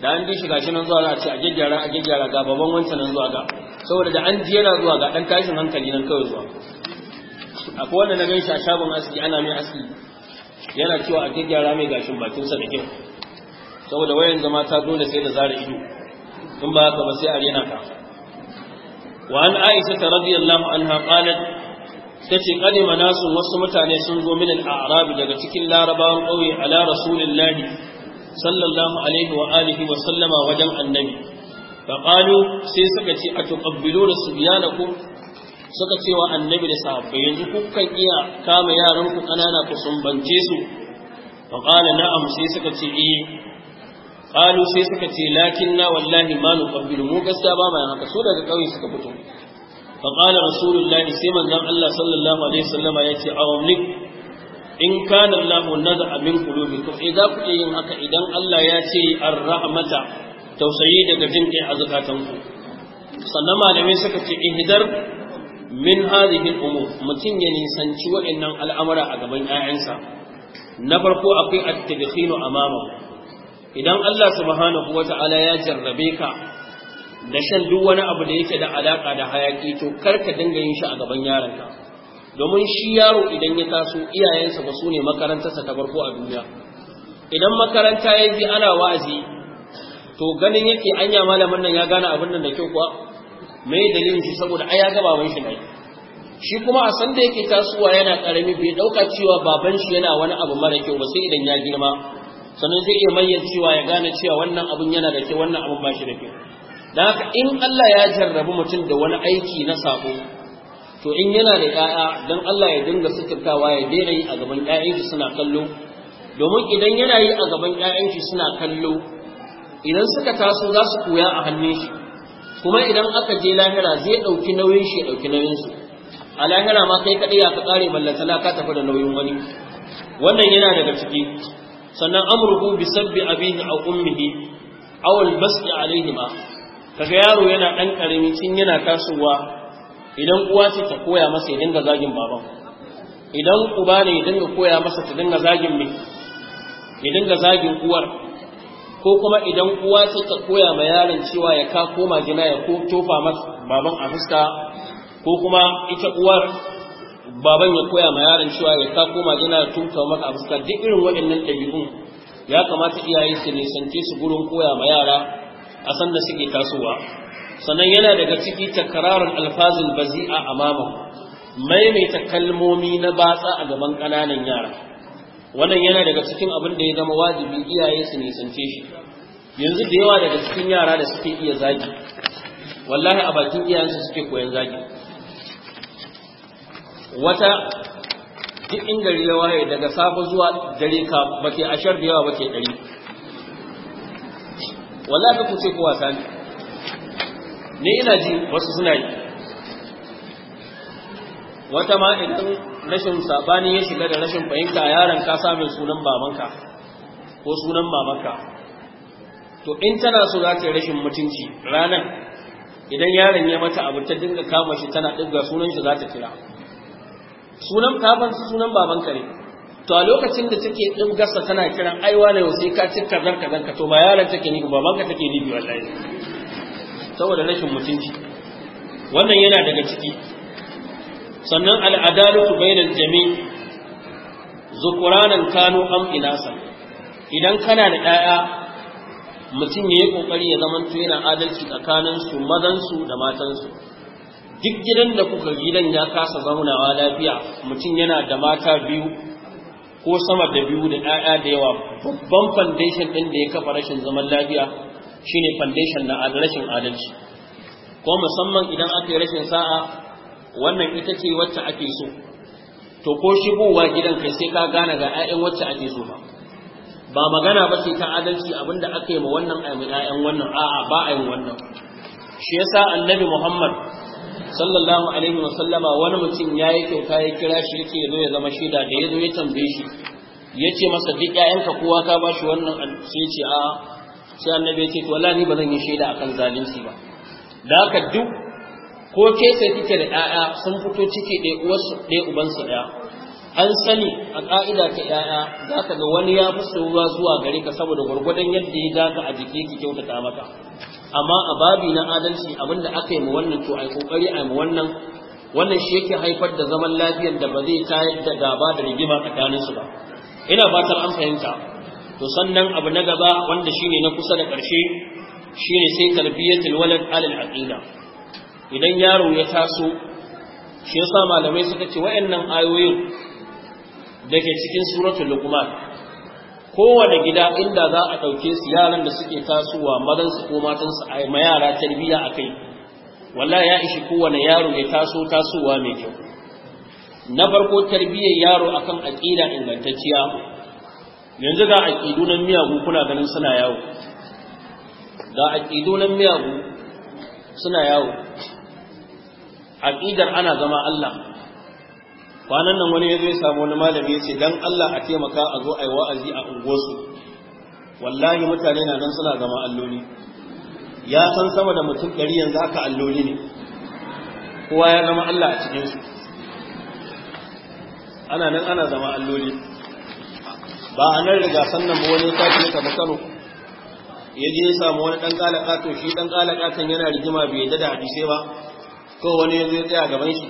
da an ji shiga shi nan zuwa za a ce a gyaggyara a gyaggyara ga baban wancan nan zuwa ga saboda da an ji yana zuwa ga ɗan tashin hankali nan kawai zuwa akwai wanda na gan shi a shagon aski ana mai aski yana cewa a gyaggyara mai gashin bakinsa da kyau saboda wayan zama ta dole sai da zara ido in ba haka ba sai a rena ka wa an aisha ta radiyallahu anha qalat tace qadima nasu wasu mutane sun zo min al-a'rab daga cikin larabawan ƙauye ala rasulillahi sallallahu alaihi wa alihi wa sallama wajen annabi faqalu sai suka ce atuqabbiluna subyanakum suka ce wa annabi da sahabbai yanzu kukan iya kama yaran ku kanana ku sumbance su faqala na'am sai suka ce eh qalu sai suka ce lakinna wallahi ma nuqabbilu mu gaskiya ba ma haka so daga kauye suka fito fa qala rasulullahi sai manzon Allah sallallahu alaihi wasallama yace awamlik in kana Allahu naz'a min qulubikum idan eh, kuke yin haka idan Allah ya ce ar-rahmata tausayi daga jin kai a zakatanku sannan malamai suka ce ihdar min hadhihi al-umur mutum ya nisanci wa'annan al'amura a gaban 'ya'yansa. na farko akwai at-tadkhinu amama idan Allah subhanahu wata'ala ya jarrabe ka da shan duk wani abu da yake da alaka da hayaki to karka dinga yin shi a gaban yaronka domin shi yaro idan ya taso iyayensa ba su ne makarantarsa ta barko a duniya idan makaranta ya ji ana wa'azi to ganin yake anya malamin nan ya gane abin nan da kyau kuwa me dalilin shi saboda ai ya gaba baban shi ne shi kuma a sanda yake tasowa yana karami bai dauka cewa baban shi yana wani abu mara kyau ba sai idan ya girma sannan zai iya cewa ya gane cewa wannan abun yana da kyau wannan abun ba shi da kyau Da haka in Allah ya jarrabi mutum da wani aiki na sako to in yana da ƴaƴa dan Allah ya dinga suturtawa ya daina yi a gaban shi suna kallo domin idan yana yi a gaban shi suna kallo idan suka taso za su koya a hannun shi kuma idan aka je lahira zai ɗauki nauyin shi ya ɗauki nauyin su a lahira ma kai kaɗai ya ka ƙare mallatana ka tafi da nauyin wani wannan yana daga ciki sannan amurku bi sabbi abihi a ummihi aw al bas'i alaihima kaga yaro yana dan karami tun yana tasowa idan uwa ce ta koya masa ya dinga zagin baban idan uba ne ya dinga koya masa ta dinga zagin me ya dinga zagin uwar ko kuma idan uwa ce ta koya ma yaron cewa ya ka koma gina ya ko tofa masa baban a fuska ko kuma ita uwar baban ya koya ma yaron cewa ya ka koma yana tuta maka a fuska duk irin waɗannan ɗabi'un ya kamata iyaye su nisance su gurin koya ma yara a san da suke tasowa sannan yana daga ciki takararar alfazin bazi'a mama, maimaita kalmomi na batsa a gaban ƙananan yara wannan yana daga cikin abin da ya zama wajibi iyaye su nisance shi yanzu da yawa daga cikin yara da suke iya zagi wallahi a bakin iyayensu suke koyan zagi wata duk in gari ya waye daga safa zuwa dare ka bake ashar da yawa bake ɗari wallahi ku sai ko wasa ne ne ina ji wasu suna yi wata ma idan rashin sabani ya shiga da rashin fahimta yaron ka sa mai sunan babanka ko sunan mamanka to in tana so za ta rashin mutunci ranan idan yaron ya mata abu ta dinga kama shi tana ɗiga sunan shi za ta kira sunan su sunan babanka ne to a lokacin da take gasa tana kiran aiwa ne sai ka ci kazar kazar ka to ba yaran take ni babanka take ni wallahi saboda rashin mutunci wannan yana daga ciki sannan al'adalatu bainal jami' zukuranan kano am inasa idan kana da ɗaya mutum ya yi ƙoƙari ya zamanto yana adalci tsakanin tsakaninsu su da matansu duk gidan da kuka gidan ya kasa zaunawa lafiya mutum yana da mata biyu ko sama da biyu da ɗaya da yawa babban foundation ɗin da ya kafa rashin zaman lafiya shine foundation na rashin adalci ko musamman idan aka yi rashin sa'a wannan ita ce wacce ake so to ko shigowa gidan kai sai ka gane ga 'ya'yan wacce ake so ba ba magana ba ce ta adalci abinda aka yi ma wannan 'ya'yan wannan a'a ba a yin wannan shi yasa annabi Muhammad sallallahu alaihi wa sallama wani mutum ya yi kyauta ya kira shi yake ya zo ya zama shida. da ya zo ya tambaye shi ya ce masa duk ƴaƴanka kowa ka ba shi wannan sai ce a sai annabi ya ce to wallahi ba zan yi shaida akan zalunci ba da haka duk ko ke sai kike da ƴaƴa sun fito ciki ɗaya uwarsu ɗaya ubansu ɗaya an sani a ƙa'ida ta ƴaƴa za ka ga wani ya fi sauwa zuwa gare ka saboda gwargwadon yadda ya daga a jiki ki kyautata maka amma a babi na adalci abinda aka yi ma wannan to ai kokari yi ma wannan wannan shi yake haifar da zaman lafiyar da ba zai tayar da gaba da rigima a su ba ina fatar an fahimta to sannan abu na gaba wanda shine na kusa da ƙarshe shine sai tarbiyatul walad alal aqida idan yaro ya taso shi yasa malamai suka ce wayannan ayoyin dake cikin suratul luqman kowane gida inda za a ɗauke su yaran da suke tasowa madansu ko matansu a ma yara tarbiyya a kai wallahi ya ishi kowane yaro mai taso tasowa mai kyau na farko tarbiyyar yaro akan aƙida ingantacciya yanzu ga aƙidu nan miyagu kuna ganin suna yawo ga aƙidu miyagu suna yawo aƙidar ana zama Allah kwanan nan wani ya zai samu wani malami ya ce dan Allah a taimaka a zo a yi wa'azi a unguwarsu wallahi mutane na nan suna zama alloli ya san sama da mutum ɗari yanzu haka alloli ne kowa ya zama Allah a cikinsu ana nan ana zama alloli ba a nan riga sannan ba wani sati ya tafi kano ya je ya samu wani ɗan ƙalaƙa to shi ɗan ƙalaƙa kan yana rigima bai yadda da hadisai ba ko wani ya zai tsaya gaban shi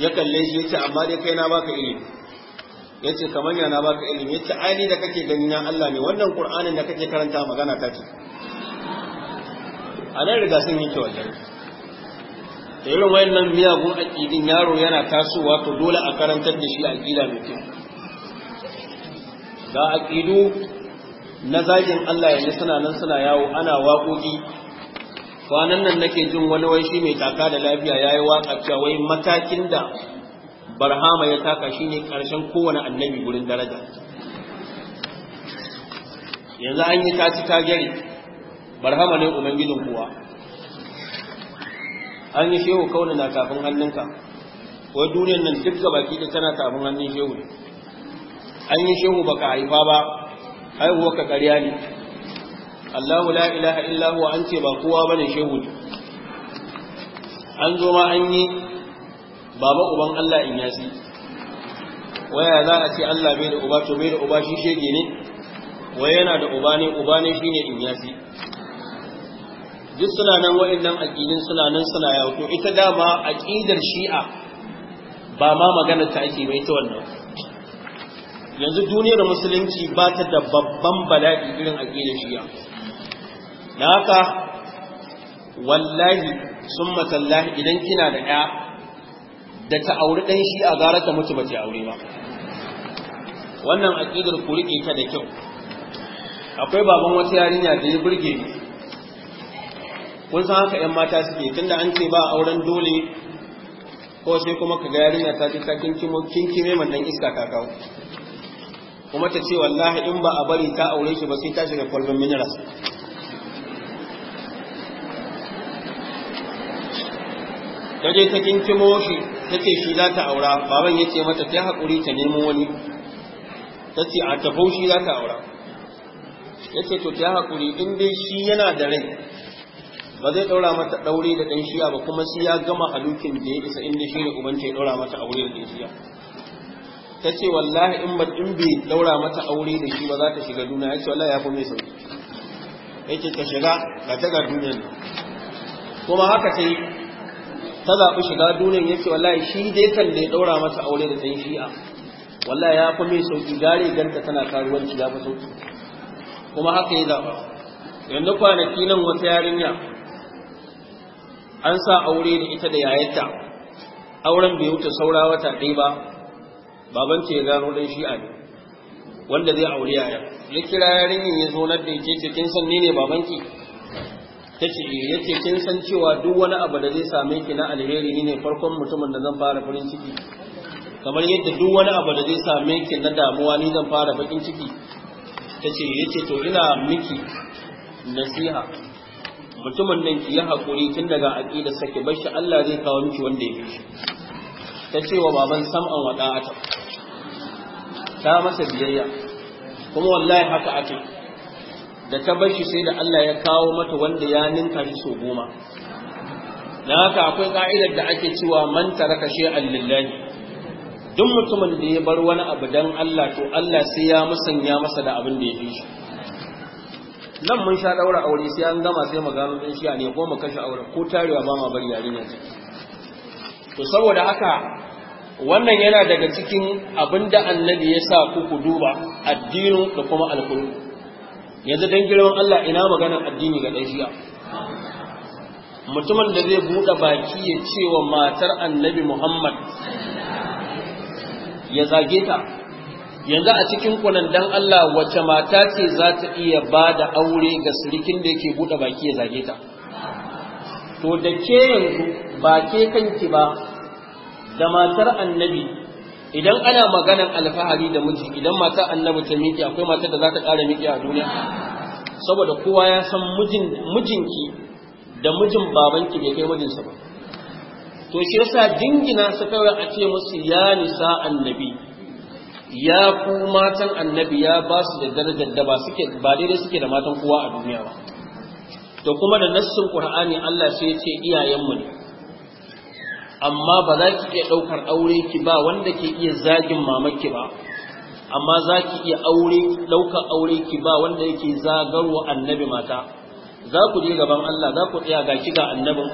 ya kalle shi ce amma dai kai na baka ilimi Ya ce kamar ya na baka ilimi ya ce aini da kake gani na Allah ne wannan kur'anin da kake karanta magana ta ce a nan riga sun yi wallahi da irin wayannan miyagun aƙilin yaro yana tasowa to dole a karantar da shi aƙila mai kyau ga na zagin Allah yanzu suna nan suna yawo ana waƙoƙi kwanan nan nake jin wani wai shi mai taka da lafiya ya yi waka cewa wai matakin da barhama ya taka shi ne ƙarshen kowane annabi gurin daraja yanzu an yi taci ta gari barhama ne ubangijin kuwa an yi shehu kauna na tafin hannunka wai duniyar nan duk baki da tana tafin hannun shehu ne an yi shehu baka haifa ba haihuwa ka ƙarya ne Allah la ilaha illa huwa an ce ba kowa bane shehu an zo ma an yi baba uban Allah in yasi waya za a ce Allah bai da uba to bai da uba shi shege ne waya yana da uba ne uba ne shine in yasi duk suna nan wa'annan aqidin suna nan suna ya to ita dama aqidar shi'a ba ma magana ta ake mai ta wannan yanzu duniyar musulunci ba ta da babban bala'i irin aqidar shi'a da haka wallahi sun matallahi idan kina da ya da ta auri ɗan shi a gara ta mutu ba ta aure ba wannan aƙidar ku riƙe ta da kyau akwai baban wata yarinya da ya burge ni kun san haka ‘yan mata suke tunda an ce ba auren dole ko sai kuma ka ga yarinya ta ta kinkime mannan iska ta kawo kuma ta ce wallahi in ba a bari ta aure shi ba sai ta shiga kwalbin minerals ta je ta kinkimo shi ta ce shi za ta aura baban ya ce mata ta haƙuri ta nemo wani ta ce a tafau shi za ta aura ya ce to ta haƙuri in dai shi yana da rai ba zai ɗaura mata ɗaure da ɗan shiya ba kuma shi ya gama halukin da ya isa inda shi ne ubanta ya ɗaura mata aure da ɗan shiya ta ce wallahi in ba in bai ɗaura mata aure da shi ba za ta shiga duniya ya ce wallahi ya fi mai sauki ya ce ta shiga ga ta ga kuma haka ta yi. ta zaɓi shiga duniyan ya ce wallahi shi dai kan da ya ɗaura masa aure da ɗan shi'a wallahi ya fi mai sauƙi gare ganta tana karuwanci ya fi sauki kuma haka ya zaɓa yanzu kwanaki nan wata yarinya an sa aure da ita da yayarta auren bai wuce saura wata ɗaya ba babanta ya gano ɗan shi'a ne wanda zai aure yaya ya kira yarinyar ya zo na da ya ce kin san ni ne babanki ta ce yake kin san cewa duk wani abu da zai same ki na alheri ne farkon mutumin da zan fara farin ciki kamar yadda duk wani abu da zai same ki na damuwa ni zan fara bakin ciki ta ce yake to ina miki nasiha mutumin nan ki yi hakuri tun daga aƙida sake bashi Allah zai kawo miki wanda ya fi shi ta ce wa baban sam'an wa ta masa biyayya kuma wallahi haka ake da ta bar shi sai da Allah ya kawo mata wanda ya ninka shi so goma Na haka akwai ka'idar da ake cewa man taraka shay'an lillahi duk mutumin da ya bar wani abu dan Allah to Allah sai ya musanya masa da abin da ya fi shi nan mun sha daura aure sai an gama sai mu gano din shi ne ko mu kashe aure ko tarewa ba ma bari yarinya to saboda haka wannan yana daga cikin abinda annabi ya sa ku ku duba addinin da kuma alkulu yanzu don girman Allah ina maganar addini ga ɗai jiya? mutumin da zai buɗe baki ya ce wa matar annabi Muhammad ya zage ta yanzu a cikin kunan dan Allah wace mata ce za ta iya ba da aure ga sirikin da yake buɗe baki ya zage ta to da ke yanzu ba ke kanki ba da matar annabi idan ana maganan alfahari da miji idan mata annabi ta miƙe akwai mata da za ta ƙara miƙe a duniya saboda kowa ya san mijinki da mijin babanki bai kai mijinsa ba to shi yasa dingina su kawai a ce musu ya nisa annabi ya ku matan annabi ya ba su da darajar da ba suke ba daidai suke da matan kowa a duniya ba to kuma da nassin qur'ani Allah sai ya ce mu ne amma ba za ki iya ɗaukar aure ki ba wanda ke iya zagin mamaki ba amma za ki iya aure ɗaukar aure ki ba wanda yake zagarwa annabi mata za ku je gaban Allah za ku tsaya ga ki ga annabin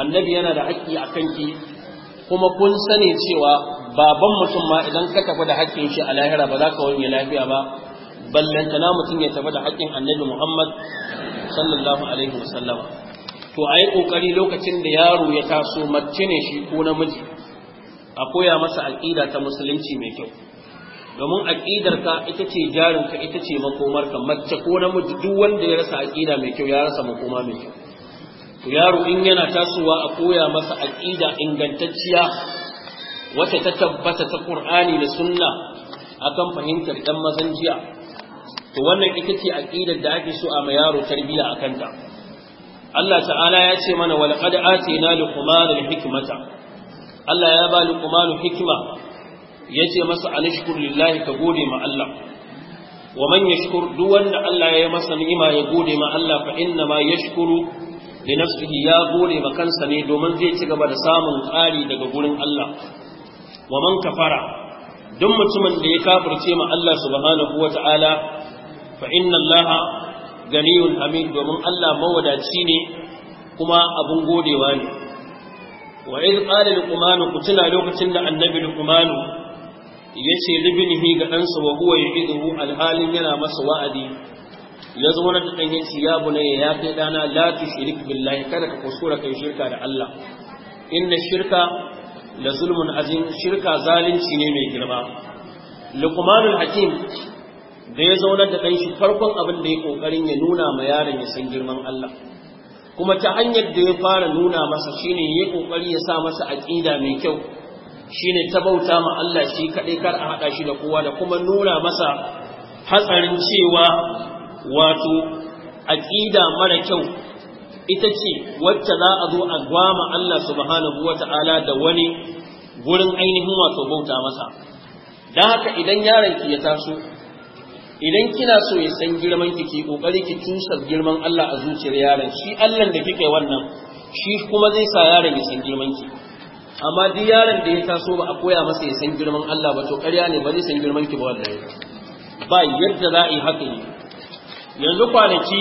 annabi yana da haƙƙi a kan ki. kuma kun sani cewa baban mutum ma idan ka tafi da haƙƙin shi a lahira ba za ka wani lafiya ba ballantana mutum ya tafi da haƙƙin annabi Muhammad sallallahu alaihi sallama. to a yi ƙoƙari lokacin da yaro ya taso mace ne shi ko namiji a koya masa aƙida ta musulunci mai kyau domin ka ita ce jarinka ita ce makomarka mace ko namiji duk wanda ya rasa aƙida mai kyau ya rasa makoma mai kyau to yaro in yana tasowa a koya masa aƙida ingantacciya wata ta tabbata ta Qur'ani da Sunna akan fahimtar dan mazan jiya to wannan ita ce aƙidar da ake so a ma yaro tarbiya akan ta Allah ta'ala ya ce mana walqad na luqman hikimata. Allah ya ba luqman hikima yace masa alashkur lillahi ka gode ma Allah wa man yashkur duk wanda Allah ya yi masa ni'ima ya gode ma Allah fa inna ma yashkuru li nafsihi ya gode ma kansa ne domin zai ci gaba da samun ƙari daga gurin Allah wa man kafara duk mutumin da ya kafirce ma Allah subhanahu wata'ala fa inna Allah ganiyun hamid domin Allah mawadaci ne kuma abun godewa ne wa iz qala luqman ku tuna lokacin da annabi luqman yace libnihi ga ɗansa wa huwa yu'idhu alhalin yana masa wa'adi ya zo na dan yace ya bunayya ya kai dana la tushrik billahi kada ka kusura kai shirka da Allah inna shirka la zulmun azim shirka zalunci ne mai girma luqmanul hakim da ya zaunar da ɗanshi farkon abin da ya ƙoƙarin ya nuna ma yaron ya san girman Allah kuma ta hanyar da ya fara nuna masa shine ya ƙoƙari ya sa masa aƙida mai kyau shine ta bauta ma Allah shi kaɗai kar a haɗa shi da kowa da kuma nuna masa hatsarin cewa wato aƙida mara kyau ita ce wacce za a zo a gwama Allah subhanahu wata'ala da wani gurin ainihin wato bauta masa don haka idan yaron ki ya taso idan kina so ya san girman ki ki kokari ki tusa girman Allah a zuciyar yaron shi Allah da kike wannan shi kuma zai sa yaron ya san girman ki amma duk yaron da ya taso ba a koya masa ya san girman Allah ba to ƙarya ne ba zai san girman ki ba wallahi ba yadda za a yi haka ne yanzu kwanaki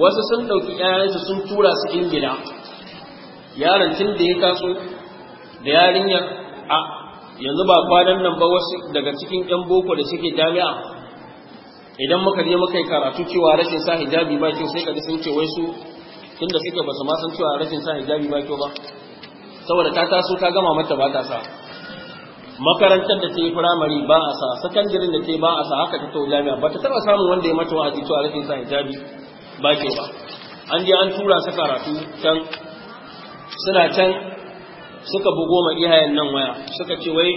wasu sun ɗauki ƴaƴansu sun tura su ingila yaron tun da ya taso da yarinyar a yanzu ba kwanan nan ba wasu daga cikin yan boko da suke jami'a idan muka je muka yi karatu cewa rashin sa hijabi ba kyau sai kaga sun ce wai su tunda suke ba su ma san cewa rashin sa hijabi ba kyau ba saboda ta taso ta gama mata ba ta sa makarantar da ta yi firamare ba a sa sakandirin da ta yi ba a sa haka ta tau jami'a ba ta taba samun wanda ya mata wa aji cewa rashin sa hijabi ba kyau ba an je an tura su karatu can suna can suka bugo ma iyayen nan waya suka ce wai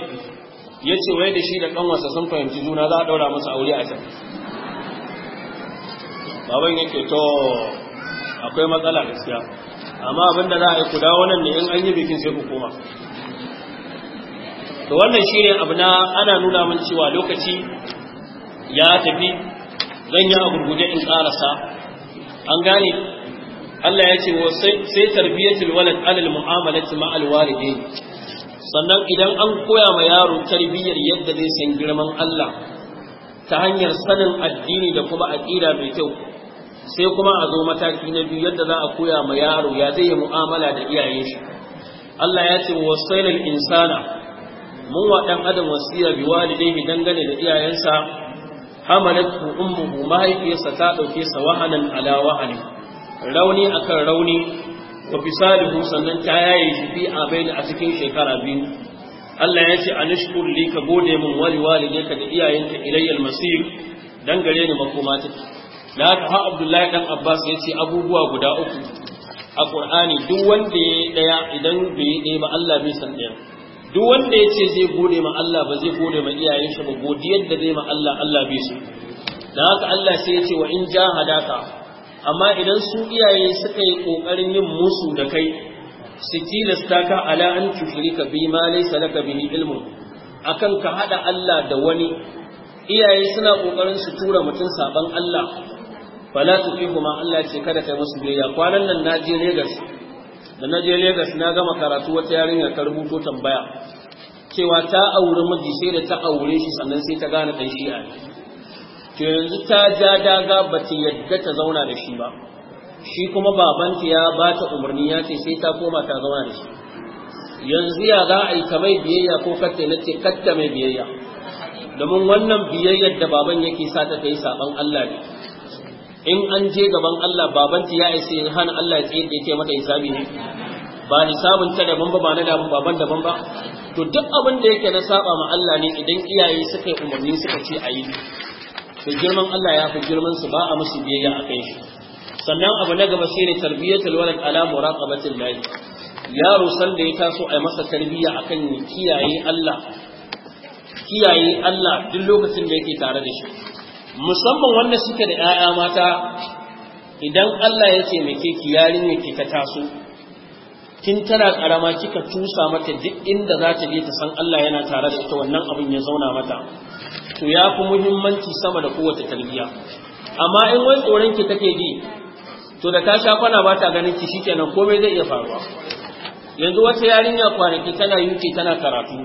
ya ce wai da shi da ɗan wasa sun fahimci juna za a ɗaura masa aure a can baban yake to akwai matsala gaskiya amma abinda za a yi kuda dawo ne in an yi bikin sai ku koma to wannan shi ne abu na ana nuna min cewa lokaci ya tafi zan yi a gurguje in ƙarasa an gane Allah ya ce sai tarbiyatul walad alal mu'amalati ma walidain sannan idan an koya ma yaro tarbiyyar yadda zai san girman Allah ta hanyar sanin addini da kuma aqida mai kyau sai kuma a zo mataki na biyu yadda za a koya ma yaro ya zai yi mu'amala da iyayen shi Allah ya ce wasailal insana mun wa dan adam wasiya bi walidayhi dangane da iyayensa hamalat ummuhu mahaifiyarsa ta dauke sa wahanan ala wahani rauni akan rauni wa fisalihu sannan ta yaye shi fi abain a cikin shekara biyu Allah ya ce anishkur li ka gode mun wali walidayka da iyayenka ilayyal masir dan gare ni makoma ta. da haka ha Abdullahi dan Abbas ya ce abubuwa guda uku a Qur'ani duk wanda ya daya idan bai yi ba Allah bai san daya duk wanda ya ce zai gode ma Allah ba zai gode ma iyayen ba godiyar da zai ma Allah Allah bai so da haka Allah sai ya ce wa in jahadaka amma idan su iyaye suka yi ƙoƙarin yin musu da kai su tilasta ka ala an ka bi ma laisa laka bihi ilmun akan ka hada Allah da wani iyaye suna ƙoƙarin su tura mutum saban Allah fala fi ma Allah ce kada kai musu biyayya kwanan nan na je Lagos da na je Lagos na gama karatu wata yarinya ta rubuto tambaya cewa ta auri miji sai da ta aure shi sannan sai ta gane dan shi'a to yanzu ta ja daga ba ta yadda ta zauna da shi ba shi kuma babanta ya ba ta umarni ya ce sai ta koma ta zauna da shi yanzu ya za a yi ta mai biyayya ko katta na ce katta mai biyayya domin wannan biyayyar da baban yake sa ta yi saban Allah ne in an je gaban Allah babanta ya isa ya hana Allah ya tsaye da ce mata hisabi ne ba hisabin ta daban ba ba na daban baban daban ba to duk abin da yake na saba ma Allah ne idan iyaye suka yi umarni suka ce a yi to girman Allah ya fi girman su ba a musu biyayya a kai shi sannan abu na gaba shine tarbiyatul walad ala muraqabatil lahi yaro san da ya taso a masa tarbiyya akan ni, kiyaye Allah kiyaye Allah duk lokacin da yake tare da shi musamman wanda suke da 'ya'ya mata idan Allah ya ce ke ki yarinya ke ta taso kin tana karama kika tusa mata duk inda za ta je ta san Allah yana tare da ita wannan abin ya zauna mata to ya fi muhimmanci sama da kowace tarbiyya amma in wai tsoron ki take ji to da ta sha kwana ba ta ganin ki shikenan komai zai iya faruwa yanzu wata yarinya kwanaki tana yuce tana karatu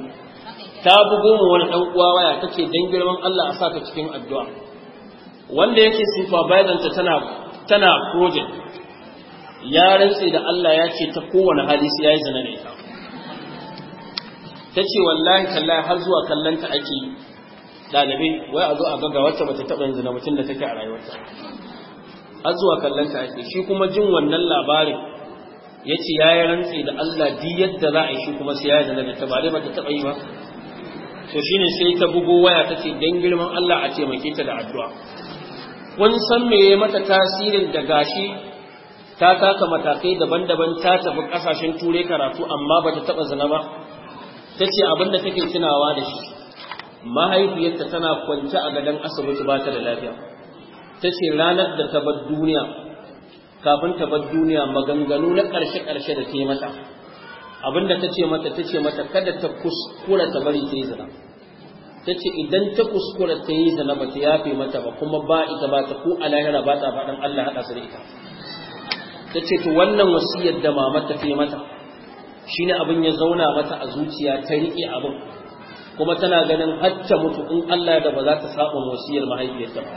ta bugo mu wani dan uwa waya tace dan girman Allah a saka cikin addu'a wanda yake sifa ta tana tana project ya rantse da Allah ya ce ta kowane hali sai yayi zina ne ta ce wallahi tallahi har zuwa kallanta ake Dalibi, wai a zo a ga wacce bata taɓa yanzu na mutum da take a rayuwarta har zuwa kallon ka ake shi kuma jin wannan labarin ya ce ya yi rantsi da Allah di yadda za a yi shi kuma sai ya zana da ta ba dai bata taɓa yi ba to shine sai ta bugo waya ta ce dan girman Allah a taimake ta da addu'a kun san me ya mata tasirin da gashi ta taka matakai daban-daban ta tafi kasashen turai karatu amma bata taɓa zina ba ta ce abinda take tunawa da shi mahaifiyarta tana kwance a gadon asibiti ba ta da lafiya ta ce ranar da ta bar duniya kafin ta bar duniya maganganu na ƙarshe-ƙarshe da ta yi mata abinda ta ce mata ta ce mata kada ta kuskura ta bari ta yi zina ta ce idan ta kuskura ta yi zina ba ta yafe mata ba kuma ba ita ba ta ko a lahira ba ta faɗin Allah haɗa su da ita ta ce to wannan wasiyar da mama ta yi mata shine abin ya zauna mata a zuciya ta riƙe abin kuma tana ganin hacce mutu in Allah da ba za ta saba wasiyar mahaifiyarta ba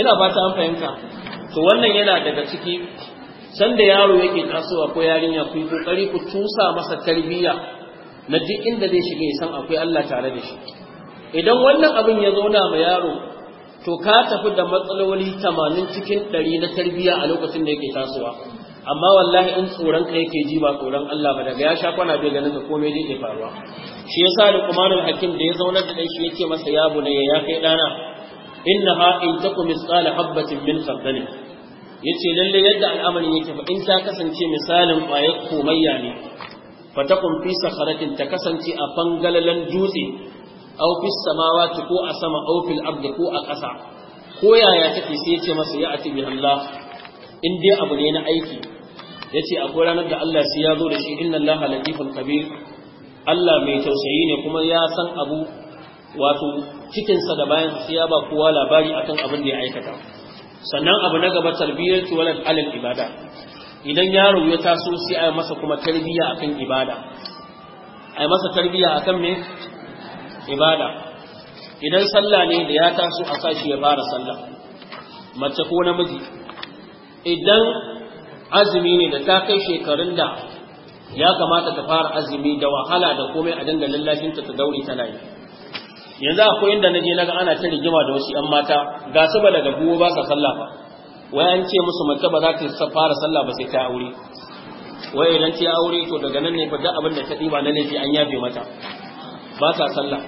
ina ba ta an fahimta to wannan yana daga ciki sanda yaro yake tasowa ko yarinya ku kokari ku tusa masa tarbiyya na duk inda zai shiga ya san akwai Allah tare da shi idan wannan abin ya zauna ma yaro to ka tafi da matsaloli tamanin cikin 100 na tarbiyya a lokacin da yake tasowa amma wallahi in tsoron ka yake ji ba tsoron Allah ba daga ya sha kwana bai ganin ka komai zai ke faruwa shi yasa luqmanul hakim da ya zaunar da shi yace masa ya bunayya ya kai dana innaha in takum misqala habatin min khardalin yace lalle yadda al'amarin yake fa in ta kasance misalin ƙwayar komayya ne fatakun fi sakharatin ta kasance a fangalalan dutse aw fi ta ko a sama aw fil ko a ƙasa ko yaya take sai ce masa ya ati Allah? in dai abu ne na aiki yace akwai ranar da Allah sai ya zo da shi inna Allah latiful kabir Allah mai tausayi ne kuma ya san abu wato cikinsa da bayan sai ya ba kowa labari akan abin da ya aikata sannan abu na gaba tarbiyyar walad alal ibada idan yaro ya taso sai a masa kuma tarbiyya akan ibada a masa tarbiyya akan me ibada idan sallah ne da ya taso a sashi ya fara sallah mace ko namiji idan azumi ne da ta kai shekarun da ya kamata ta fara azumi da wahala da komai a dinga lallashin ta ta daure tana yi yanzu akwai inda naje naga ana ta rigima da wasu yan mata ga su ba daga buwo ba sa sallah ba wai an ce musu mace ba za ta fara sallah ba sai ta aure wai idan ta aure to daga nan ne fa duk abin da ta diba na laifi an yafe mata ba sa sallah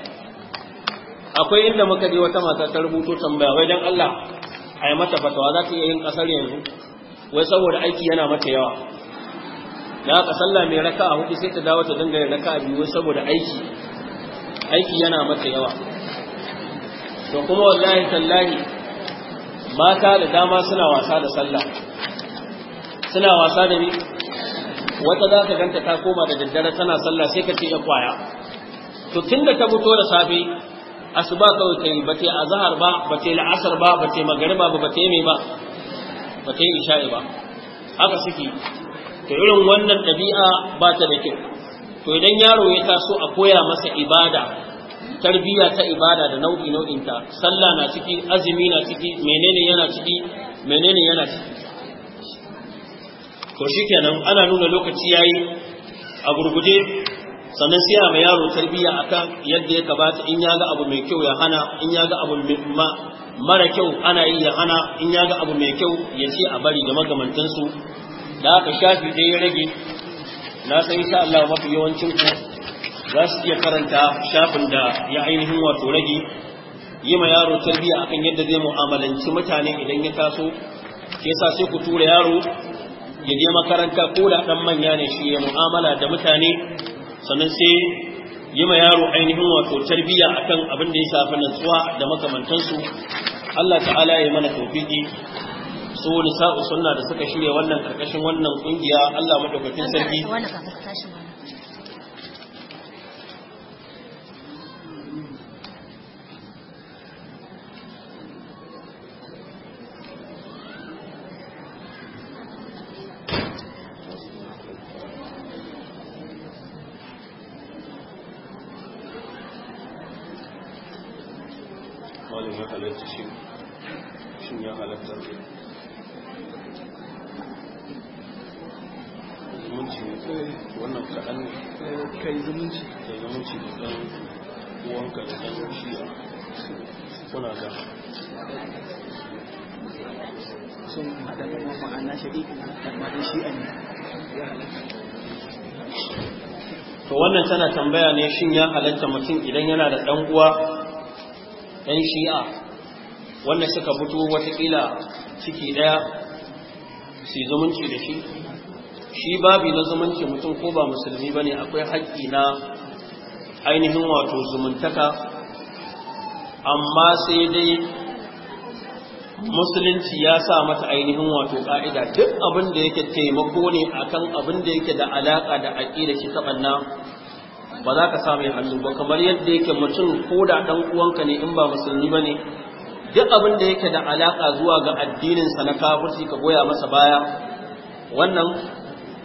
akwai inda muka je wata mata ta rubuto tambaya wai dan Allah ai mata fatawa za ta iya yin kasar yanzu wai saboda aiki yana mata yawa da ka salla mai raka'a hudu sai ta dawo ta dangare raka raka'a biyu saboda aiki aiki yana mata yawa to kuma wallahi tallahi mata da dama suna wasa da sallah suna wasa da ni wata za ka ganta ta koma da daddare tana sallah sai ka ce ya kwaya to tunda ta fito da safe asuba kawai kai ba ta azhar ba ba ta la'asar ba ba ta magariba ba ba ta mai ba ba ta isha'i ba haka suke to irin wannan ɗabi'a ba ta da kyau to idan yaro ya taso a koya masa ibada tarbiyya ta ibada da nau'i ta, sallah na ciki azumi na ciki menene yana ciki menene yana ciki to shikenan ana nuna lokaci yayi a gurguje sannan sai a mai yaro tarbiyya akan yadda ya kabata in ya ga abu mai kyau ya hana in ya ga abu mara kyau ana yi ya hana in ya ga abu mai kyau ya ce a bari da magamantansu da haka shafi ɗaya ya rage na san insha Allah mafi yawancin ku za su iya karanta shafin da ya ainihin wato rage yi ma yaro tarbiyya akan yadda zai mu'amalanci mutane idan ya taso ke sa sai ku tura yaro ya je makaranta ko da dan manya ne shi ya mu'amala da mutane sannan sai yi ma yaro ainihin wato tarbiyya akan abin da ya shafi nutsuwa da makamantansu Allah ta'ala ya mana tawfiki su nisa'u sunna da suka shirya wannan karkashin wannan kungiya Allah madaukakin sarki to wannan tana tambaya ne shin ya halatta mutum idan yana da ɗan uwa ɗan shi'a wannan suka fito watakila ciki ɗaya su zumunci da shi shi babi na zumunci mutum ko ba musulmi ba ne akwai haƙƙi na ainihin wato zumuntaka amma sai dai musulunci ya sa mata ainihin wato ƙa'ida, duk abin da yake taimako ne akan abin da yake da alaka da aqida ki tabanna ba za ka samu hannu ba kamar yadda yake mutum ko da dan uwanka ne in ba musulmi ba ne, duk abin da yake da alaka zuwa ga addinin sa na kafirci ka goya masa baya wannan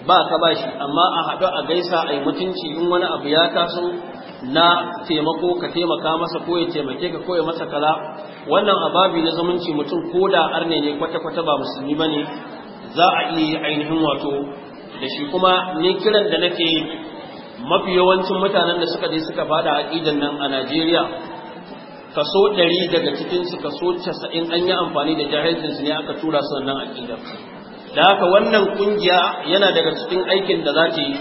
ba ka bashi amma a haɗu a gaisa a yi mutunci in wani abu ya taso na taimako ka taimaka masa ko ya taimake ka ko ya masa kala. wannan ababi na zumunci mutum ko da arne ne kwata-kwata ba musulmi ba ne za a iya ainihin wato da shi kuma ne kiran da nake mafi yawancin mutanen da suka je suka bada aƙidan nan a Najeriya kaso ɗari daga cikin su kaso casa'in an yi amfani da jahilcin ne aka tura su nan aƙidar da haka wannan kungiya yana daga cikin aikin da za ta yi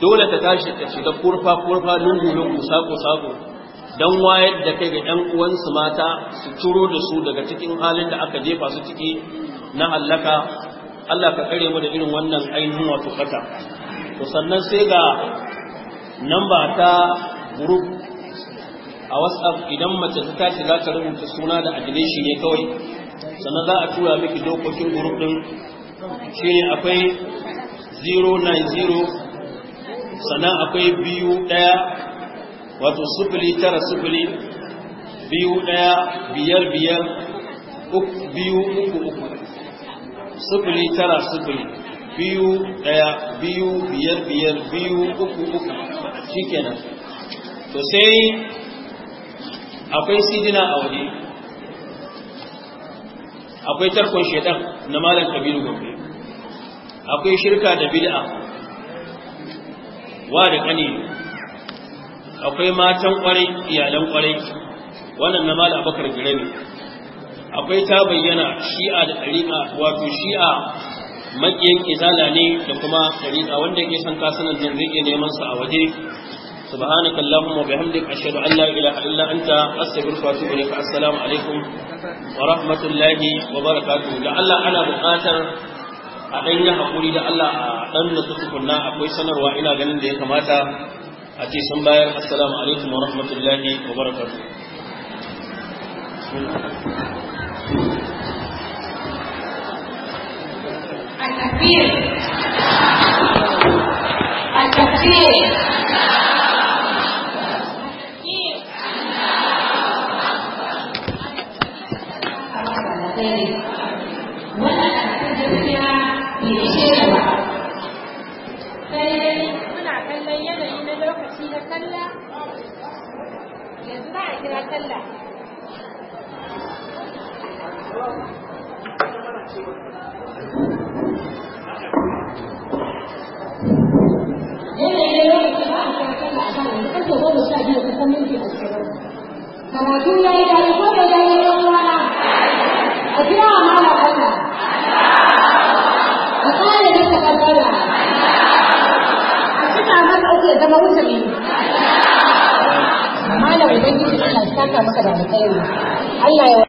dole ta tashi ta shiga kurfa kurfa lungu lungu sako sako don wayar da kai ga ɗan uwansu mata su turo da su daga cikin halin da aka jefa su ciki na hallaka Allah ka kare mu da irin wannan ainihin wato kata to sannan sai ga namba ta group a whatsapp idan mace ta tashi za ta rubuta suna da adireshi ne kawai sannan za a tura miki dokokin group din shine akwai 090 sannan akwai biyu ɗaya wato sufuli tara sufuli biyu ɗaya biyar biyar biyu uku uku sufuli tara sufuli biyu ɗaya biyu biyar biyar biyu uku uku shi kenan to sai akwai sidina a waje akwai tarkon shaidan na malam kabiru gobe akwai shirka da bid'a wa da kani akwai matan kwarai iyalan kwarai wannan na mala abakar jirami akwai ta bayyana shi'a da ɗariƙa wato shi'a maƙiyin izala ne da kuma ɗariƙa wanda ke san kasanan nan zai iya neman a waje subhanaka allahumma bihamdika ashhadu an la ilaha illa anta astaghfiruka wa atubu ilaik assalamu alaikum wa rahmatullahi wa barakatuh da Allah ana buƙatar a ɗan yi haƙuri da Allah a ɗan da tukunna akwai sanarwa ina ganin da ya kamata a ce sun bayar assalamu alaikum wa rahmatullahi wa wannan yanayi na lokaci na sallah yanzu za a kira sallah yanayi na lokaci ba a kira sallah a kan yanzu ƙarfe goma sha biyu kusan minti ashirin karatu ya yi dare ko bai dare yi uwana a kira wa mala Allah a kare masa ƙarfara saka maka uku ya zama wutari malam ubangiji Allah saka maka da alkhairi Allah ya